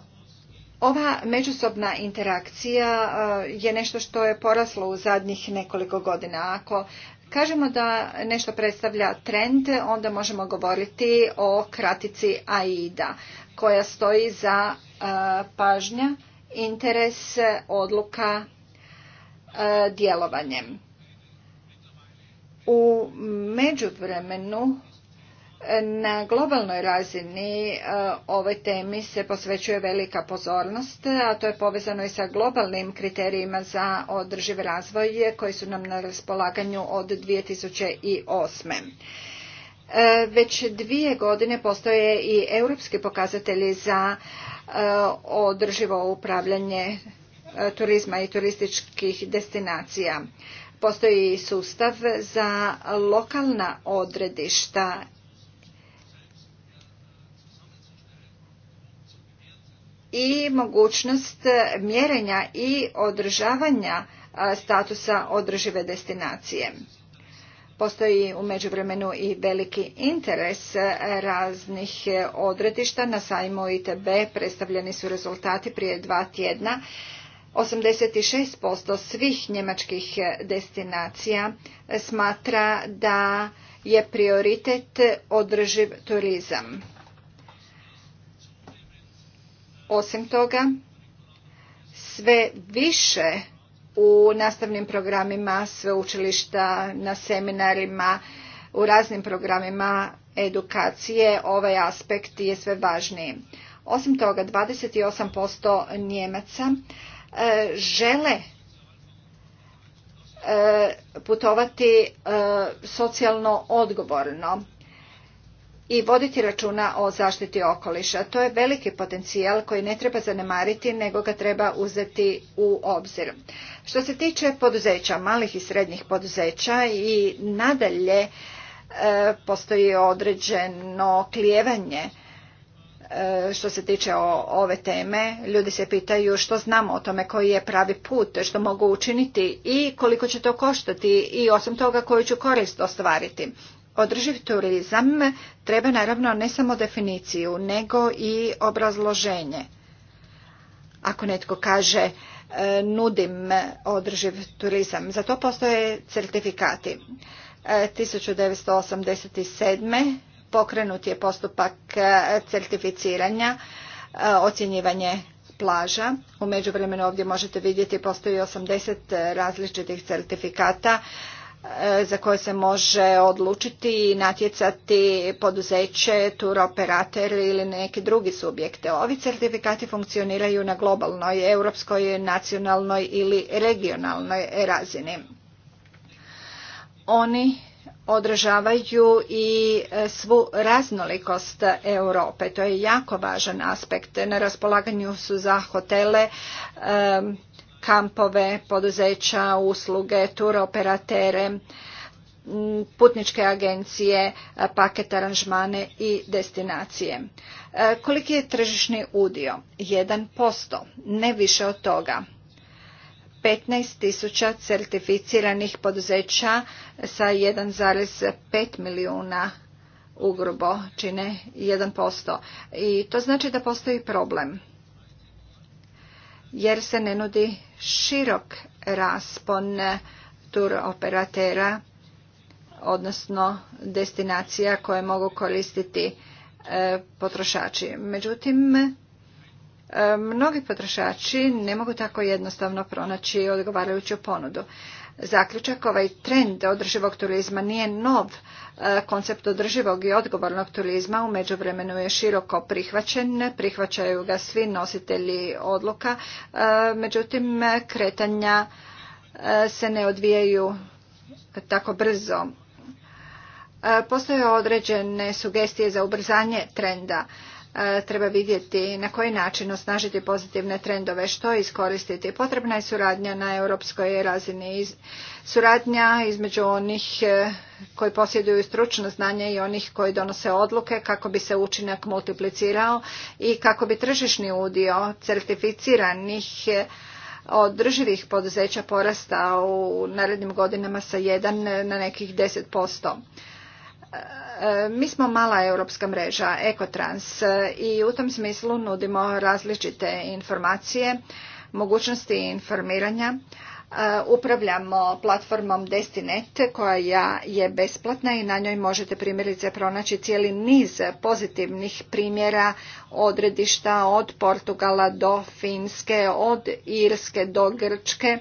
ova međusobna interakcija e, je nešto što je poraslo u zadnjih nekoliko godina. Ako kažemo da nešto predstavlja trend, onda možemo govoriti o kratici AIDA koja stoji za e, pažnja, interes, odluka, e, djelovanjem. U međuvremenu na globalnoj razini e, ovoj temi se posvećuje velika pozornost, a to je povezano i sa globalnim kriterijima za održiv razvoj koji su nam na raspolaganju od 2008. E, već dvije godine postoje i europski pokazatelji za e, održivo upravljanje turizma i turističkih destinacija. Postoji i sustav za lokalna odredišta i mogućnost e, mjerenja i održavanja e, statusa održive destinacije. Postoji u međuvremenu i veliki interes e, raznih odredišta. Na sajmu ITB predstavljeni su rezultati prije dva tjedna. 86% svih njemačkih destinacija smatra da je prioritet održiv turizam. Osim toga, sve više u nastavnim programima sveučilišta, na seminarima, u raznim programima edukacije ovaj aspekt je sve važniji. Osim toga, 28% Njemaca e, žele e, putovati e, socijalno odgovorno i voditi računa o zaštiti okoliša. To je veliki potencijal koji ne treba zanemariti, nego ga treba uzeti u obzir. Što se tiče poduzeća, malih i srednjih poduzeća i nadalje e, postoji određeno klijevanje e, što se tiče o, ove teme. Ljudi se pitaju što znamo o tome koji je pravi put, što mogu učiniti i koliko će to koštati i osim toga koju ću korist ostvariti. Održiv turizam treba naravno ne samo definiciju, nego i obrazloženje. Ako netko kaže e, nudim održiv turizam, za to postoje certifikati. 1987. E, pokrenut je postupak e, certificiranja, ocjenjivanje plaža. U međuvremenu ovdje možete vidjeti postoji 80 različitih certifikata E, za koje se može odlučiti i natjecati poduzeće, operator ili neki drugi subjekte. Ovi certifikati funkcioniraju na globalnoj, europskoj, nacionalnoj ili regionalnoj razini. Oni odražavaju i e, svu raznolikost Europe. To je jako važan aspekt. Na raspolaganju su za hotele, e, kampove, poduzeća, usluge, turoperatere, putničke agencije, paket aranžmane i destinacije. E, koliki je tržišni udio? 1%, ne više od toga. 15.000 certificiranih poduzeća sa 1,5 milijuna ugrubo čine 1%. I to znači da postoji problem jer se ne nudi širok raspon tur operatera, odnosno destinacija koje mogu koristiti e, potrošači. Međutim, e, mnogi potrošači ne mogu tako jednostavno pronaći odgovarajuću ponudu zaključak. Ovaj trend održivog turizma nije nov e, koncept održivog i odgovornog turizma u međuvremenu je široko prihvaćen, prihvaćaju ga svi nositelji odluka, e, međutim kretanja e, se ne odvijaju tako brzo. Postoje određene sugestije za ubrzanje trenda. E, treba vidjeti na koji način osnažiti pozitivne trendove, što iskoristiti. Potrebna je suradnja na europskoj razini, suradnja između onih e, koji posjeduju stručno znanje i onih koji donose odluke kako bi se učinak multiplicirao i kako bi tržišni udio certificiranih e, održivih poduzeća porastao u narednim godinama sa 1 na nekih 10% mi smo mala europska mreža Ekotrans i u tom smislu nudimo različite informacije, mogućnosti informiranja. Uh, upravljamo platformom Destinet koja je besplatna i na njoj možete primjerice pronaći cijeli niz pozitivnih primjera odredišta od Portugala do Finske, od Irske do Grčke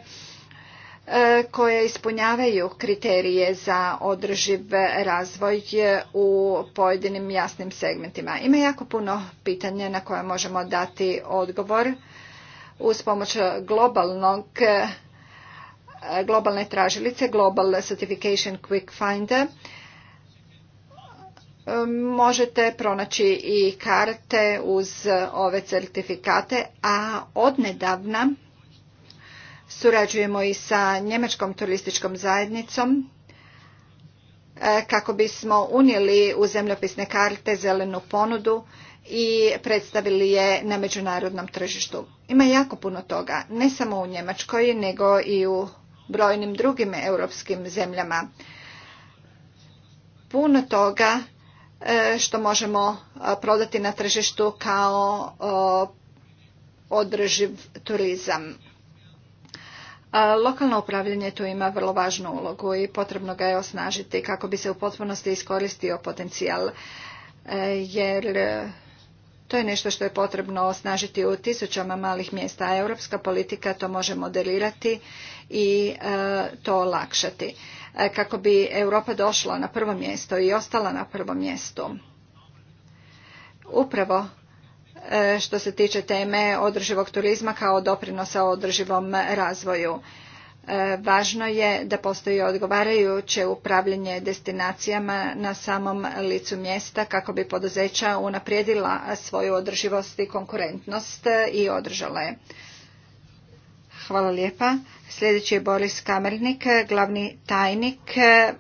E, koje ispunjavaju kriterije za održiv razvoj u pojedinim jasnim segmentima. Ima jako puno pitanja na koje možemo dati odgovor uz pomoć globalnog e, globalne tražilice Global Certification Quick Finder e, možete pronaći i karte uz ove certifikate, a odnedavna Surađujemo i sa Njemačkom turističkom zajednicom e, kako bismo unijeli u zemljopisne karte zelenu ponudu i predstavili je na međunarodnom tržištu. Ima jako puno toga, ne samo u Njemačkoj, nego i u brojnim drugim europskim zemljama. Puno toga e, što možemo e, prodati na tržištu kao održiv turizam. Lokalno upravljanje tu ima vrlo važnu ulogu i potrebno ga je osnažiti kako bi se u potpunosti iskoristio potencijal, e, jer e, to je nešto što je potrebno osnažiti u tisućama malih mjesta, a europska politika to može modelirati i e, to olakšati kako bi Europa došla na prvo mjesto i ostala na prvom mjestu. Upravo E, što se tiče teme održivog turizma kao doprinosa održivom razvoju. E, važno je da postoji odgovarajuće upravljanje destinacijama na samom licu mjesta kako bi poduzeća unaprijedila svoju održivost i konkurentnost i održala je. Hvala lijepa. Sljedeći je Boris Kamernik, glavni tajnik e,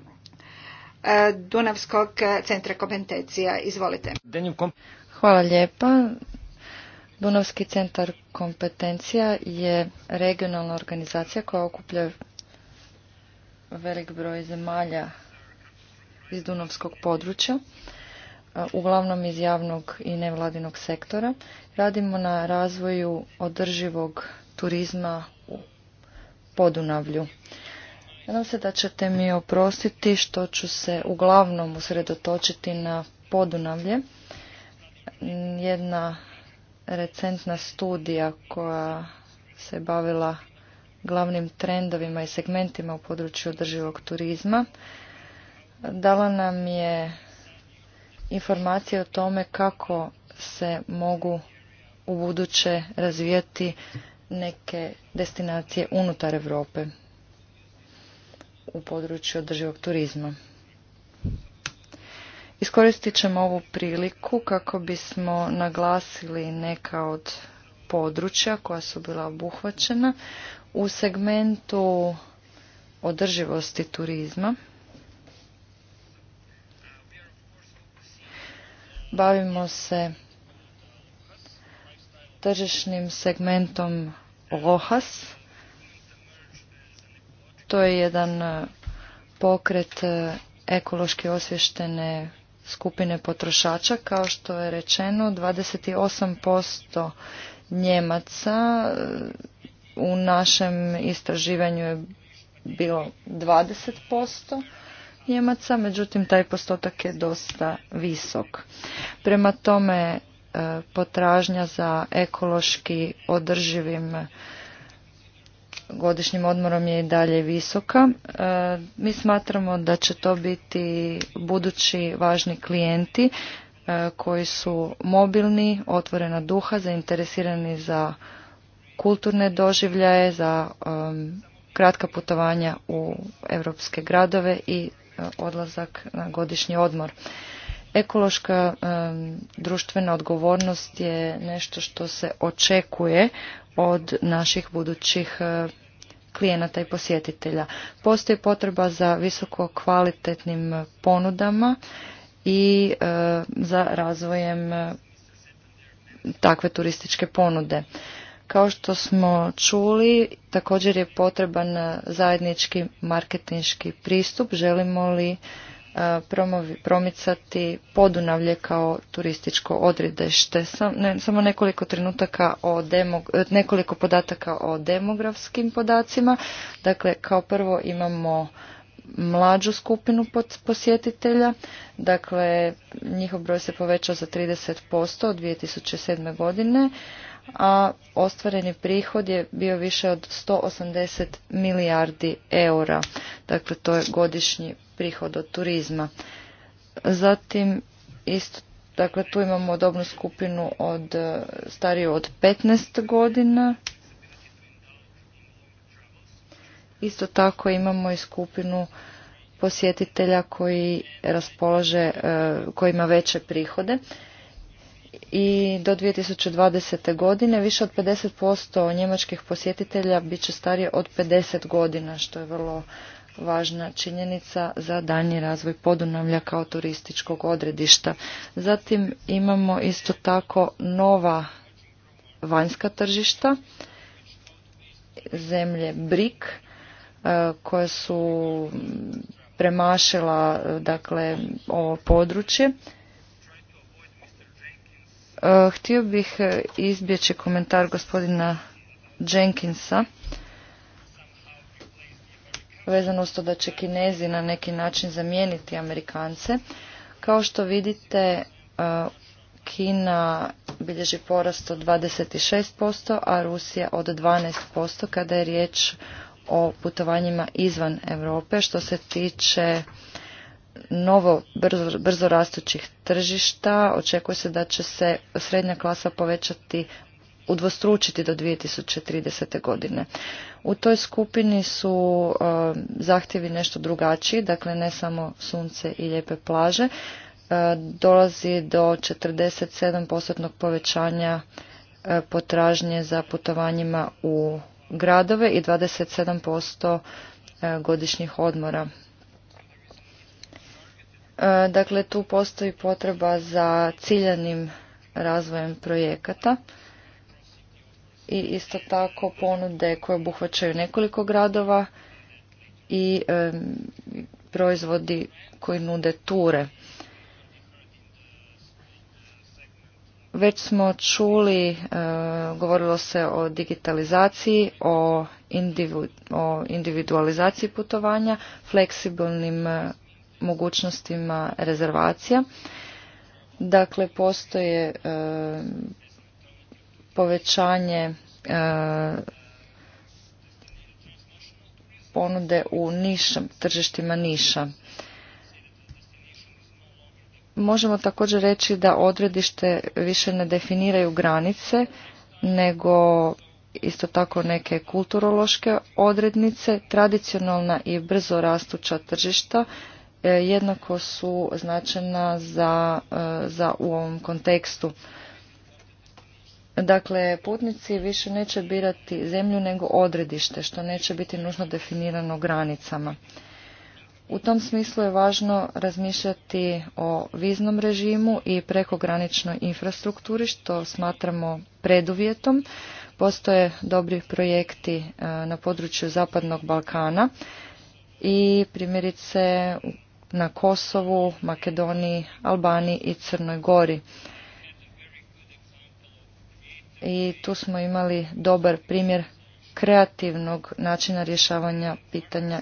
Dunavskog centra kompetencija. Izvolite. Hvala lijepa. Dunavski centar kompetencija je regionalna organizacija koja okuplja velik broj zemalja iz Dunavskog područja, uglavnom iz javnog i nevladinog sektora. Radimo na razvoju održivog turizma u Podunavlju. Nadam se da ćete mi oprostiti što ću se uglavnom usredotočiti na Podunavlje jedna recentna studija koja se bavila glavnim trendovima i segmentima u području održivog turizma dala nam je informacije o tome kako se mogu u buduće razvijati neke destinacije unutar Europe u području održivog turizma. Iskoristit ćemo ovu priliku kako bismo naglasili neka od područja koja su bila obuhvaćena u segmentu održivosti turizma. Bavimo se tržišnim segmentom LOHAS. To je jedan pokret ekološki osvještene skupine potrošača. Kao što je rečeno, 28% Njemaca e, u našem istraživanju je bilo 20%. Njemaca, međutim taj postotak je dosta visok. Prema tome e, potražnja za ekološki održivim godišnjim odmorom je i dalje visoka. E, mi smatramo da će to biti budući važni klijenti e, koji su mobilni, otvorena duha, zainteresirani za kulturne doživljaje, za kratka putovanja u europske gradove i e, odlazak na godišnji odmor. Ekološka društvena odgovornost je nešto što se očekuje od naših budućih e, klijenata i posjetitelja. Postoji potreba za visoko kvalitetnim ponudama i e, za razvojem e, takve turističke ponude. Kao što smo čuli, također je potreban zajednički marketinški pristup. Želimo li E, promicati podunavlje kao turističko odredište. Samo nekoliko trenutaka o e, nekoliko podataka o demografskim podacima. Dakle, kao prvo imamo mlađu skupinu posjetitelja. Dakle, njihov broj se povećao za 30% od 2007. godine, a ostvareni prihod je bio više od 180 milijardi eura. Dakle, to je godišnji prihod od turizma. Zatim, isto, dakle, tu imamo dobnu skupinu od e, stariju od 15 godina. Isto tako imamo i skupinu posjetitelja koji raspolaže, e, koji ima veće prihode i do 2020. godine više od 50% njemačkih posjetitelja bit će starije od 50 godina, što je vrlo važna činjenica za daljnji razvoj podunavlja kao turističkog odredišta. Zatim imamo isto tako nova vanjska tržišta, zemlje BRIC, e, koje su premašila dakle ovo područje. E, htio bih izbjeći komentar gospodina Jenkinsa vezano s to da će Kinezi na neki način zamijeniti Amerikance. Kao što vidite, e, Kina bilježi porast od 26%, a Rusija od 12% kada je riječ o putovanjima izvan Europe. Što se tiče novo brzo, brzo rastućih tržišta, očekuje se da će se srednja klasa povećati udvostručiti do 2030. godine. U toj skupini su e, zahtjevi nešto drugačiji, dakle ne samo sunce i lijepe plaže. E, dolazi do 47% povećanja e, potražnje za putovanjima u gradove i 27% godišnjih odmora. Dakle, tu postoji potreba za ciljanim razvojem projekata i isto tako ponude koje obuhvaćaju nekoliko gradova i proizvodi koji nude ture. Već smo čuli, e, govorilo se o digitalizaciji, o, individualizaciji putovanja, fleksibilnim e, mogućnostima rezervacija. Dakle, postoje povećanje e, ponude u tržištima niša. Možemo također reći da odredište više ne definiraju granice, nego isto tako neke kulturološke odrednice, tradicionalna i brzo rastuća tržišta e, jednako su značena za, e, za u ovom kontekstu. Dakle, putnici više neće birati zemlju nego odredište, što neće biti nužno definirano granicama. U tom smislu je važno razmišljati o viznom režimu i prekograničnoj infrastrukturi, što smatramo preduvjetom. Postoje dobri projekti e, na području Zapadnog Balkana i primjerice na Kosovu, Makedoniji, Albaniji i Crnoj Gori i tu smo imali dobar primjer kreativnog načina rješavanja pitanja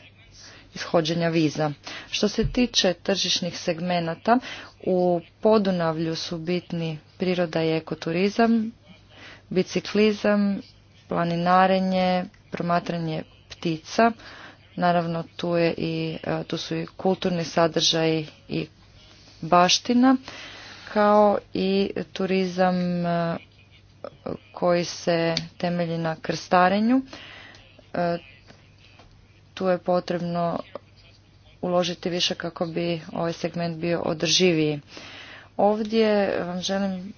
ishođenja viza. Što se tiče tržišnih segmenata, u Podunavlju su bitni priroda i ekoturizam, biciklizam, planinarenje, promatranje ptica. Naravno tu, je i, e, tu su i kulturni sadržaj i baština, kao i turizam e, koji se temelji na krstarenju. E, tu je potrebno uložiti više kako bi ovaj segment bio održiviji. Ovdje vam želim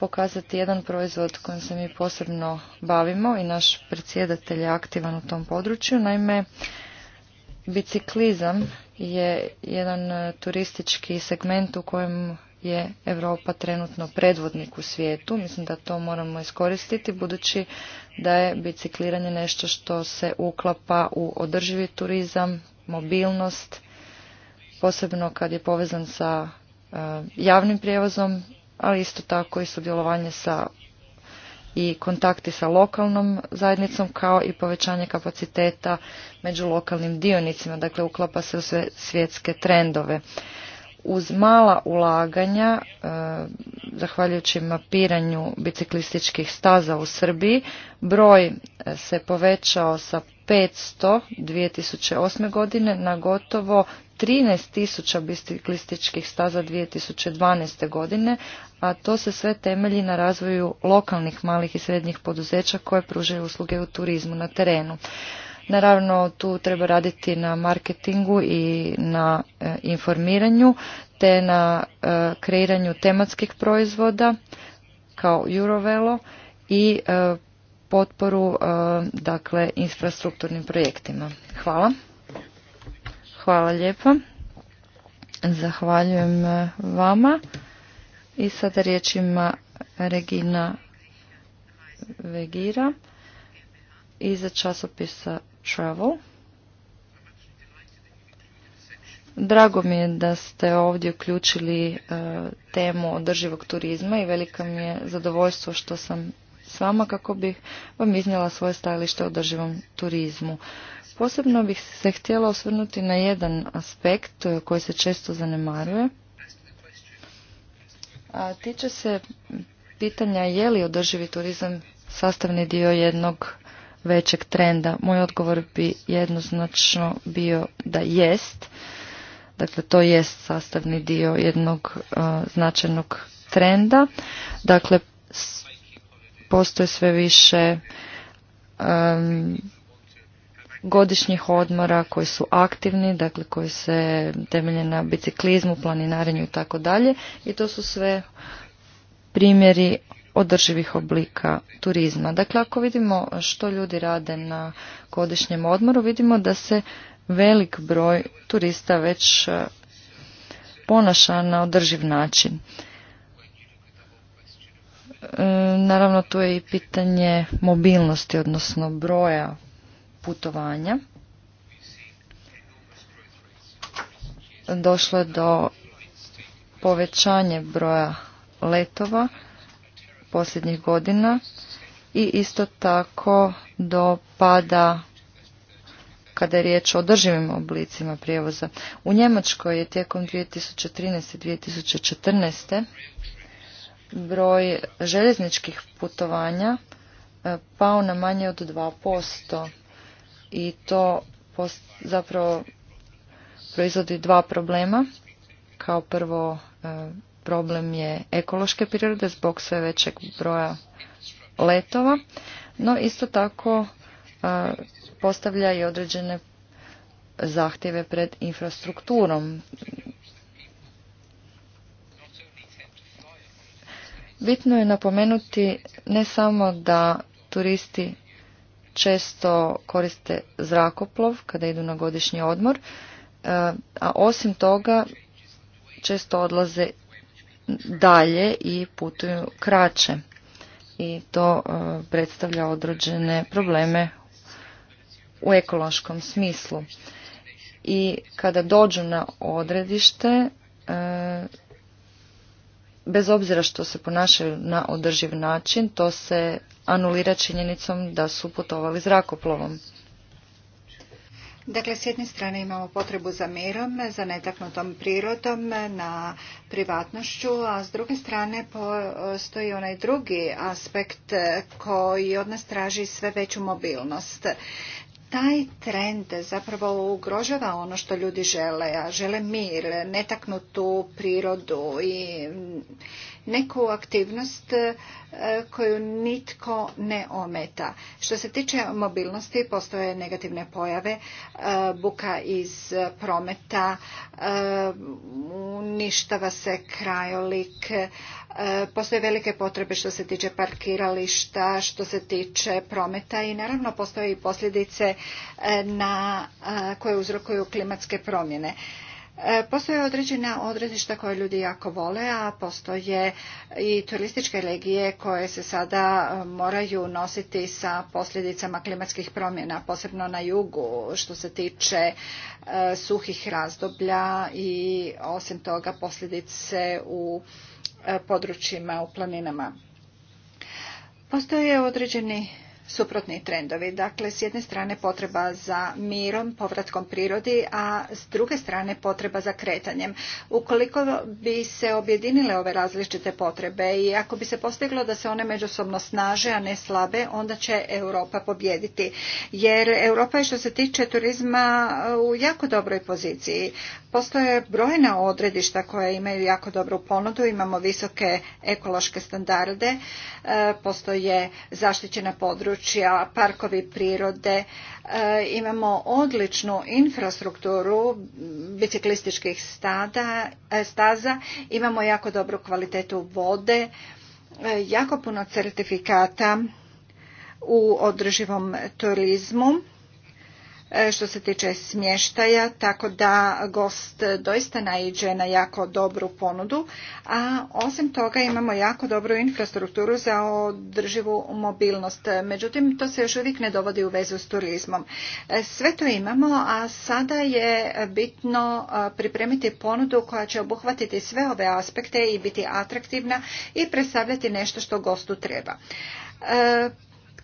pokazati jedan proizvod kojim se mi posebno bavimo i naš predsjedatelj je aktivan u tom području. Naime, biciklizam je jedan turistički segment u kojem je Europa trenutno predvodnik u svijetu. Mislim da to moramo iskoristiti budući da je bicikliranje nešto što se uklapa u održivi turizam, mobilnost, posebno kad je povezan sa eh, javnim prijevozom, ali isto tako i sudjelovanje sa i kontakti sa lokalnom zajednicom kao i povećanje kapaciteta među lokalnim dionicima, dakle uklapa se u sve svjetske trendove uz mala ulaganja, e, zahvaljujući mapiranju biciklističkih staza u Srbiji, broj e, se povećao sa 500 2008. godine na gotovo 13.000 biciklističkih staza 2012. godine, a to se sve temelji na razvoju lokalnih malih i srednjih poduzeća koje pružaju usluge u turizmu na terenu. Naravno, tu treba raditi na marketingu i na e, informiranju, te na e, kreiranju tematskih proizvoda kao Eurovelo i e, potporu dakle infrastrukturnim projektima. Hvala. Hvala lijepa. Zahvaljujem vama. I sada riječ ima Regina Vegira iza časopisa Travel. Drago mi je da ste ovdje uključili e, temu održivog turizma i velika mi je zadovoljstvo što sam s vama kako bih vam iznijela svoje stajalište o održivom turizmu. Posebno bih se htjela osvrnuti na jedan aspekt e, koji se često zanemaruje. A tiče se pitanja je li održivi turizam sastavni dio jednog većeg trenda? Moj odgovor bi jednoznačno bio da jest. Dakle, to jest sastavni dio jednog e, značajnog trenda. Dakle, postoje sve više godišnjih odmora koji su aktivni, dakle koji se temelje na biciklizmu, planinarenju i tako dalje. I to su sve primjeri održivih oblika turizma. Dakle, ako vidimo što ljudi rade na godišnjem odmoru, vidimo da se velik broj turista već e, ponaša na održiv način. E, naravno, tu je i pitanje mobilnosti, odnosno broja putovanja. Došlo je do povećanje broja letova posljednjih godina i isto tako do pada kada je riječ o održivim oblicima prijevoza. U Njemačkoj je tijekom 2013. i 2014. broj željezničkih putovanja e, pao na manje od 2% i to zapravo proizvodi dva problema. Kao prvo e, problem je ekološke prirode zbog sve većeg broja letova, no isto tako postavlja i određene zahtjeve pred infrastrukturom. Bitno je napomenuti ne samo da turisti često koriste zrakoplov kada idu na godišnji odmor, a osim toga često odlaze dalje i putuju kraće i to e, predstavlja određene probleme u ekološkom smislu. I kada dođu na odredište, e, bez obzira što se ponašaju na održiv način, to se anulira činjenicom da su putovali zrakoplovom. Dakle, s jedne strane imamo potrebu za mirom, za netaknutom prirodom, na privatnošću, a s druge strane postoji onaj drugi aspekt koji od nas traži sve veću mobilnost taj trend zapravo ugrožava ono što ljudi žele, a žele mir, netaknutu prirodu i neku aktivnost e, koju nitko ne ometa. Što se tiče mobilnosti, postoje negativne pojave, e, buka iz prometa, e, uništava se krajolik, E, postoje velike potrebe što se tiče parkirališta, što se tiče prometa i naravno postoje i posljedice e, na, e, koje uzrokuju klimatske promjene. Postoje određena odredišta koje ljudi jako vole, a postoje i turističke regije koje se sada moraju nositi sa posljedicama klimatskih promjena, posebno na jugu što se tiče suhih razdoblja i osim toga posljedice u područjima u planinama. Postoje određeni suprotni trendovi. Dakle, s jedne strane potreba za mirom, povratkom prirodi, a s druge strane potreba za kretanjem. Ukoliko bi se objedinile ove različite potrebe i ako bi se postiglo da se one međusobno snaže, a ne slabe, onda će Europa pobjediti. Jer Europa je što se tiče turizma u jako dobroj poziciji. Postoje brojna odredišta koja imaju jako dobru ponudu, imamo visoke ekološke standarde, e, postoje zaštićena područja, parkovi prirode, e, imamo odličnu infrastrukturu biciklističkih e, staza, imamo jako dobru kvalitetu vode, e, jako puno certifikata u održivom turizmu E, što se tiče smještaja, tako da gost doista naiđe na jako dobru ponudu, a osim toga imamo jako dobru infrastrukturu za održivu mobilnost. Međutim, to se još uvijek ne dovodi u vezu s turizmom. E, sve to imamo, a sada je bitno e, pripremiti ponudu koja će obuhvatiti sve ove aspekte i biti atraktivna i predstavljati nešto što gostu treba.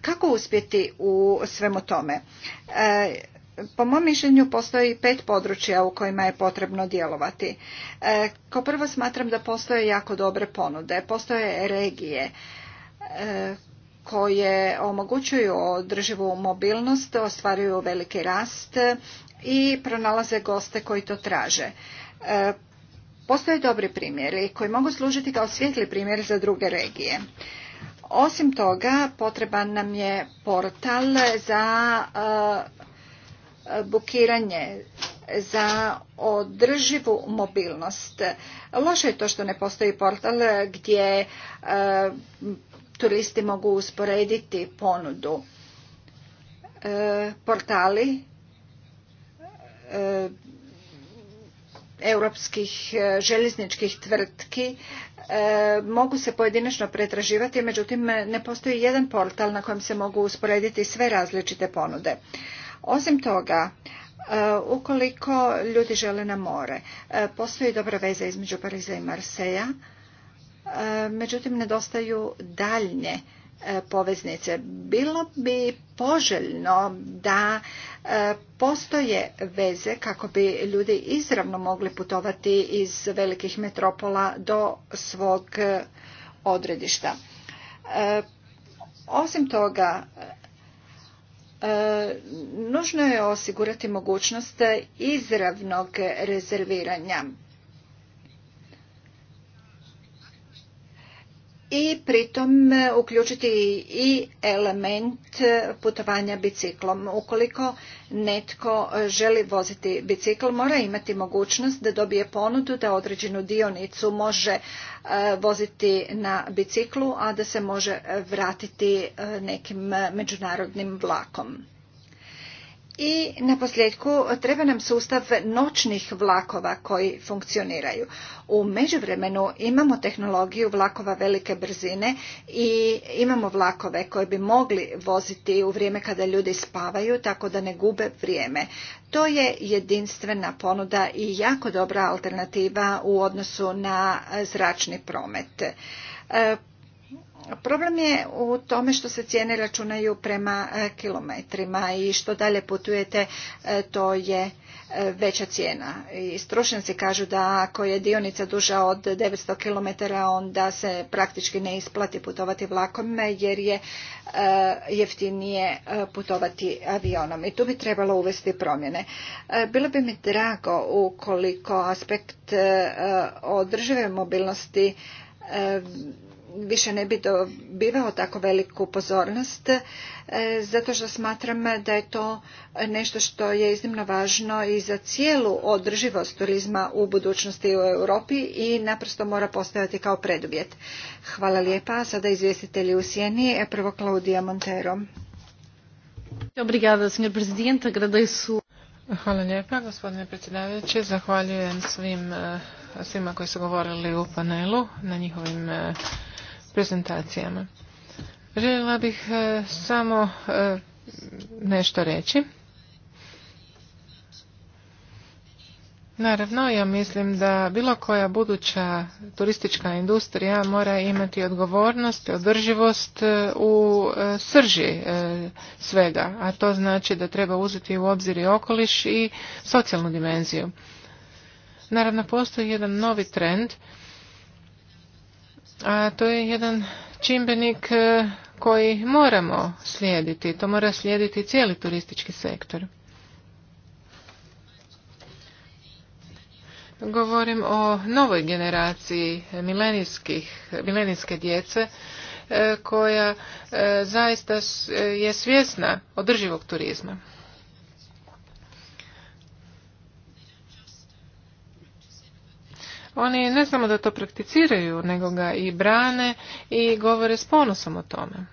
Kako uspjeti u svemu tome? po mom mišljenju postoji pet područja u kojima je potrebno djelovati. E, kao prvo smatram da postoje jako dobre ponude, postoje regije e, koje omogućuju održivu mobilnost, ostvaruju veliki rast i pronalaze goste koji to traže. E, postoje dobri primjeri koji mogu služiti kao svijetli primjer za druge regije. Osim toga, potreban nam je portal za Bukiranje za održivu mobilnost. Loše je to što ne postoji portal gdje e, turisti mogu usporediti ponudu. E, portali e, europskih željezničkih tvrtki mogu se pojedinačno pretraživati, međutim ne postoji jedan portal na kojem se mogu usporediti sve različite ponude. Osim toga, e, ukoliko ljudi žele na more, e, postoji dobra veza između Pariza i Marseja, e, međutim nedostaju daljnje poveznice. Bilo bi poželjno da postoje veze kako bi ljudi izravno mogli putovati iz velikih metropola do svog odredišta. Osim toga, E, nužno je osigurati mogućnost izravnog rezerviranja i pritom uključiti i element putovanja biciklom. Ukoliko netko želi voziti bicikl, mora imati mogućnost da dobije ponudu da određenu dionicu može e, voziti na biciklu, a da se može vratiti e, nekim međunarodnim vlakom. I na posljedku treba nam sustav noćnih vlakova koji funkcioniraju. U međuvremenu imamo tehnologiju vlakova velike brzine i imamo vlakove koje bi mogli voziti u vrijeme kada ljudi spavaju tako da ne gube vrijeme. To je jedinstvena ponuda i jako dobra alternativa u odnosu na zračni promet e, Problem je u tome što se cijene računaju prema e, kilometrima i što dalje putujete e, to je e, veća cijena. I stručnjaci kažu da ako je dionica duža od 900 km onda se praktički ne isplati putovati vlakom jer je jeftinije putovati avionom i tu bi trebalo uvesti promjene. Bilo bi mi drago ukoliko aspekt održive mobilnosti više ne bi dobivao tako veliku pozornost e, zato što smatram da je to nešto što je iznimno važno i za cijelu održivost turizma u budućnosti u Europi i naprosto mora postojati kao preduvjet. Hvala lijepa. Sada izvjestitelji u Sjeni. E, prvo Klaudija Montero. Hvala lijepa, gospodine predsjedavajući. Zahvaljujem svim e, svima koji su govorili u panelu na njihovim prezentacijama. Željela bih e, samo e, nešto reći. Naravno, ja mislim da bilo koja buduća turistička industrija mora imati odgovornost i održivost e, u srži svega, a to znači da treba uzeti u obzir i okoliš i socijalnu dimenziju. Naravno, postoji jedan novi trend a to je jedan čimbenik e, koji moramo slijediti. To mora slijediti cijeli turistički sektor. Govorim o novoj generaciji milenijske djece e, koja e, zaista je svjesna održivog turizma. Oni ne samo da to prakticiraju, nego ga i brane i govore s ponosom o tome.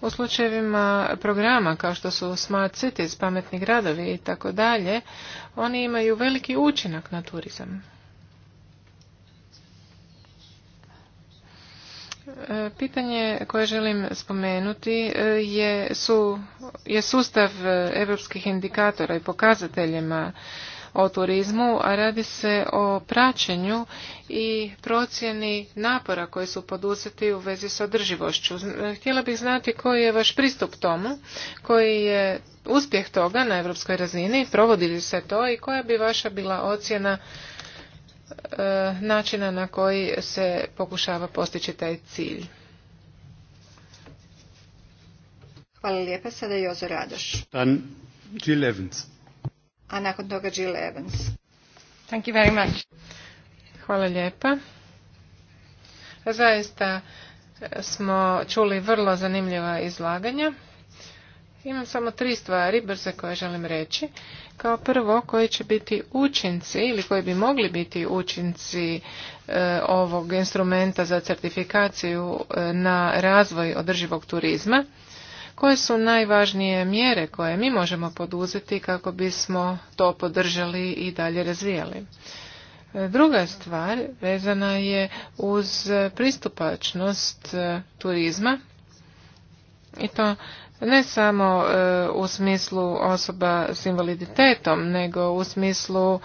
U slučajevima programa kao što su Smart Cities, pametni gradovi i tako dalje, oni imaju veliki učinak na turizam. E, pitanje koje želim spomenuti e, je, su, je sustav europskih indikatora i pokazateljima o turizmu, a radi se o praćenju i procjeni napora koji su poduzeti u vezi sa održivošću. Htjela bih znati koji je vaš pristup tomu, koji je uspjeh toga na europskoj razini, provodi li se to i koja bi vaša bila ocjena e, načina na koji se pokušava postići taj cilj. Hvala lijepa, sada Jozo Radoš. Dan a nakon toga Jill Evans. Thank you very much. Hvala lijepa. Zaista e, smo čuli vrlo zanimljiva izlaganja. Imam samo tri stvari brze koje želim reći. Kao prvo koji će biti učinci ili koji bi mogli biti učinci e, ovog instrumenta za certifikaciju e, na razvoj održivog turizma. Koje su najvažnije mjere koje mi možemo poduzeti kako bismo to podržali i dalje razvijali? E, druga stvar vezana je uz pristupačnost e, turizma i to ne samo e, u smislu osoba s invaliditetom nego u smislu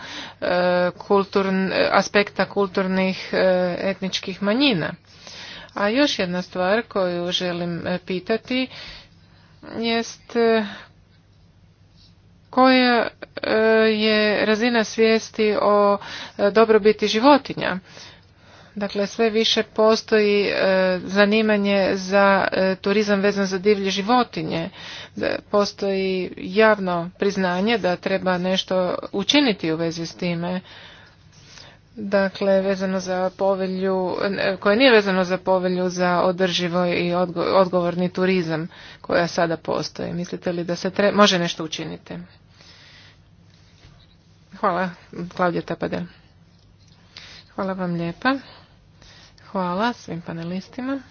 aspekta kulturnih etničkih manjina. A još jedna stvar koju želim pitati jest e, koja e, je razina svijesti o e, dobrobiti životinja. Dakle, sve više postoji zanimanje za turizam vezan za divlje životinje. Postoji javno priznanje da treba nešto učiniti u vezi s time. Dakle, vezano za povelju, koje nije vezano za povelju za održivo i odgovorni turizam koja sada postoji. Mislite li da se tre... može nešto učiniti? Hvala, Klaudija Tapadel. Hvala vam lijepa. Hvala svim panelistima.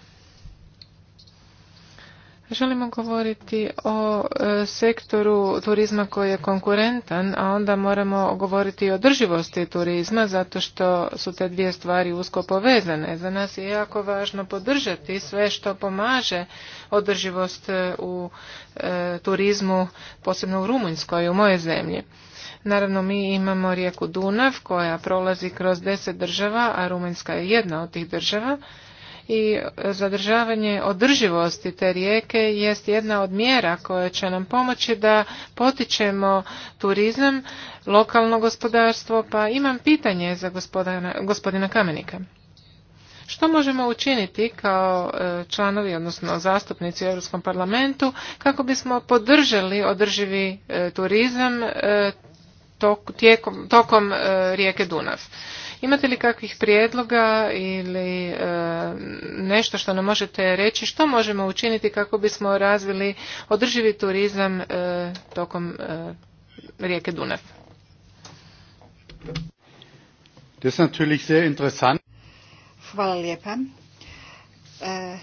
Želimo govoriti o e, sektoru turizma koji je konkurentan, a onda moramo govoriti o održivosti turizma zato što su te dvije stvari usko povezane. Za nas je jako važno podržati sve što pomaže održivost e, u e, turizmu, posebno u Rumunjskoj, u moje zemlji. Naravno, mi imamo rijeku Dunav koja prolazi kroz deset država, a Rumunjska je jedna od tih država i zadržavanje održivosti te rijeke jest jedna od mjera koja će nam pomoći da potičemo turizam, lokalno gospodarstvo, pa imam pitanje za gospodina, gospodina Kamenika. Što možemo učiniti kao e, članovi, odnosno zastupnici u Europskom parlamentu, kako bismo podržali održivi e, turizam e, tokom, tokom rijeke Dunav? Imate li kakvih prijedloga ili e, nešto što nam možete reći što možemo učiniti kako bismo razvili održivi turizam e, tokom e, rijeke Dunav? Hvala lijepa. E,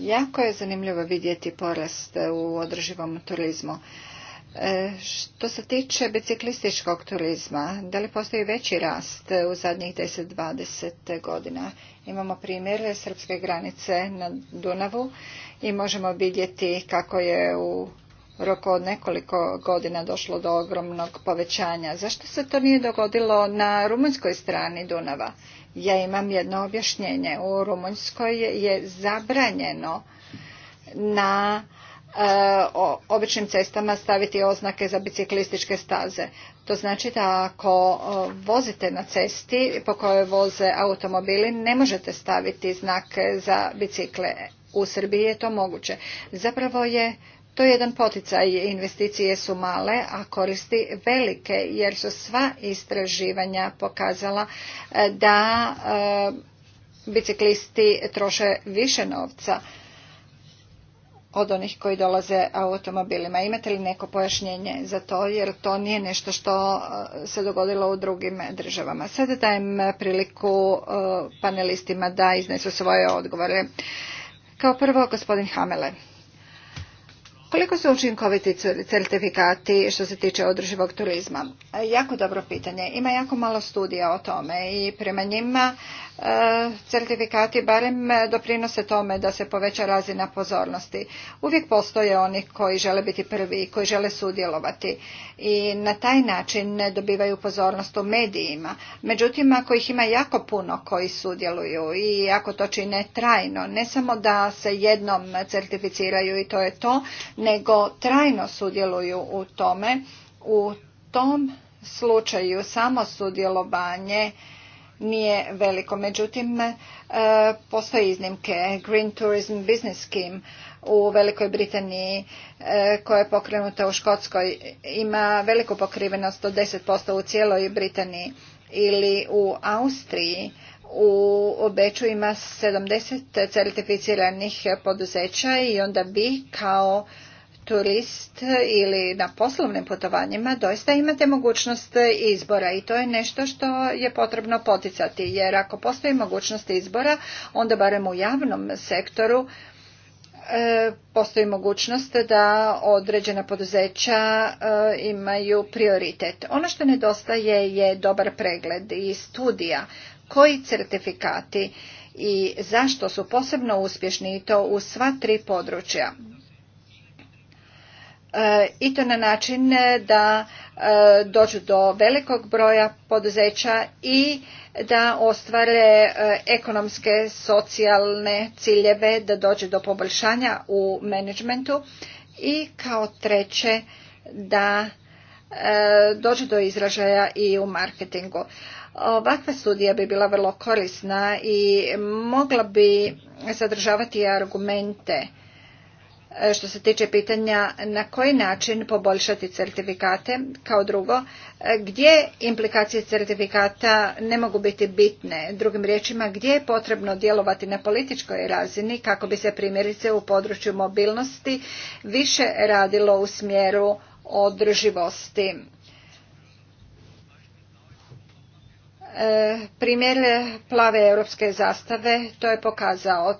jako je zanimljivo vidjeti porast u održivom turizmu. E, što se tiče biciklističkog turizma, da li postoji veći rast u zadnjih 10-20 godina? Imamo primjer srpske granice na Dunavu i možemo vidjeti kako je u roku od nekoliko godina došlo do ogromnog povećanja. Zašto se to nije dogodilo na rumunjskoj strani Dunava? Ja imam jedno objašnjenje. U Rumunjskoj je zabranjeno na običnim cestama staviti oznake za biciklističke staze. To znači da ako vozite na cesti po kojoj voze automobili ne možete staviti znak za bicikle. U Srbiji je to moguće. Zapravo je to jedan poticaj. Investicije su male, a koristi velike, jer su sva istraživanja pokazala e, da e, biciklisti troše više novca od onih koji dolaze automobilima. Imate li neko pojašnjenje za to jer to nije nešto što e, se dogodilo u drugim državama. Sada dajem priliku e, panelistima da iznesu svoje odgovore. Kao prvo, gospodin Hamele. Koliko su učinkoviti certifikati što se tiče održivog turizma? E, jako dobro pitanje. Ima jako malo studija o tome i prema njima E, certifikati barem doprinose tome da se poveća razina pozornosti. Uvijek postoje oni koji žele biti prvi i koji žele sudjelovati i na taj način ne dobivaju pozornost u medijima. Međutim, ako ih ima jako puno koji sudjeluju i ako to čine trajno, ne samo da se jednom certificiraju i to je to, nego trajno sudjeluju u tome, u tom slučaju samo sudjelovanje nije veliko. Međutim, e, postoje iznimke. Green Tourism Business Scheme u Velikoj Britaniji e, koja je pokrenuta u Škotskoj ima veliku pokrivenost od 10% u cijeloj Britaniji ili u Austriji u Beču ima 70 certificiranih poduzeća i onda bi kao turist ili na poslovnim putovanjima doista imate mogućnost izbora i to je nešto što je potrebno poticati jer ako postoji mogućnost izbora onda barem u javnom sektoru e, postoji mogućnost da određena poduzeća e, imaju prioritet. Ono što nedostaje je dobar pregled i studija koji certifikati i zašto su posebno uspješni i to u sva tri područja E, i to na način e, da e, dođu do velikog broja poduzeća i da ostvare ekonomske, socijalne ciljeve, da dođe do poboljšanja u menadžmentu i kao treće da dođe do izražaja i u marketingu. Ovakva studija bi bila vrlo korisna i mogla bi sadržavati argumente E, što se tiče pitanja na koji način poboljšati certifikate. Kao drugo, e, gdje implikacije certifikata ne mogu biti bitne? Drugim riječima, gdje je potrebno djelovati na političkoj razini kako bi se primjerice u području mobilnosti više radilo u smjeru održivosti? E, primjer plave europske zastave to je pokazao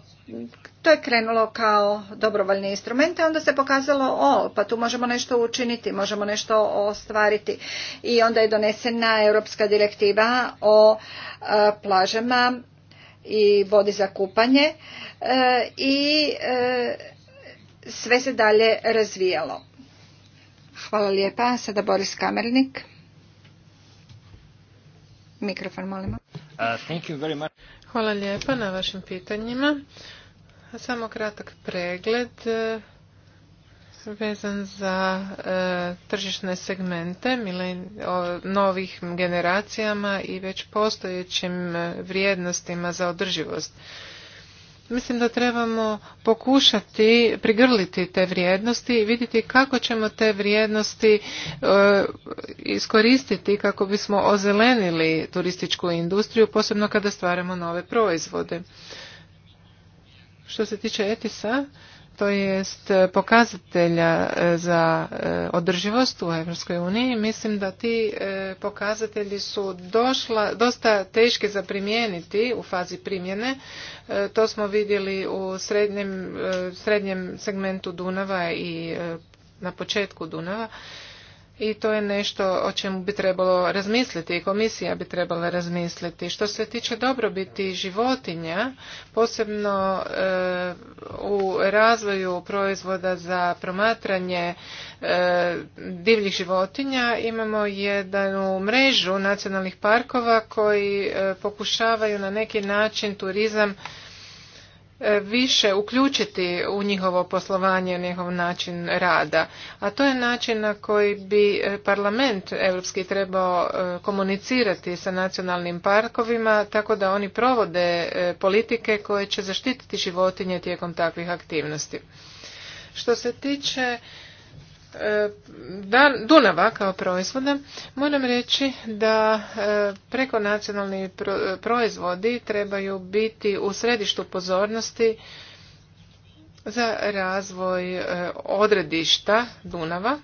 to je krenulo kao dobrovoljni instrument, a onda se pokazalo, o, pa tu možemo nešto učiniti, možemo nešto ostvariti. I onda je donesena Europska direktiva o e, plažama i vodi za kupanje e, i e, sve se dalje razvijalo. Hvala lijepa. Sada Boris Kamernik. Mikrofon, molimo. Uh, Hvala lijepa na vašim pitanjima. Samo kratak pregled e, vezan za e, tržišne segmente milen, novih generacijama i već postojećim e, vrijednostima za održivost. Mislim da trebamo pokušati prigrliti te vrijednosti i vidjeti kako ćemo te vrijednosti iskoristiti kako bismo ozelenili turističku industriju, posebno kada stvaramo nove proizvode. Što se tiče etisa, to jest e, pokazatelja e, za e, održivost u EU, uniji, mislim da ti pokazatelji su došla, dosta teški za primijeniti u fazi primjene. To smo vidjeli u srednjem, srednjem segmentu Dunava i na početku Dunava i to je nešto o čemu bi trebalo razmisliti i komisija bi trebala razmisliti. Što se tiče dobrobiti životinja, posebno e, u razvoju proizvoda za promatranje e, divljih životinja imamo jednu mrežu nacionalnih parkova koji e, pokušavaju na neki način turizam E, više uključiti u njihovo poslovanje, u njihov način rada. A to je način na koji bi e, parlament europski trebao e, komunicirati sa nacionalnim parkovima tako da oni provode politike koje će zaštititi životinje tijekom takvih aktivnosti. Što se tiče E, Dunava kao proizvoda, moram reći da e, preko nacionalni e, proizvodi trebaju biti u središtu pozornosti za razvoj odredišta Dunava.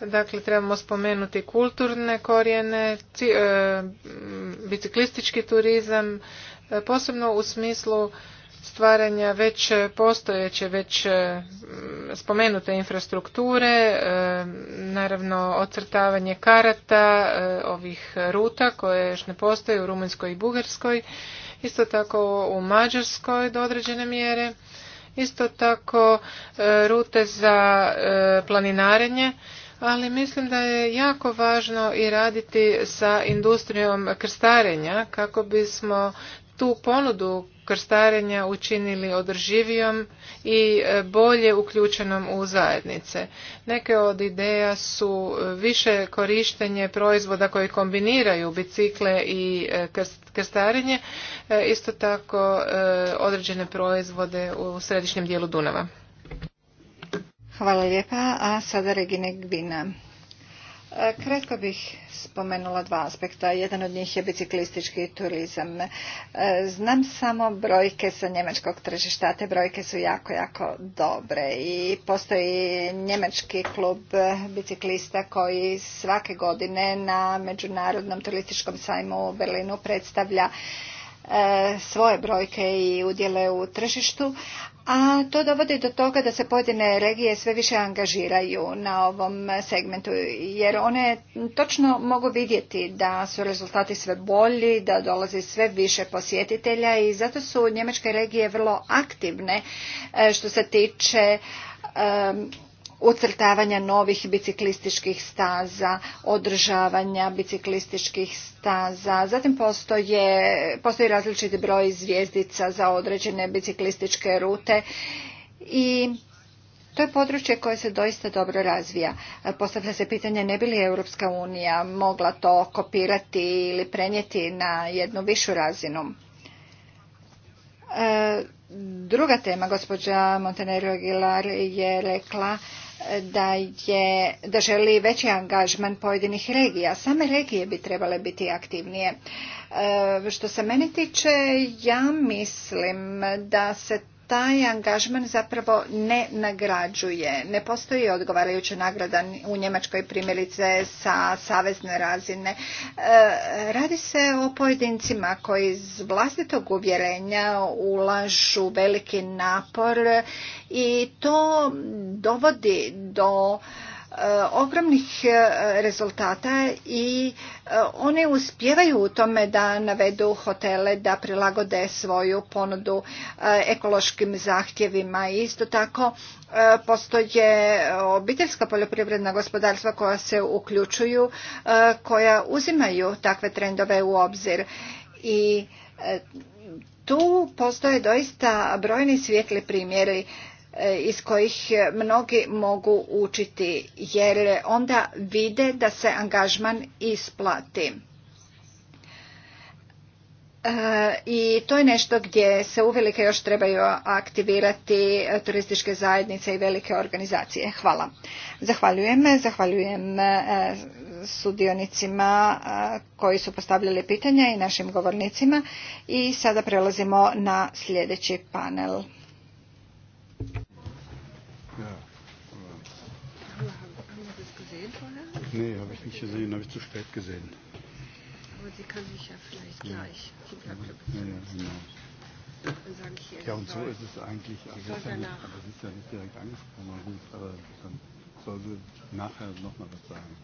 Dakle, trebamo spomenuti kulturne korijene, biciklistički turizam, posebno u smislu stvaranja već postojeće, već e, spomenute infrastrukture, e, naravno ocrtavanje karata e, ovih ruta koje još ne postoje u Rumunjskoj i Bugarskoj, isto tako u Mađarskoj do određene mjere, isto tako rute za planinarenje, ali mislim da je jako važno i raditi sa industrijom krstarenja kako bismo tu ponudu krstarenja učinili održivijom i e, bolje uključenom u zajednice. Neke od ideja su e, više korištenje proizvoda koji kombiniraju bicikle i e, krstarenje, isto tako određene proizvode u središnjem dijelu Dunava. Hvala lijepa, a sada Regine Gbina. Kratko bih spomenula dva aspekta. Jedan od njih je biciklistički turizam. E, znam samo brojke sa njemačkog tržišta. Te brojke su jako, jako dobre. I postoji njemački klub biciklista koji svake godine na Međunarodnom turističkom sajmu u Berlinu predstavlja e, svoje brojke i udjele u tržištu, a to dovodi do toga da se pojedine regije sve više angažiraju na ovom segmentu, jer one točno mogu vidjeti da su rezultati sve bolji, da dolazi sve više posjetitelja i zato su njemačke regije vrlo aktivne e, što se tiče e, ucrtavanja novih biciklističkih staza, održavanja biciklističkih staza. Zatim postoji različiti broj zvjezdica za određene biciklističke rute i to je područje koje se doista dobro razvija. Postavlja se pitanje ne bi li Europska unija mogla to kopirati ili prenijeti na jednu višu razinu. E, druga tema, gospođa Montenegro Aguilar je rekla da, je, da želi veći angažman pojedinih regija. Same regije bi trebale biti aktivnije. E, što se mene tiče, ja mislim da se taj angažman zapravo ne nagrađuje. Ne postoji odgovarajuća nagrada u Njemačkoj primjerice sa savezne razine. E, radi se o pojedincima koji iz vlastitog uvjerenja ulažu veliki napor i to dovodi do ogromnih e, rezultata i e, one uspjevaju u tome da navedu hotele da prilagode svoju ponudu e, ekološkim zahtjevima. Isto tako postoje obiteljska poljoprivredna gospodarstva koja se uključuju, koja uzimaju takve trendove u obzir i tu postoje doista brojni svijetli primjeri E, iz kojih mnogi mogu učiti jer onda vide da se angažman isplati. E, I to je nešto gdje se uvelike još trebaju aktivirati turističke zajednice i velike organizacije. Hvala. Zahvaljujem. Zahvaljujem e, sudionicima koji su postavljali pitanja i našim govornicima. I sada prelazimo na sljedeći panel. Nee, habe ich nicht gesehen, habe ich zu spät gesehen. Aber sie kann sich ja vielleicht ja. gleich. Sie bleibt ja, ja, genau. ich ihr, ja, und so ist es eigentlich. Also soll ist ja nicht, aber sie ist ja nicht direkt angesprochen, aber gut, aber dann soll sie nachher nochmal was sagen.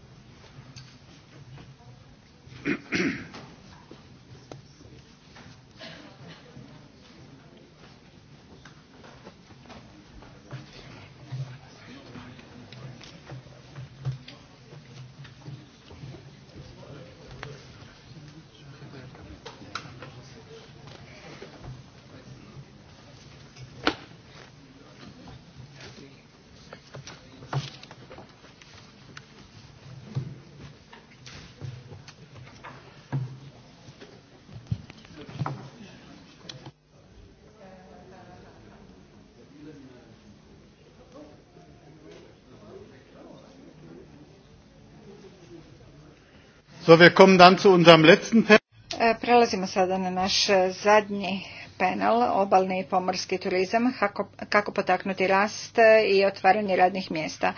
E, prelazimo sada na naš e, zadnji panel, obalni i pomorski turizam, kako, potaknuti rast e, i otvaranje radnih mjesta.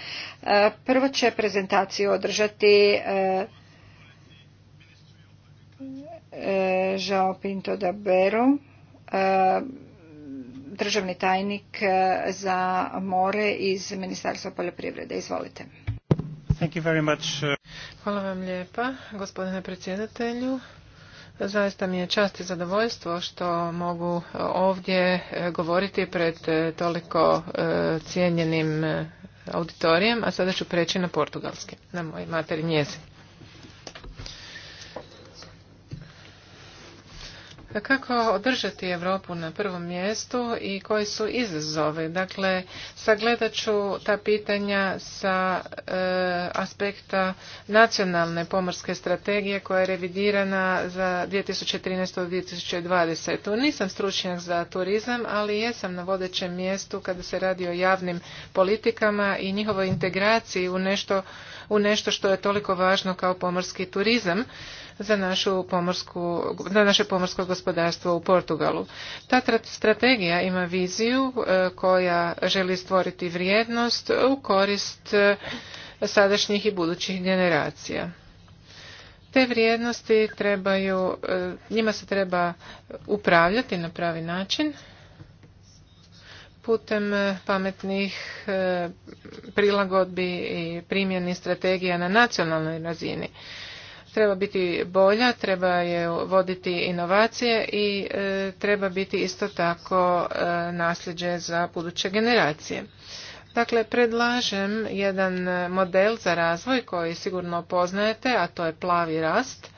Prvo će prezentaciju održati Žao Pinto da Beru, državni tajnik za more iz Ministarstva poljoprivrede. Izvolite. vam. Hvala vam lijepa, gospodine predsjedatelju. Zaista mi je čast i zadovoljstvo što mogu ovdje e, govoriti pred e, toliko e, cijenjenim auditorijem, a sada ću preći na portugalski, na moj materin jezik. Kako održati Europu na prvom mjestu i koji su izazovi? Dakle, sagledat ću ta pitanja sa e, aspekta nacionalne pomorske strategije koja je revidirana za 2013. 2020. Nisam stručnjak za turizam, ali jesam na vodećem mjestu kada se radi o javnim politikama i njihovoj integraciji u nešto, u nešto što je toliko važno kao pomorski turizam za, naše pomorsko gospodarstvo u Portugalu. Ta strategija ima viziju e, koja želi stvoriti vrijednost u korist e, sadašnjih i budućih generacija. Te vrijednosti trebaju, e, njima se treba upravljati na pravi način putem pametnih prilagodbi i primjeni strategija na nacionalnoj razini treba biti bolja, treba je voditi inovacije i e, treba biti isto tako e, nasljeđe za buduće generacije. Dakle, predlažem jedan model za razvoj koji sigurno poznajete, a to je plavi rast.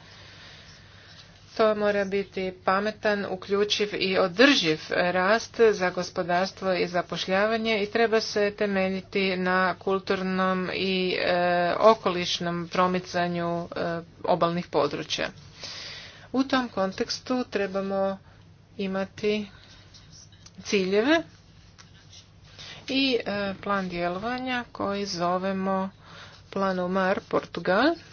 To mora biti pametan, uključiv i održiv rast za gospodarstvo i zapošljavanje i treba se temeljiti na kulturnom i e, okolišnom promicanju e, obalnih područja. U tom kontekstu trebamo imati ciljeve i e, plan djelovanja koji zovemo Planomar Mar Portugal –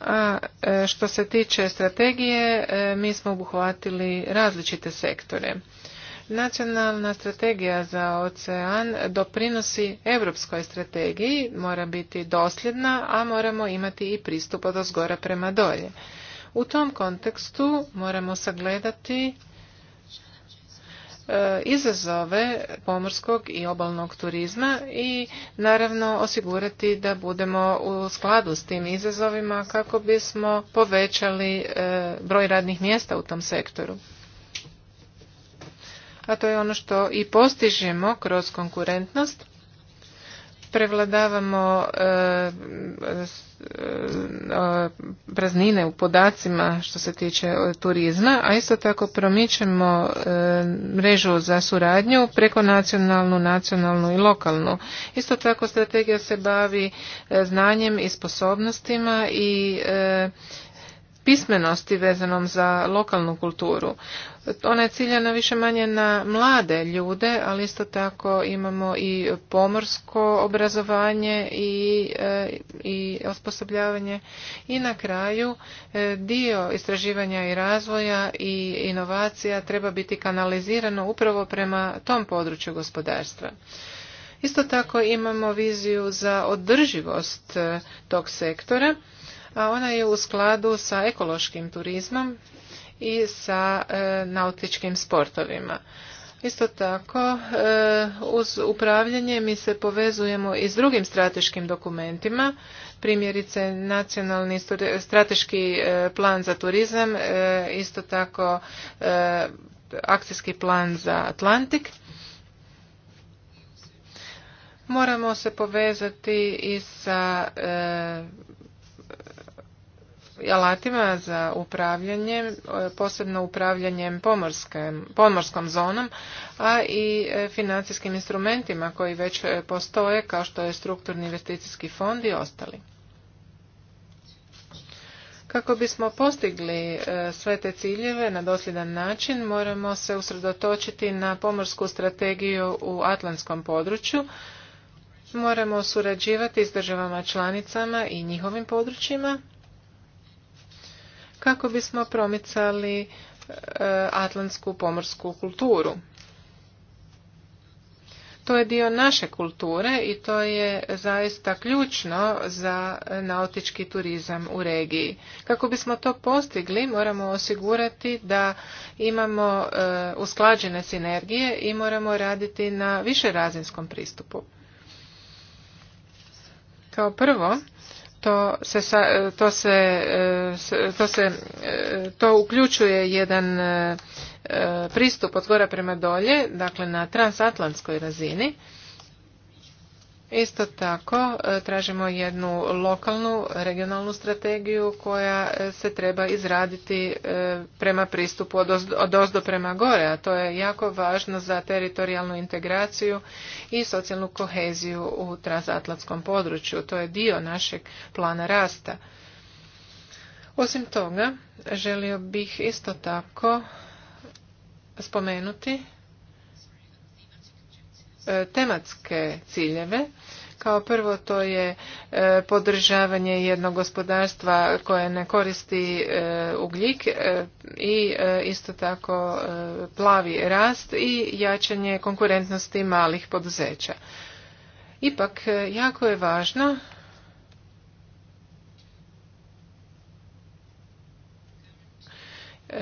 A e, što se tiče strategije, e, mi smo obuhvatili različite sektore. Nacionalna strategija za ocean doprinosi europskoj strategiji, mora biti dosljedna, a moramo imati i pristup od ozgora prema dolje. U tom kontekstu moramo sagledati E, izazove pomorskog i obalnog turizma i naravno osigurati da budemo u skladu s tim izazovima kako bismo povećali e, broj radnih mjesta u tom sektoru. A to je ono što i postižemo kroz konkurentnost prevladavamo e, e, e, praznine u podacima što se tiče turizma, a isto tako promičemo mrežu za suradnju preko nacionalnu, nacionalnu i lokalnu. Isto tako strategija se bavi znanjem i sposobnostima i pismenosti vezanom za lokalnu kulturu. Ona je ciljena više manje na mlade ljude, ali isto tako imamo i pomorsko obrazovanje i, e, i osposobljavanje. I na kraju e, dio istraživanja i razvoja i inovacija treba biti kanalizirano upravo prema tom području gospodarstva. Isto tako imamo viziju za održivost e, tog sektora a ona je u skladu sa ekološkim turizmom i sa e, nautičkim sportovima. Isto tako, e, uz upravljanje mi se povezujemo i s drugim strateškim dokumentima, primjerice nacionalni strateški e, plan za turizam, isto tako akcijski plan za Atlantik. Moramo se povezati i sa alatima za upravljanje, e, posebno upravljanjem pomorskom zonom, a i e, financijskim instrumentima koji već e, postoje kao što je strukturni investicijski fond i ostali. Kako bismo postigli sve te ciljeve na dosljedan način, moramo se usredotočiti na pomorsku strategiju u atlantskom području, moramo surađivati s državama članicama i njihovim područjima, kako bismo promicali e, atlantsku pomorsku kulturu. To je dio naše kulture i to je zaista ključno za nautički turizam u regiji. Kako bismo to postigli, moramo osigurati da imamo e, usklađene sinergije i moramo raditi na više razinskom pristupu. Kao prvo, to se, to se, e, to se e, to uključuje jedan e, pristup od gora prema dolje, dakle na transatlantskoj razini. Isto tako e, tražimo jednu lokalnu, regionalnu strategiju koja e, se treba izraditi e, prema pristupu od ozdo prema gore, a to je jako važno za teritorijalnu integraciju i socijalnu koheziju u transatlantskom području. To je dio našeg plana rasta. Osim toga, želio bih isto tako spomenuti tematske ciljeve kao prvo to je e, podržavanje jednog gospodarstva koje ne koristi e, ugljik e, i isto tako plavi rast i jačanje konkurentnosti malih poduzeća. Ipak jako je važno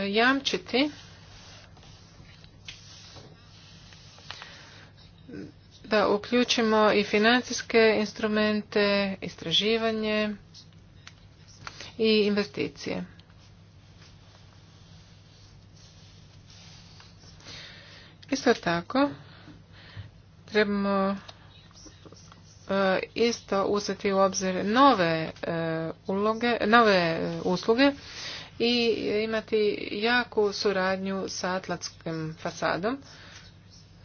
jamčiti da uključimo i financijske instrumente, istraživanje i investicije. Isto tako, trebamo e, isto uzeti u obzir nove e, uloge, nove e, usluge i imati jaku suradnju sa atlantskim fasadom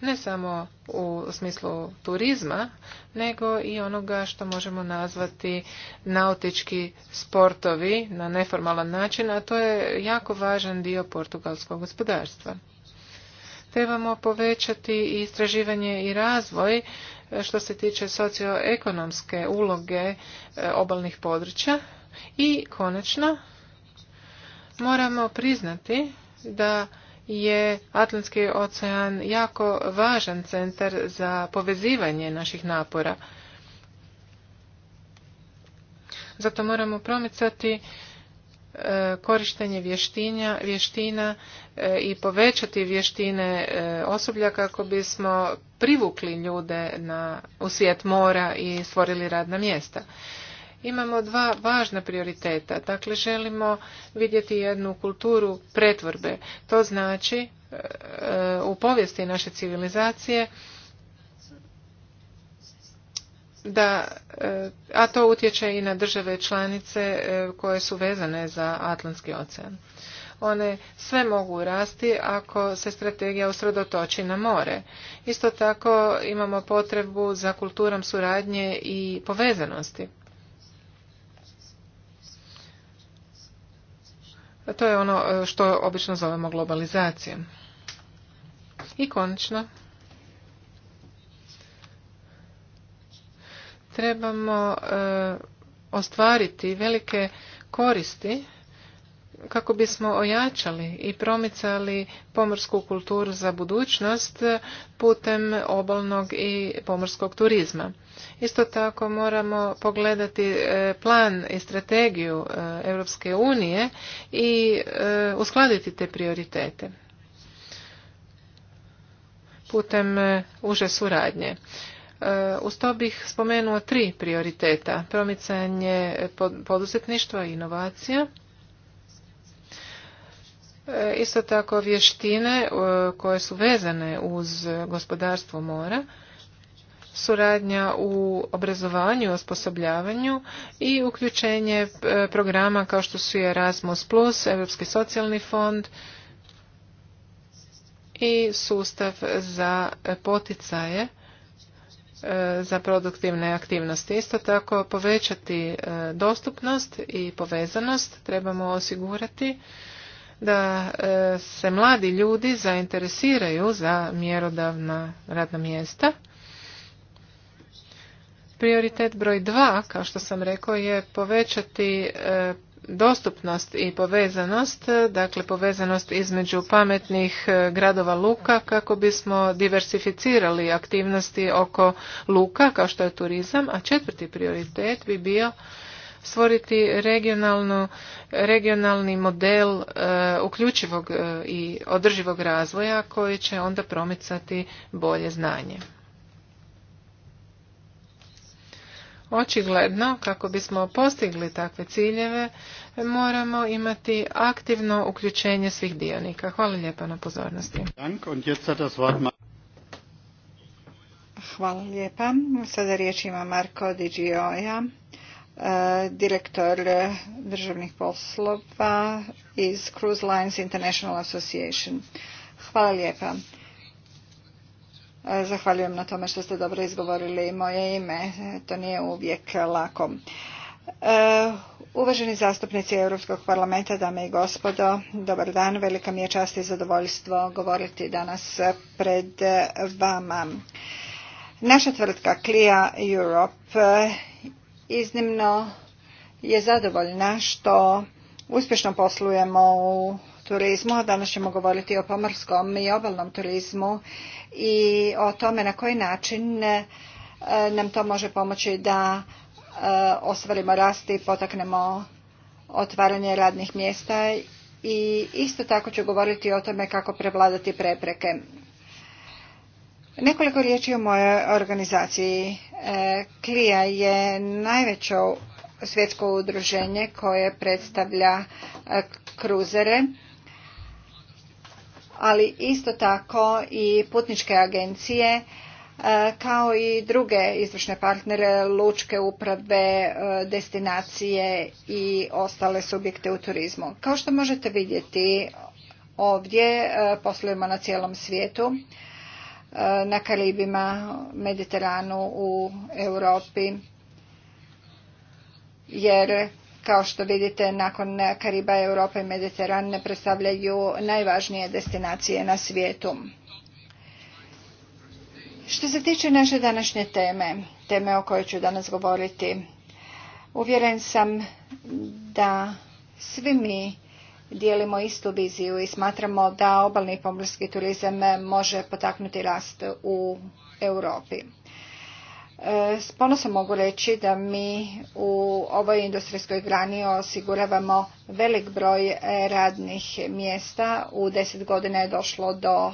ne samo u smislu turizma, nego i onoga što možemo nazvati nautički sportovi na neformalan način, a to je jako važan dio portugalskog gospodarstva. Trebamo povećati i istraživanje i razvoj e, što se tiče socioekonomske uloge e, obalnih područja i konačno moramo priznati da je Atlantski ocean jako važan centar za povezivanje naših napora. Zato moramo promicati e, korištenje vještinja, vještina e, i povećati vještine e, osoblja kako bismo privukli ljude na, u svijet mora i stvorili radna mjesta imamo dva važna prioriteta. Dakle, želimo vidjeti jednu kulturu pretvorbe. To znači e, e, u povijesti naše civilizacije da, e, a to utječe i na države članice koje su vezane za Atlantski ocean. One sve mogu rasti ako se strategija usredotoči na more. Isto tako imamo potrebu za kulturom suradnje i povezanosti. To je ono e, što obično zovemo globalizacijom. I konačno, trebamo e, ostvariti velike koristi kako bismo ojačali i promicali pomorsku kulturu za budućnost putem obalnog i pomorskog turizma. Isto tako moramo pogledati e, plan i strategiju e, Europske unije i e, uskladiti te prioritete putem uže suradnje. Uz to bih spomenuo tri prioriteta. Promicanje poduzetništva i inovacija, E, isto tako vještine e, koje su vezane uz gospodarstvo mora, suradnja u obrazovanju, osposobljavanju i uključenje e, programa kao što su Erasmus+, Europski socijalni fond i sustav za poticaje za produktivne aktivnosti. Isto tako povećati dostupnost i povezanost trebamo osigurati da e, se mladi ljudi zainteresiraju za mjerodavna radna mjesta. Prioritet broj dva, kao što sam rekao, je povećati e, dostupnost i povezanost, dakle povezanost između pametnih e, gradova luka kako bismo diversificirali aktivnosti oko luka kao što je turizam, a četvrti prioritet bi bio stvoriti regionalni model e, uključivog e, i održivog razvoja koji će onda promicati bolje znanje. Očigledno, kako bismo postigli takve ciljeve, moramo imati aktivno uključenje svih dionika. Hvala lijepa na pozornosti. Hvala lijepa. Sada riječ ima Marko Digioja E, direktor državnih poslova iz Cruise Lines International Association. Hvala lijepa. E, zahvaljujem na tome što ste dobro izgovorili moje ime. To nije uvijek lako. E, uvaženi zastupnici Europskog parlamenta, dame i gospodo, dobar dan. Velika mi je čast i zadovoljstvo govoriti danas pred vama. Naša tvrtka CLIA Europe iznimno je zadovoljna što uspješno poslujemo u turizmu, a danas ćemo govoriti o pomorskom i obalnom turizmu i o tome na koji način e, nam to može pomoći da e, ostvarimo rast i potaknemo otvaranje radnih mjesta i isto tako ću govoriti o tome kako prevladati prepreke. Nekoliko riječi o mojoj organizaciji. klia e, je najveće svjetsko udruženje koje predstavlja e, kruzere, ali isto tako i putničke agencije, e, kao i druge izvršne partnere, lučke uprave, destinacije i ostale subjekte u turizmu. Kao što možete vidjeti, ovdje poslujemo na cijelom svijetu. Eh, na Karibima, Mediteranu, u Europi. Jer kao što vidite, nakon Kariba, Europa i Mediteran ne predstavljaju najvažnije destinacije na svijetu. Što se tiče naše današnje teme, teme o kojoj ću danas govoriti, uvjeren sam da svi mi dijelimo istu viziju i smatramo da obalni pomorski turizam može potaknuti rast u Europi. E, s ponosom mogu reći da mi u ovoj industrijskoj grani osiguravamo velik broj radnih mjesta. U deset godina je došlo do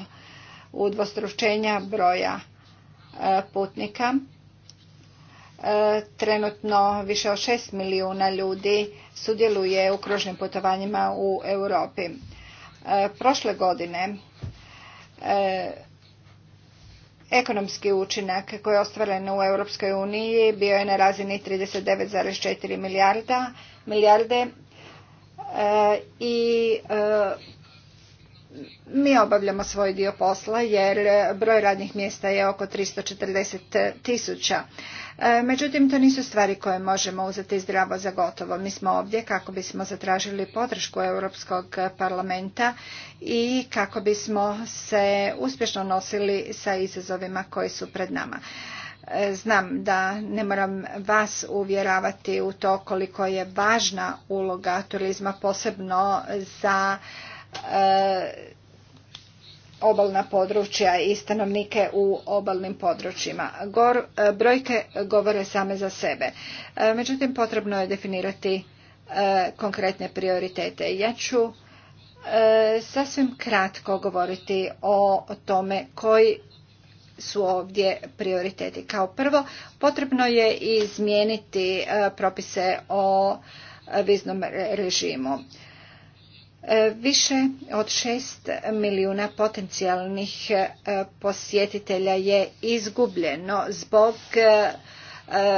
udvostručenja broja e, putnika E, trenutno više od šest milijuna ljudi sudjeluje u kružnim putovanjima u Europi. E, prošle godine e, Ekonomski učinak koji je ostvaren u Europskoj uniji bio je na razini 39,4 milijarde i mi obavljamo svoj dio posla jer broj radnih mjesta je oko 340 tisuća. E, međutim, to nisu stvari koje možemo uzeti zdravo za gotovo. Mi smo ovdje kako bismo zatražili podršku Europskog parlamenta i kako bismo se uspješno nosili sa izazovima koji su pred nama. E, znam da ne moram vas uvjeravati u to koliko je važna uloga turizma posebno za E, obalna područja i stanovnike u obalnim područjima. E, brojke govore same za sebe. E, međutim, potrebno je definirati konkretne prioritete. Ja ću sasvim kratko govoriti o tome koji su ovdje prioriteti. Kao prvo, potrebno je izmijeniti propise o viznom režimu. E, više od šest milijuna potencijalnih e, posjetitelja je izgubljeno zbog e,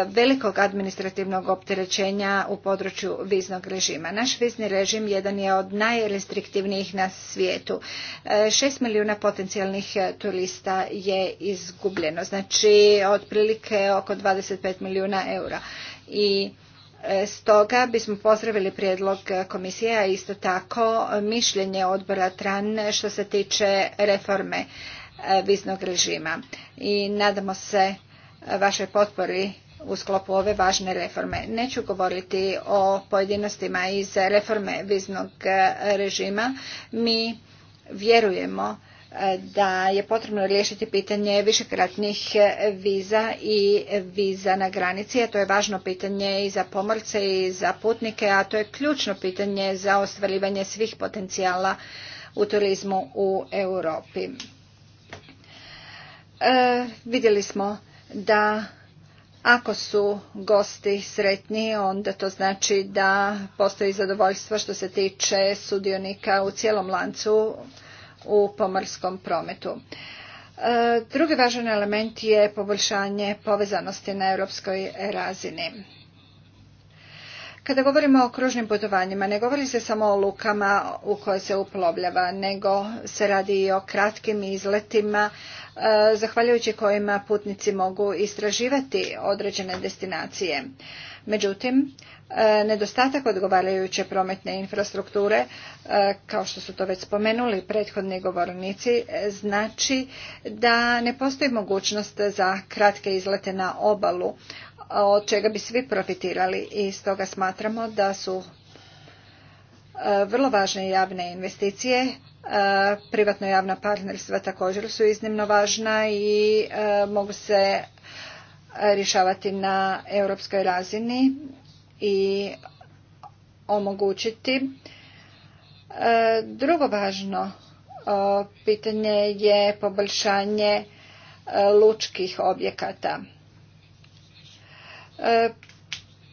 velikog administrativnog opterećenja u području viznog režima. Naš vizni režim jedan je od najrestriktivnijih na svijetu. Šest milijuna potencijalnih turista je izgubljeno, znači otprilike oko 25 milijuna eura. I E, stoga bismo pozdravili prijedlog komisije, a isto tako mišljenje odbora TRAN što se tiče reforme e, viznog režima. I nadamo se vašoj potpori u sklopu ove važne reforme. Neću govoriti o pojedinostima iz reforme viznog režima. Mi vjerujemo da je potrebno riješiti pitanje višekratnih viza i viza na granici, a to je važno pitanje i za pomorce i za putnike, a to je ključno pitanje za ostvarivanje svih potencijala u turizmu u Europi. E, vidjeli smo da ako su gosti sretni, onda to znači da postoji zadovoljstvo što se tiče sudionika u cijelom lancu u pomorskom prometu. E, drugi važan element je poboljšanje povezanosti na europskoj razini. Kada govorimo o kružnim putovanjima, ne govori se samo o lukama u koje se uplovljava, nego se radi i o kratkim izletima, e, zahvaljujući kojima putnici mogu istraživati određene destinacije. Međutim, E, nedostatak odgovarajuće prometne infrastrukture, e, kao što su to već spomenuli prethodni govornici, e, znači da ne postoji mogućnost za kratke izlete na obalu, od čega bi svi profitirali i stoga smatramo da su vrlo važne javne investicije, privatno-javna partnerstva također su iznimno važna i mogu se rješavati na europskoj razini i omogućiti. E, drugo važno e, pitanje je poboljšanje e, lučkih objekata.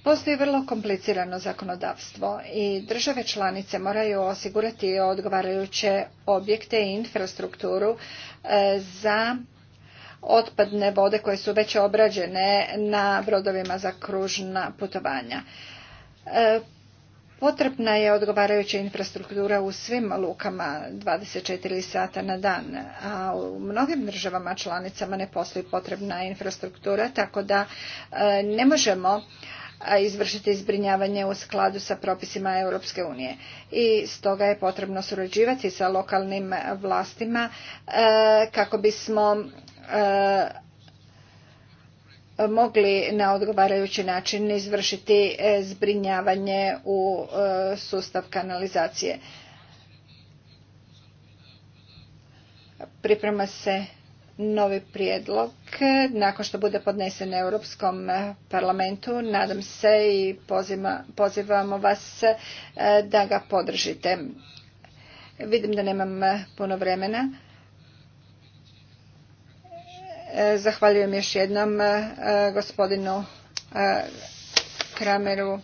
Postoji vrlo komplicirano zakonodavstvo i države članice moraju osigurati odgovarajuće objekte i infrastrukturu za otpadne vode koje su već obrađene na brodovima za kružna putovanja. E, potrebna je odgovarajuća infrastruktura u svim lukama 24 sata na dan, a u mnogim državama članicama ne postoji potrebna infrastruktura, tako da e, ne možemo izvršiti zbrinjavanje u skladu sa propisima Europske unije. I stoga je potrebno surađivati sa lokalnim vlastima e, kako bismo E, mogli na odgovarajući način izvršiti e, zbrinjavanje u e, sustav kanalizacije. Priprema se novi prijedlog nakon što bude podnesen Europskom parlamentu. Nadam se i pozivamo vas da ga podržite. Vidim da nemam puno vremena. E, zahvaljujem još jednom e, gospodinu e, Krameru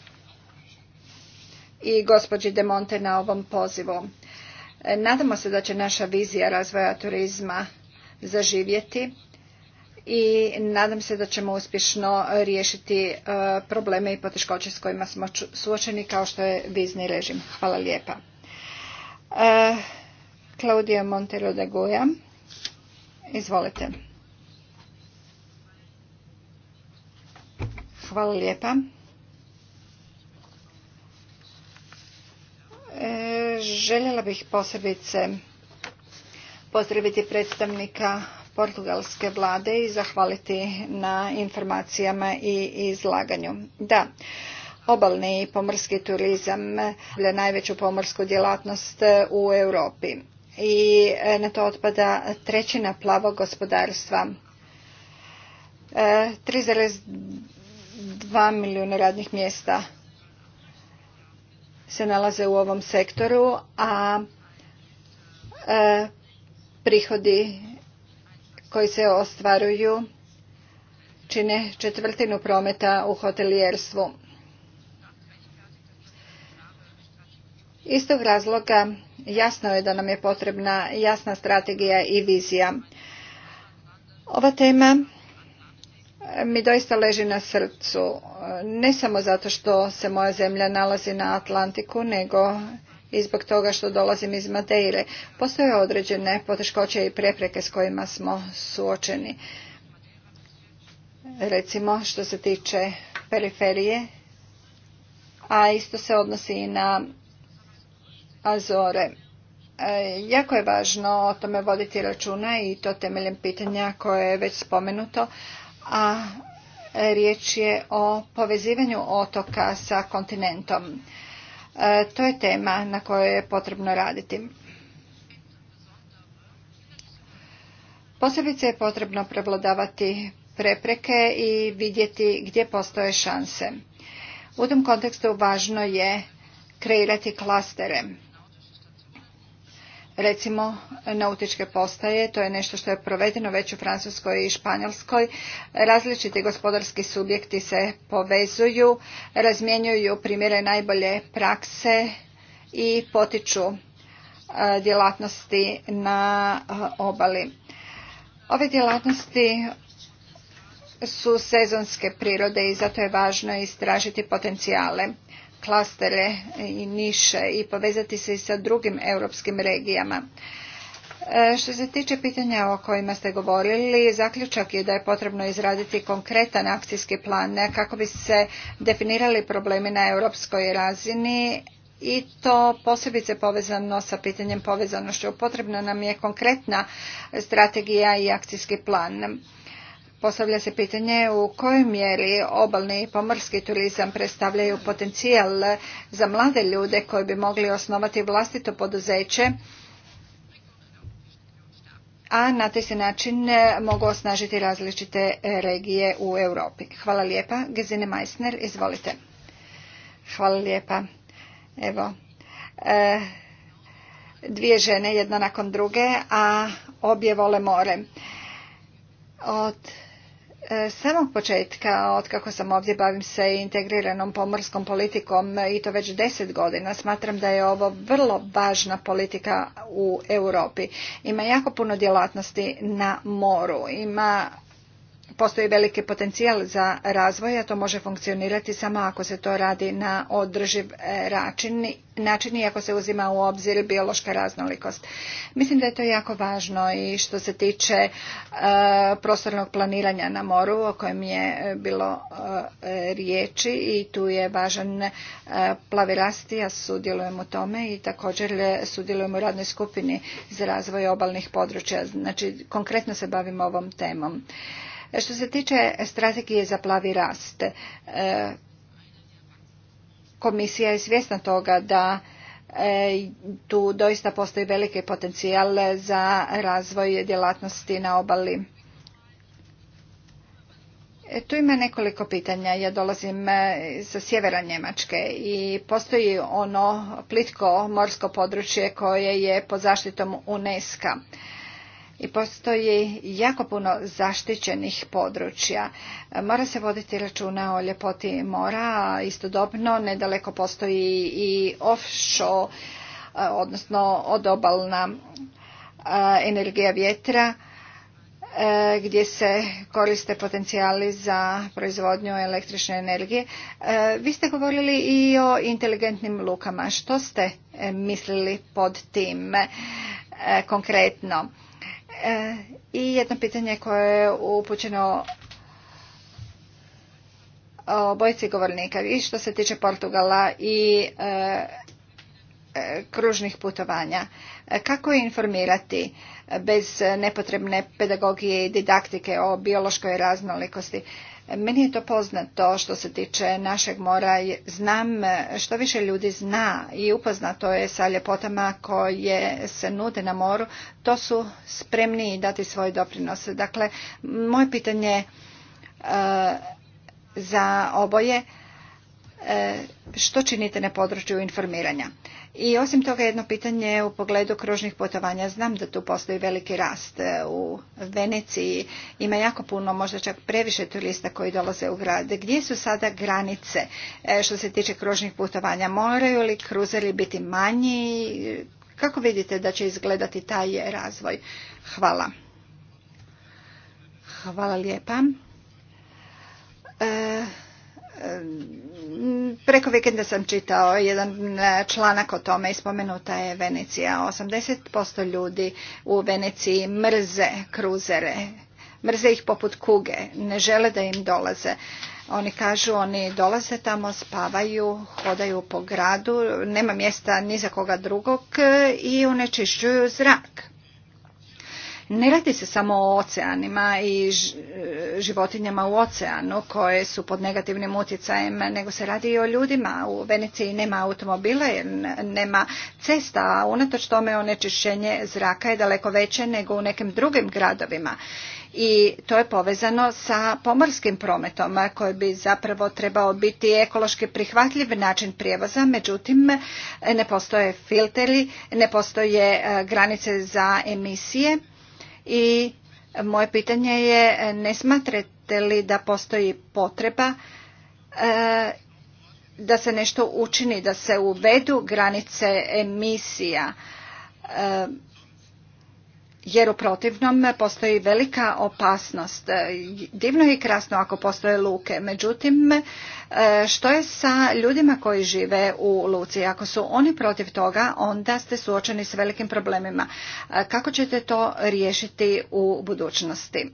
i gospođi De Monte na ovom pozivu. Nadamo se da će naša vizija razvoja turizma zaživjeti i nadam se da ćemo uspješno riješiti probleme i poteškoće s kojima smo suočeni kao što je vizni režim. Hvala lijepa. Klaudija Montero de izvolite. Hvala lijepa. E, željela bih posebice pozdraviti predstavnika portugalske vlade i zahvaliti na informacijama i izlaganju. Da, obalni i pomorski turizam je najveću pomorsku djelatnost u Europi i na to otpada trećina plavog gospodarstva. 3,2 e, dva milijuna radnih mjesta se nalaze u ovom sektoru, a e, prihodi koji se ostvaruju čine četvrtinu prometa u hotelijerstvu. Istog razloga jasno je da nam je potrebna jasna strategija i vizija. Ova tema mi doista leži na srcu. Ne samo zato što se moja zemlja nalazi na Atlantiku, nego i zbog toga što dolazim iz Madeire. Postoje određene poteškoće i prepreke s kojima smo suočeni. Recimo što se tiče periferije, a isto se odnosi i na Azore. E, jako je važno o tome voditi računa i to temeljem pitanja koje je već spomenuto, a e, riječ je o povezivanju otoka sa kontinentom. E, to je tema na kojoj je potrebno raditi. Posebice je potrebno prevladavati prepreke i vidjeti gdje postoje šanse. U tom kontekstu važno je kreirati klastere recimo nautičke postaje, to je nešto što je provedeno već u Francuskoj i Španjolskoj. Različiti gospodarski subjekti se povezuju, razmjenjuju primjere najbolje prakse i potiču e, djelatnosti na e, obali. Ove djelatnosti su sezonske prirode i zato je važno istražiti potencijale klastere i niše i povezati se i sa drugim europskim regijama. E, što se tiče pitanja o kojima ste govorili, zaključak je da je potrebno izraditi konkretan akcijski plan kako bi se definirali problemi na europskoj razini i to posebice povezano sa pitanjem povezanošću. Potrebna nam je konkretna strategija i akcijski plan. Postavlja se pitanje u kojoj mjeri obalni i pomorski turizam predstavljaju potencijal za mlade ljude koji bi mogli osnovati vlastito poduzeće, a na taj se način mogu osnažiti različite regije u Europi. Hvala lijepa. Gezine Meissner, izvolite. Hvala lijepa. Evo, e, dvije žene, jedna nakon druge, a obje vole more. Od e, samog početka, od kako sam ovdje bavim se integriranom pomorskom politikom e, i to već deset godina, smatram da je ovo vrlo važna politika u Europi. Ima jako puno djelatnosti na moru, ima postoji veliki potencijal za razvoj, a to može funkcionirati samo ako se to radi na održiv e, način i ako se uzima u obzir biološka raznolikost. Mislim da je to jako važno i što se tiče e, prostornog planiranja na moru o kojem je e, bilo riječi i tu je važan plavi rast ja sudjelujem u tome i također sudjelujem u radnoj skupini za razvoj obalnih područja. Znači konkretno se bavim ovom temom. E, što se tiče strategije za plavi rast, e, komisija je svjesna toga da e, tu doista postoji veliki potencijal za razvoj djelatnosti na obali. Tu ima nekoliko pitanja. Ja dolazim sa sjevera Njemačke i postoji ono plitko morsko područje koje je pod zaštitom UNESCO-a i postoji jako puno zaštićenih područja. Mora se voditi računa o ljepoti mora, a istodobno nedaleko postoji i offshore, eh, odnosno odobalna eh, energija vjetra, eh, gdje se koriste potencijali za proizvodnju električne energije. Vi ste govorili i o inteligentnim lukama. Što ste mislili pod tim konkretno? E, I jedno pitanje koje je upućeno bojci govornika i što se tiče Portugala i e, e, kružnih putovanja. Kako je informirati bez nepotrebne pedagogije i didaktike o biološkoj raznolikosti? Meni je to poznato što se tiče našeg mora. Znam e, što više ljudi zna i upoznato je sa ljepotama koje se nude na moru. To su spremni dati svoj doprinos. Dakle, moje pitanje e, za oboje E, što činite na području informiranja. I osim toga jedno pitanje u pogledu kružnih putovanja. Znam da tu postoji veliki rast e, u Veneciji. Ima jako puno, možda čak previše turista koji dolaze u grad. Gdje su sada granice e, što se tiče kružnih putovanja? Moraju li kruzeri biti manji? Kako vidite da će izgledati taj razvoj? Hvala. Hvala lijepa. E... Preko vikenda sam čitao jedan e, članak o tome i spomenuta je Venecija. 80% ljudi u Veneciji mrze kruzere, mrze ih poput kuge, ne žele da im dolaze. Oni kažu, oni dolaze tamo, spavaju, hodaju po gradu, nema mjesta ni za koga drugog e, i onečišćuju zrak. Ne radi se samo o oceanima i e, životinjama u oceanu koje su pod negativnim utjecajem, nego se radi i o ljudima. U Veneciji nema automobila nema cesta, a unatoč tome onečišćenje zraka je daleko veće nego u nekim drugim gradovima i to je povezano sa pomorskim prometom koji bi zapravo trebao biti ekološki prihvatljiv način prijevoza, međutim ne postoje filteri, ne postoje e, granice za emisije i moje pitanje je ne smatrate li da postoji potreba e, da se nešto učini, da se uvedu granice emisija e, jer u protivnom postoji velika opasnost. E, divno je i krasno ako postoje luke, međutim e, što je sa ljudima koji žive u luci? Ako su oni protiv toga, onda ste suočeni s velikim problemima. E, kako ćete to riješiti u budućnosti?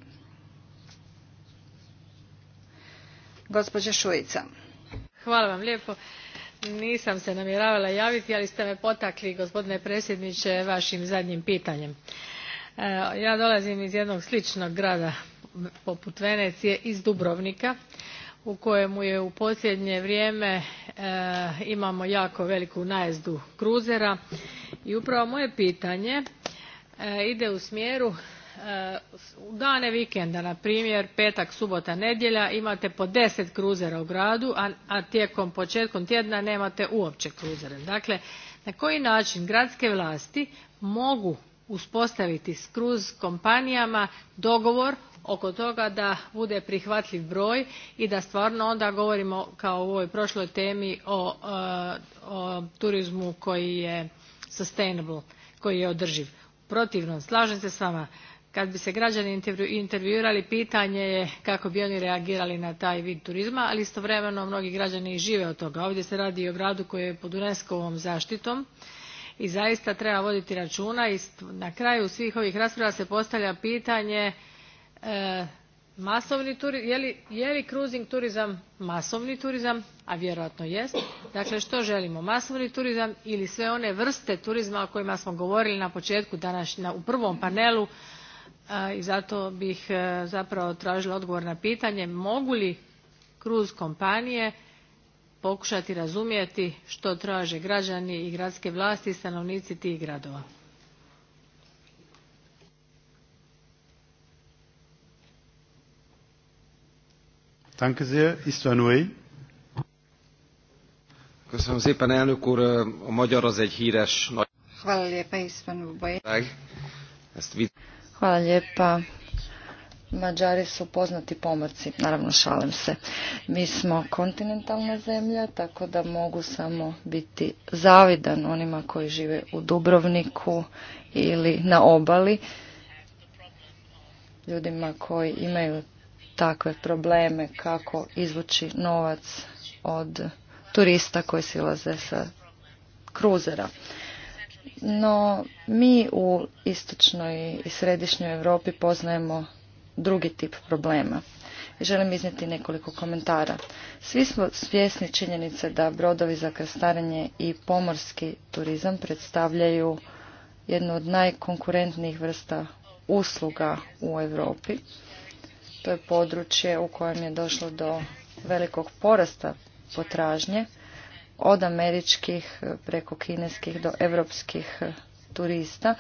Gospođa Šujica. Hvala vam lijepo nisam se namjeravala javiti ali ste me potakli gospodine predsjedniče vašim zadnjim pitanjem. E, ja dolazim iz jednog sličnog grada poput venecije iz dubrovnika u kojemu u posljednje vrijeme e, imamo jako veliku najezdu kruzera i upravo moje pitanje e, ide u smjeru u dane vikenda na primjer petak subota nedjelja imate po deset kruzera u gradu a tijekom početkom tjedna nemate uopće kruzere. dakle na koji način gradske vlasti mogu uspostaviti s kompanijama dogovor oko toga da bude prihvatljiv broj i da stvarno onda govorimo kao u ovoj prošloj temi o, e, turizmu koji je sustainable koji je održiv. u protivnom slažem se s vama kad bi se građani intervjuirali pitanje je kako bi oni reagirali na taj vid turizma ali istovremeno mnogi građani i žive od toga. ovdje se radi o gradu koji je pod unesco ovom zaštitom i zaista treba voditi računa i na kraju svih ovih rasprava se postavlja pitanje e, masovni je li, je cruising turizam masovni turizam a vjerojatno jest dakle što želimo masovni turizam ili sve one vrste turizma o kojima smo govorili na početku u prvom panelu e, i zato bih e, zapravo tražila odgovor na pitanje mogu li kruz kompanije pokušati razumjeti što traže građani i gradske vlasti i stanovnici tih gradova. Danke sehr. Köszönöm szépen, elnök úr. A magyar az egy híres nagy... Hvala lijepa, István Ezt... Hvala lijepa. Mađari su poznati pomorci, naravno šalim se. Mi smo kontinentalna zemlja, tako da mogu samo biti zavidan onima koji žive u Dubrovniku ili na obali. Ljudima koji imaju takve probleme kako izvući novac od turista koji silaze sa kruzera. No, mi u istočnoj i središnjoj Europi poznajemo drugi tip problema. Želim iznijeti nekoliko komentara. Svi smo svjesni činjenice da brodovi za krstarenje i pomorski turizam predstavljaju jednu od najkonkurentnijih vrsta usluga u Europi. To je područje u kojem je došlo do velikog porasta potražnje od američkih preko kineskih do europskih turista.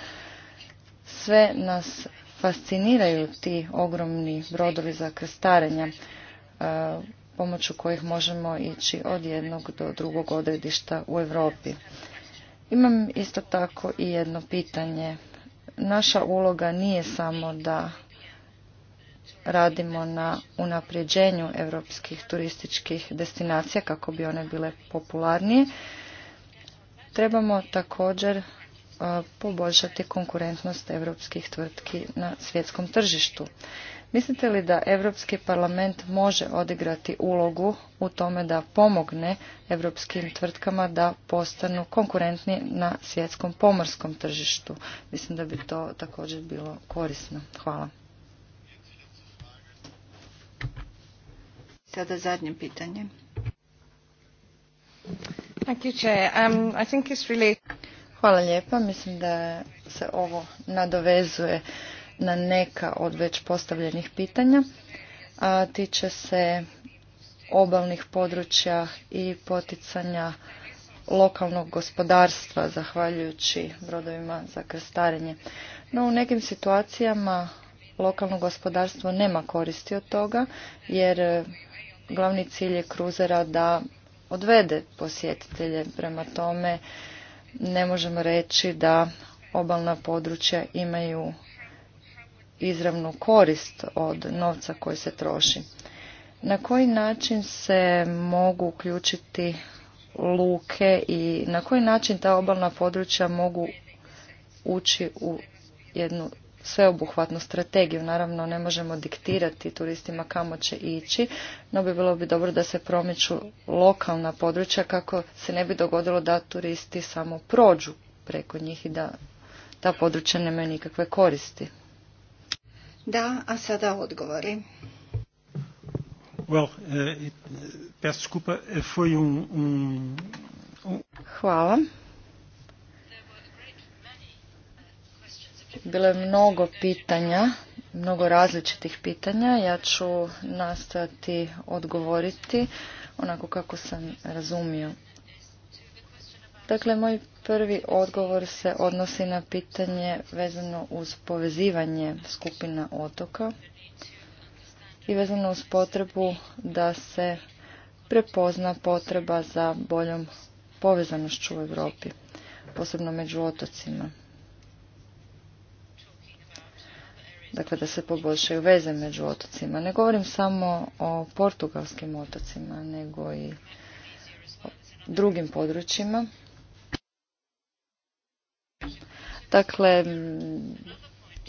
Sve nas fasciniraju ti ogromni brodovi za krstarenja e, pomoću kojih možemo ići od jednog do drugog odredišta u Europi. Imam isto tako i jedno pitanje. Naša uloga nije samo da radimo na unapređenju europskih turističkih destinacija kako bi one bile popularnije. Trebamo također poboljšati konkurentnost europskih tvrtki na svjetskom tržištu. Mislite li da Europski parlament može odigrati ulogu u tome da pomogne europskim tvrtkama da postanu konkurentni na svjetskom pomorskom tržištu? Mislim da bi to također bilo korisno. Hvala. Sada zadnje pitanje. Thank um, Hvala lijepa. Mislim da se ovo nadovezuje na neka od već postavljenih pitanja, a tiče se obalnih područja i poticanja lokalnog gospodarstva zahvaljujući brodovima za krstarenje. No u nekim situacijama lokalno gospodarstvo nema koristi od toga jer glavni cilj je kruzera da odvede posjetitelje prema tome ne možemo reći da obalna područja imaju izravnu korist od novca koji se troši. Na koji način se mogu uključiti luke i na koji način ta obalna područja mogu ući u jednu sveobuhvatnu strategiju. Naravno, ne možemo diktirati turistima kamo će ići, no bi bilo bi dobro da se promiču lokalna područja kako se ne bi dogodilo da turisti samo prođu preko njih i da ta područja nemaju nikakve koristi. Da, a sada odgovori. Well, eh, eh, eh, Hvala. Bilo je mnogo pitanja, mnogo različitih pitanja. Ja ću nastojati odgovoriti onako kako sam razumio. Dakle, moj prvi odgovor se odnosi na pitanje vezano uz povezivanje skupina otoka i vezano uz potrebu da se prepozna potreba za boljom povezanošću u Europi, posebno među otocima. dakle da se poboljšaju veze među otocima. Ne govorim samo o portugalskim otocima, nego i drugim područjima. Dakle,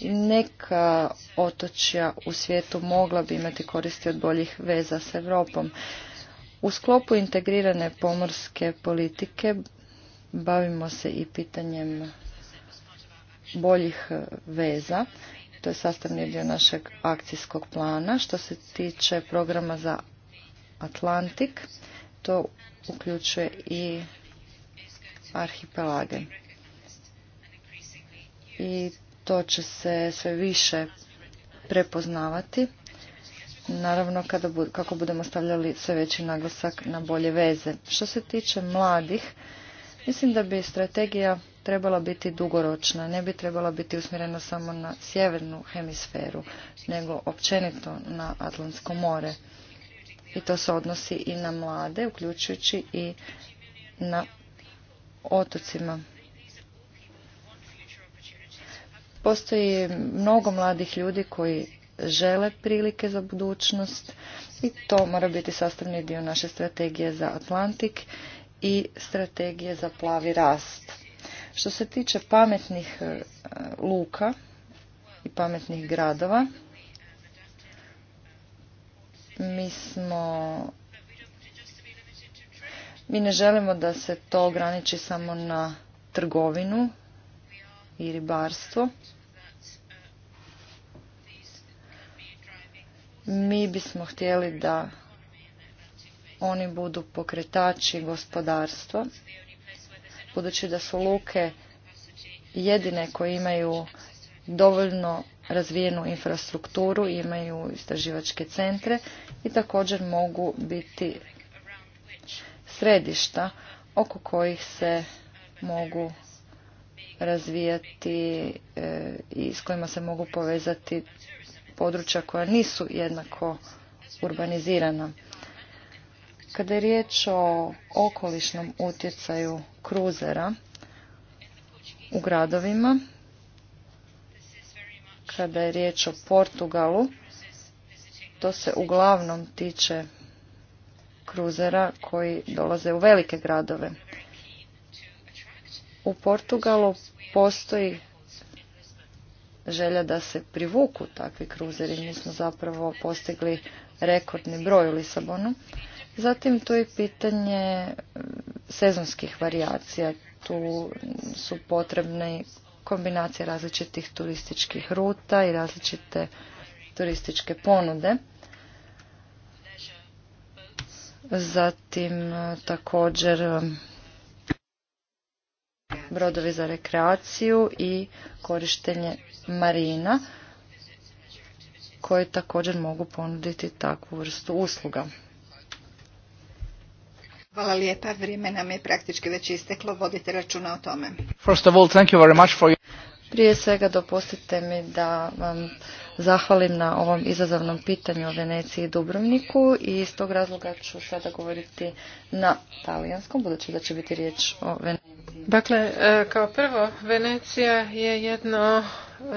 neka otočja u svijetu mogla bi imati koristi od boljih veza s Europom. U sklopu integrirane pomorske politike bavimo se i pitanjem boljih veza to je sastavni dio našeg akcijskog plana. Što se tiče programa za Atlantik, to uključuje i arhipelage. I to će se sve više prepoznavati. Naravno, kada kako budemo stavljali sve veći naglasak na bolje veze. Što se tiče mladih, mislim da bi strategija trebala biti dugoročna, ne bi trebala biti usmjerena samo na sjevernu hemisferu, nego općenito na Atlantsko more. I to se odnosi i na mlade, uključujući i na otocima. Postoji mnogo mladih ljudi koji žele prilike za budućnost i to mora biti sastavni dio naše strategije za Atlantik i strategije za plavi rast. Što se tiče pametnih e, luka i pametnih gradova, mi smo mi ne želimo da se to ograniči samo na trgovinu i ribarstvo. Mi bismo htjeli da oni budu pokretači gospodarstva budući da su luke jedine koje imaju dovoljno razvijenu infrastrukturu, imaju istraživačke centre i također mogu biti središta oko kojih se mogu razvijati e, i s kojima se mogu povezati područja koja nisu jednako urbanizirana. Kada je riječ o okolišnom utjecaju kruzera u gradovima, kada je riječ o Portugalu, to se uglavnom tiče kruzera koji dolaze u velike gradove. U Portugalu postoji želja da se privuku takvi kruzeri. Mi smo zapravo postigli rekordni broj u Lisabonu. Zatim tu je pitanje mm, sezonskih varijacija. Tu su potrebne kombinacije različitih turističkih ruta i različite turističke ponude. Zatim e, također mm, brodovi za rekreaciju i korištenje marina koje također mogu ponuditi takvu vrstu usluga. Hvala lijepa, vrijeme nam je praktički već isteklo, vodite računa o tome. First Prije svega dopustite mi da vam zahvalim na ovom izazovnom pitanju o Veneciji i Dubrovniku i iz tog razloga ću sada govoriti na talijanskom, budući da će biti riječ o Veneciji. Dakle, e, kao prvo, Venecija je jedno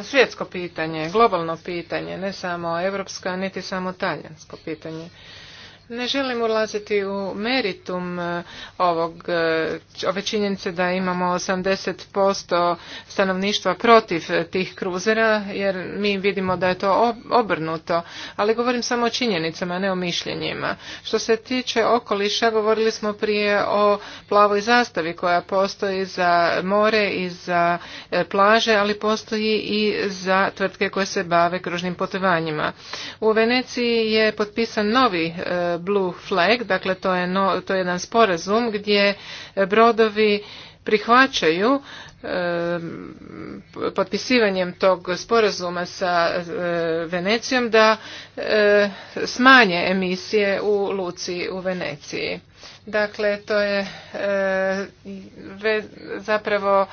svjetsko pitanje, globalno pitanje, ne samo evropska, niti samo talijansko pitanje. Ne želim ulaziti u meritum e, ovog, e, ove činjenice da imamo 80% stanovništva protiv e, tih kruzera, jer mi vidimo da je to obrnuto, ali govorim samo o činjenicama, ne o mišljenjima. Što se tiče okoliša, govorili smo prije o plavoj zastavi koja postoji za more i za plaže, ali postoji i za tvrtke koje se bave kružnim putovanjima. U Veneciji je potpisan novi Blue Flag, dakle to je, to je jedan sporazum gdje brodovi prihvaćaju potpisivanjem tog sporazuma sa eh, Venecijom da eh, smanje emisije u luci u Veneciji. Dakle, to je eh, zapravo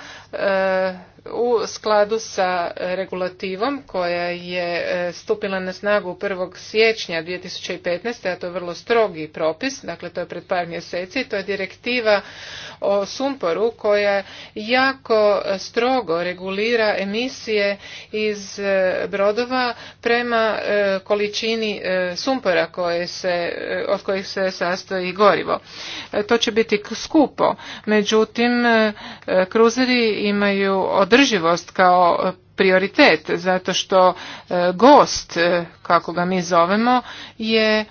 u skladu sa regulativom koja je e, stupila na snagu 1. siječnja 2015. a to je vrlo strogi propis, dakle to je pred par mjeseci, to je direktiva o sumporu koja jako strogo regulira emisije iz e, brodova prema e, količini sumpora se, od kojih se sastoji gorivo. To će biti skupo, međutim kruzeri imaju od održivost kao prioritet zato što e, gost e, kako ga mi zovemo je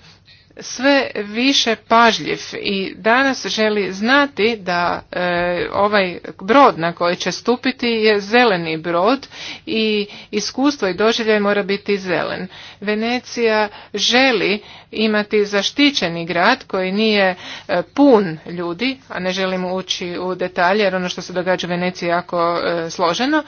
sve više pažljiv i danas želi znati da e, ovaj brod na koji će stupiti je zeleni brod i iskustvo i doživljaj mora biti zelen. Venecija želi imati zaštićeni grad koji nije e, pun ljudi, a ne želimo ući u detalje jer ono što se događa u Veneciji je jako e, složeno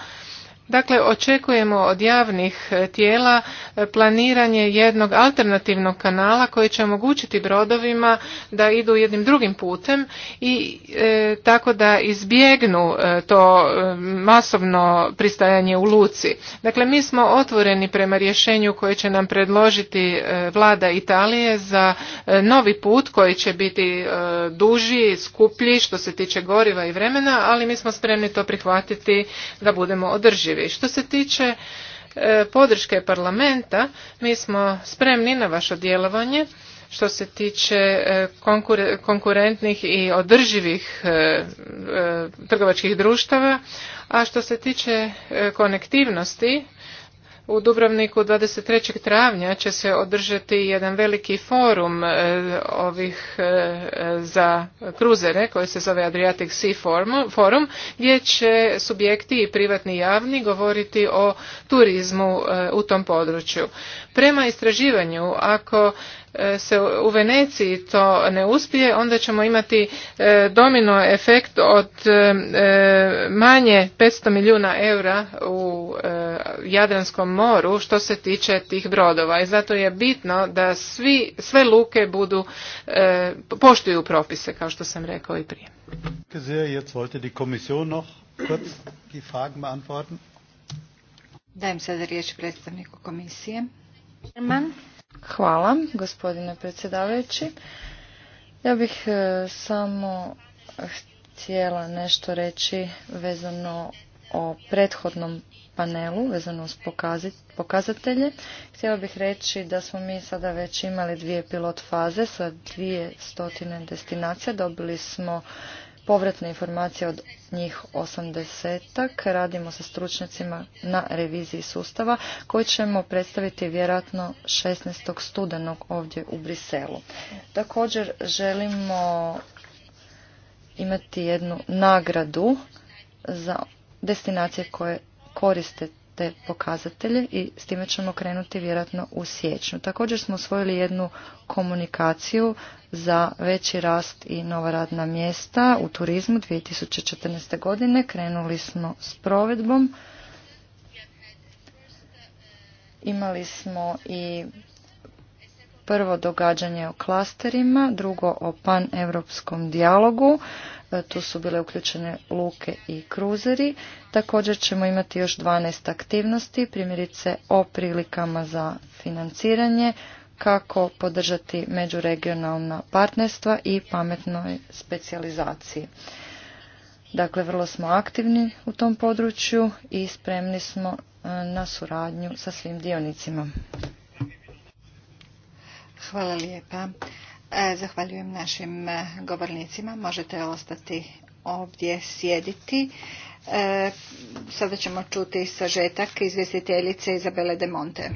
Dakle, očekujemo od javnih e, tijela e, planiranje jednog alternativnog kanala koji će omogućiti brodovima da idu jednim drugim putem i e, tako da izbjegnu to masovno pristajanje u luci. Dakle, mi smo otvoreni prema rješenju koje će nam predložiti vlada Italije za novi put koji će biti duži, skuplji što se tiče goriva i vremena, ali mi smo spremni to prihvatiti da budemo održivi. Što se tiče e, podrške parlamenta, mi smo spremni na vaše djelovanje što se tiče e, konkurentnih i održivih e, trgovačkih društava, a što se tiče konektivnosti u Dubrovniku 23. travnja će se održati jedan veliki forum e, ovih e, za kruzere koji se zove Adriatic Sea Forum gdje će subjekti i privatni javni govoriti o turizmu e, u tom području. Prema istraživanju, ako e, se u Veneciji to ne uspije, onda ćemo imati e, domino efekt od e, manje 500 milijuna eura u Jadranskom moru što se tiče tih brodova i zato je bitno da svi, sve luke budu, poštuju propise kao što sam rekao i prije. Dajem sada riječ predstavniku komisije. Hvala, gospodine predsjedavajući. Ja bih e, samo htjela nešto reći vezano o prethodnom panelu vezano uz pokazatelje. Htjela bih reći da smo mi sada već imali dvije pilot faze sa dvije stotine destinacija. Dobili smo povratne informacije od njih osamdesetak. Radimo sa stručnjacima na reviziji sustava koji ćemo predstaviti vjerojatno 16. studenog ovdje u Briselu. Također želimo imati jednu nagradu za destinacije koje koriste te pokazatelje i s time ćemo krenuti vjerojatno u siječnju. Također smo osvojili jednu komunikaciju za veći rast i nova radna mjesta u turizmu 2014. godine. Krenuli smo s provedbom. Imali smo i prvo događanje o klasterima, drugo o paneuropskom dijalogu, e, tu su bile uključene luke i kruzeri. Također ćemo imati još 12 aktivnosti, primjerice o prilikama za financiranje, kako podržati međuregionalna partnerstva i pametnoj specijalizaciji. Dakle, vrlo smo aktivni u tom području i spremni smo e, na suradnju sa svim dionicima. Hvala lijepa. E, zahvaljujem našim e, govornicima. Možete ostati ovdje sjediti. E, sada ćemo čuti sažetak izvjestiteljice Izabele de Monte.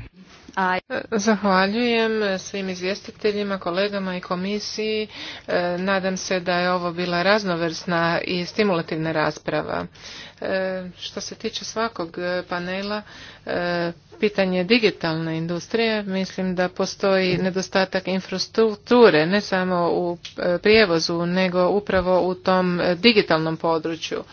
Zahvaljujem svim izvjestiteljima, kolegama i komisiji. E, nadam se da je ovo bila raznovrsna i stimulativna rasprava. E, što se tiče svakog panela, e, pitanje digitalne industrije, mislim da postoji nedostatak infrastrukture, ne samo u prijevozu, nego upravo u tom digitalnom području.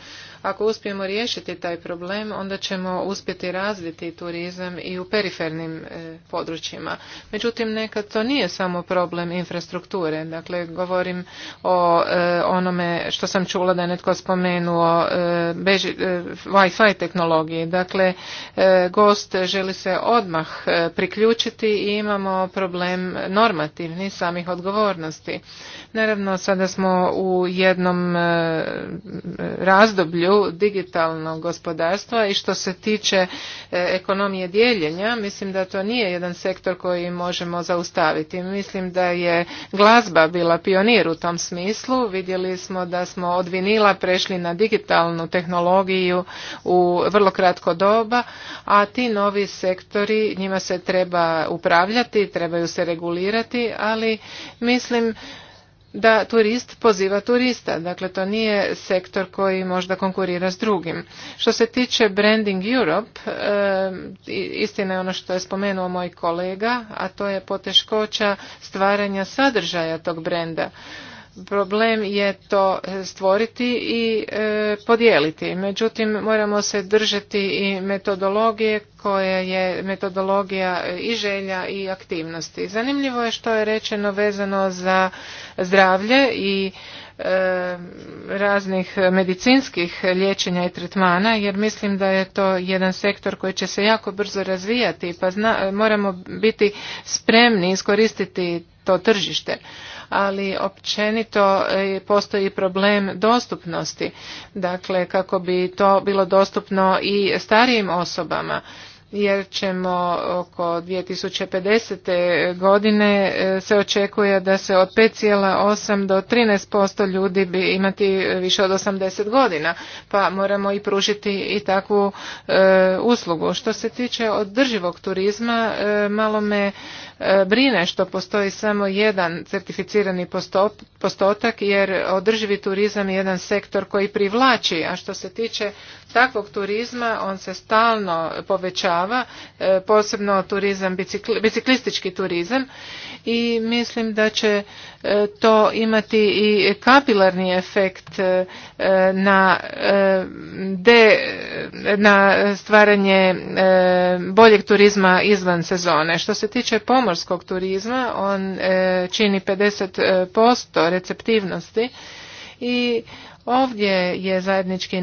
Ako uspijemo riješiti taj problem, onda ćemo uspjeti razviti turizam i u perifernim e, područjima. Međutim, nekad to nije samo problem infrastrukture. Dakle, govorim o e, onome što sam čula da je netko spomenuo e, Wi-Fi tehnologiji. Dakle, gost želi se odmah priključiti i imamo problem normativni samih odgovornosti. Naravno, sada smo u jednom razdoblju digitalnog gospodarstva i što se tiče e, ekonomije dijeljenja, mislim da to nije jedan sektor koji možemo zaustaviti. Mislim da je glazba bila pionir u tom smislu. Vidjeli smo da smo od vinila prešli na digitalnu tehnologiju u vrlo kratko doba, a ti novi sektori, njima se treba upravljati, trebaju se regulirati, ali mislim da turist poziva turista. Dakle, to nije sektor koji možda konkurira s drugim. Što se tiče Branding Europe, istina je ono što je spomenuo moj kolega, a to je poteškoća stvaranja sadržaja tog brenda. Problem je to e, stvoriti i e, podijeliti. Međutim, moramo se držati i metodologije koja je metodologija e, i želja i aktivnosti. Zanimljivo je što je rečeno vezano za zdravlje i raznih medicinskih liječenja i tretmana jer mislim da je to jedan sektor koji će se jako brzo razvijati pa zna, moramo biti spremni iskoristiti to tržište ali općenito e, postoji problem dostupnosti. Dakle, kako bi to bilo dostupno i starijim osobama jer ćemo oko 2050. godine e, se očekuje da se od 5,8 do 13% ljudi bi imati više od 80 godina, pa moramo i pružiti i takvu e, uslugu. Što se tiče održivog turizma, malo me E, brine što postoji samo jedan certificirani postotak jer održivi turizam je jedan sektor koji privlači, a što se tiče takvog turizma on se stalno povećava, e, posebno turizam, biciklistički turizam i mislim da će E, to imati i kapilarni efekt e, na, e, de, na stvaranje boljeg turizma izvan sezone. Što se tiče pomorskog turizma, on čini 50% receptivnosti i Ovdje je zajednički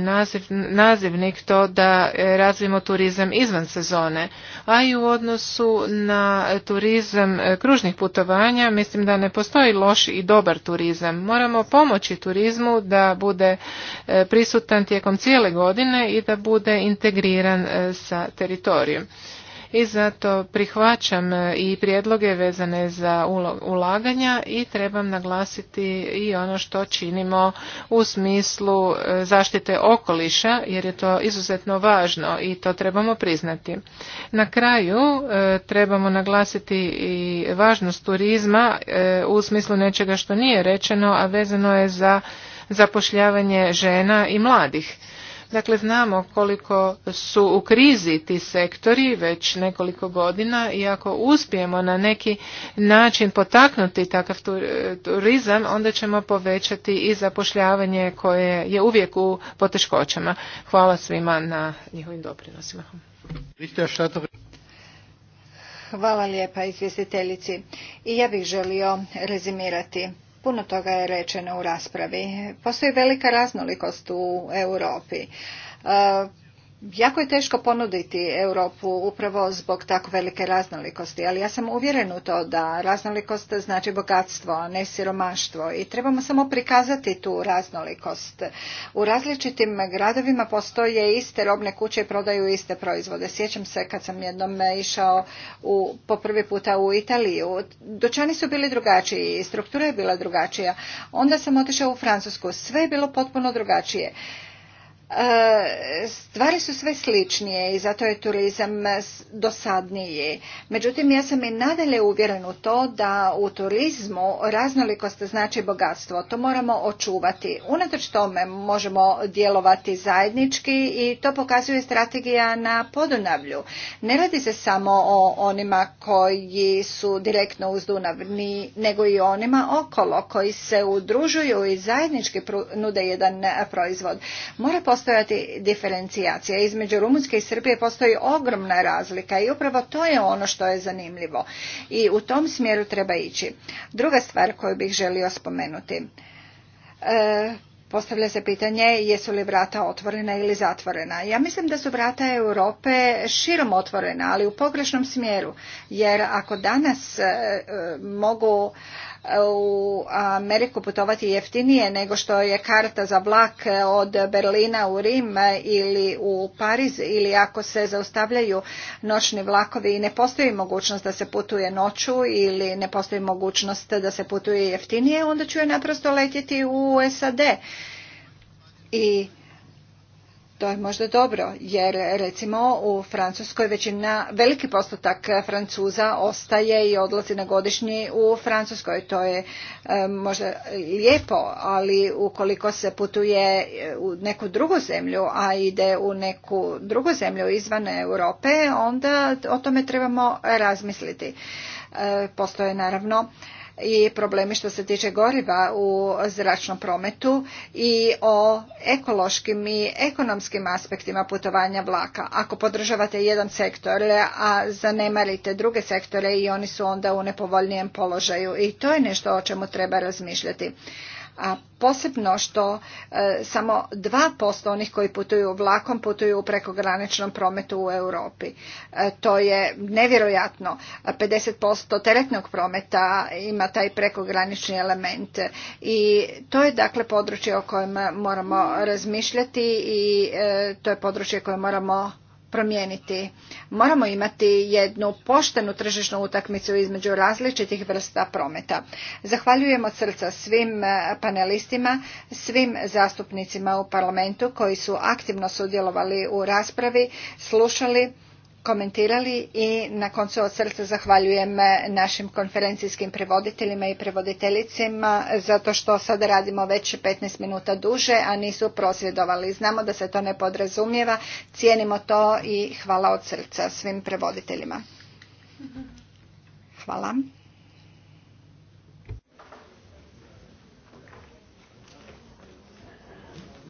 nazivnik to da e, razvijemo turizam izvan sezone, a i u odnosu na turizam e, kružnih putovanja mislim da ne postoji loš i dobar turizam. Moramo pomoći turizmu da bude e, prisutan tijekom cijele godine i da bude integriran sa teritorijom i zato prihvaćam e, i prijedloge vezane za ulaganja i trebam naglasiti i ono što činimo u smislu e, zaštite okoliša jer je to izuzetno važno i to trebamo priznati. Na kraju e, trebamo naglasiti i važnost turizma u smislu nečega što nije rečeno, a vezano je za zapošljavanje žena i mladih. Dakle, znamo koliko su u krizi ti sektori već nekoliko godina i ako uspijemo na neki način potaknuti takav e, turizam, onda ćemo povećati i zapošljavanje koje je uvijek u poteškoćama. Hvala svima na njihovim doprinosima. Hvala lijepa izvjestiteljici. I ja bih želio rezimirati Puno toga je rečeno u raspravi. Postoji velika raznolikost u Europi. E, Jako je teško ponuditi Europu upravo zbog tako velike raznolikosti, ali ja sam uvjeren u to da raznolikost znači bogatstvo, a ne siromaštvo i trebamo samo prikazati tu raznolikost. U različitim gradovima postoje iste robne kuće i prodaju iste proizvode. Sjećam se kad sam jednom išao po prvi puta u Italiju. Dočani su bili drugačiji, struktura je bila drugačija. Onda sam otišao u Francusku. Sve je bilo potpuno drugačije. E, stvari su sve sličnije i zato je turizam dosadniji. Međutim, ja sam i nadalje uvjeren u to da u turizmu raznolikost znači bogatstvo. To moramo očuvati. Unatoč tome možemo djelovati zajednički i to pokazuje strategija na podunavlju. Ne radi se samo o onima koji su direktno uz Dunav, nego i onima okolo koji se udružuju i zajednički nude jedan proizvod. Mora postojati diferencijacija. Između Rumunjske i Srbije postoji ogromna razlika i upravo to je ono što je zanimljivo. I u tom smjeru treba ići. Druga stvar koju bih želio spomenuti. E, postavlja se pitanje jesu li vrata otvorena ili zatvorena. Ja mislim da su vrata Europe širom otvorena, ali u pogrešnom smjeru. Jer ako danas e, e, mogu u Ameriku putovati jeftinije nego što je karta za vlak od Berlina u Rim ili u Pariz ili ako se zaustavljaju noćni vlakovi i ne postoji mogućnost da se putuje noću ili ne postoji mogućnost da se putuje jeftinije, onda ću je naprosto letjeti u SAD. I to je možda dobro, jer recimo u Francuskoj većina, veliki postotak Francuza ostaje i odlazi na godišnji u Francuskoj. To je e, možda lijepo, ali ukoliko se putuje u neku drugu zemlju, a ide u neku drugu zemlju izvan Europe, onda o tome trebamo razmisliti. E, postoje naravno i problemi što se tiče goriva u zračnom prometu i o ekološkim i ekonomskim aspektima putovanja vlaka. Ako podržavate jedan sektor, a zanemarite druge sektore i oni su onda u nepovoljnijem položaju i to je nešto o čemu treba razmišljati a posebno što e, samo 2% onih koji putuju vlakom putuju u prekograničnom prometu u Europi. E, to je nevjerojatno. 50% teretnog prometa ima taj prekogranični element i to je dakle područje o kojem moramo razmišljati i e, to je područje koje moramo promijeniti. Moramo imati jednu poštenu tržišnu utakmicu između različitih vrsta prometa. Zahvaljujem srca svim eh, panelistima, svim zastupnicima u parlamentu koji su aktivno sudjelovali u raspravi, slušali komentirali i na koncu od srca zahvaljujem eh, našim konferencijskim prevoditeljima i prevoditeljicima zato što sada radimo već 15 minuta duže, a nisu prosvjedovali. Znamo da se to ne podrazumijeva, cijenimo to i hvala od srca svim prevoditeljima. Hvala.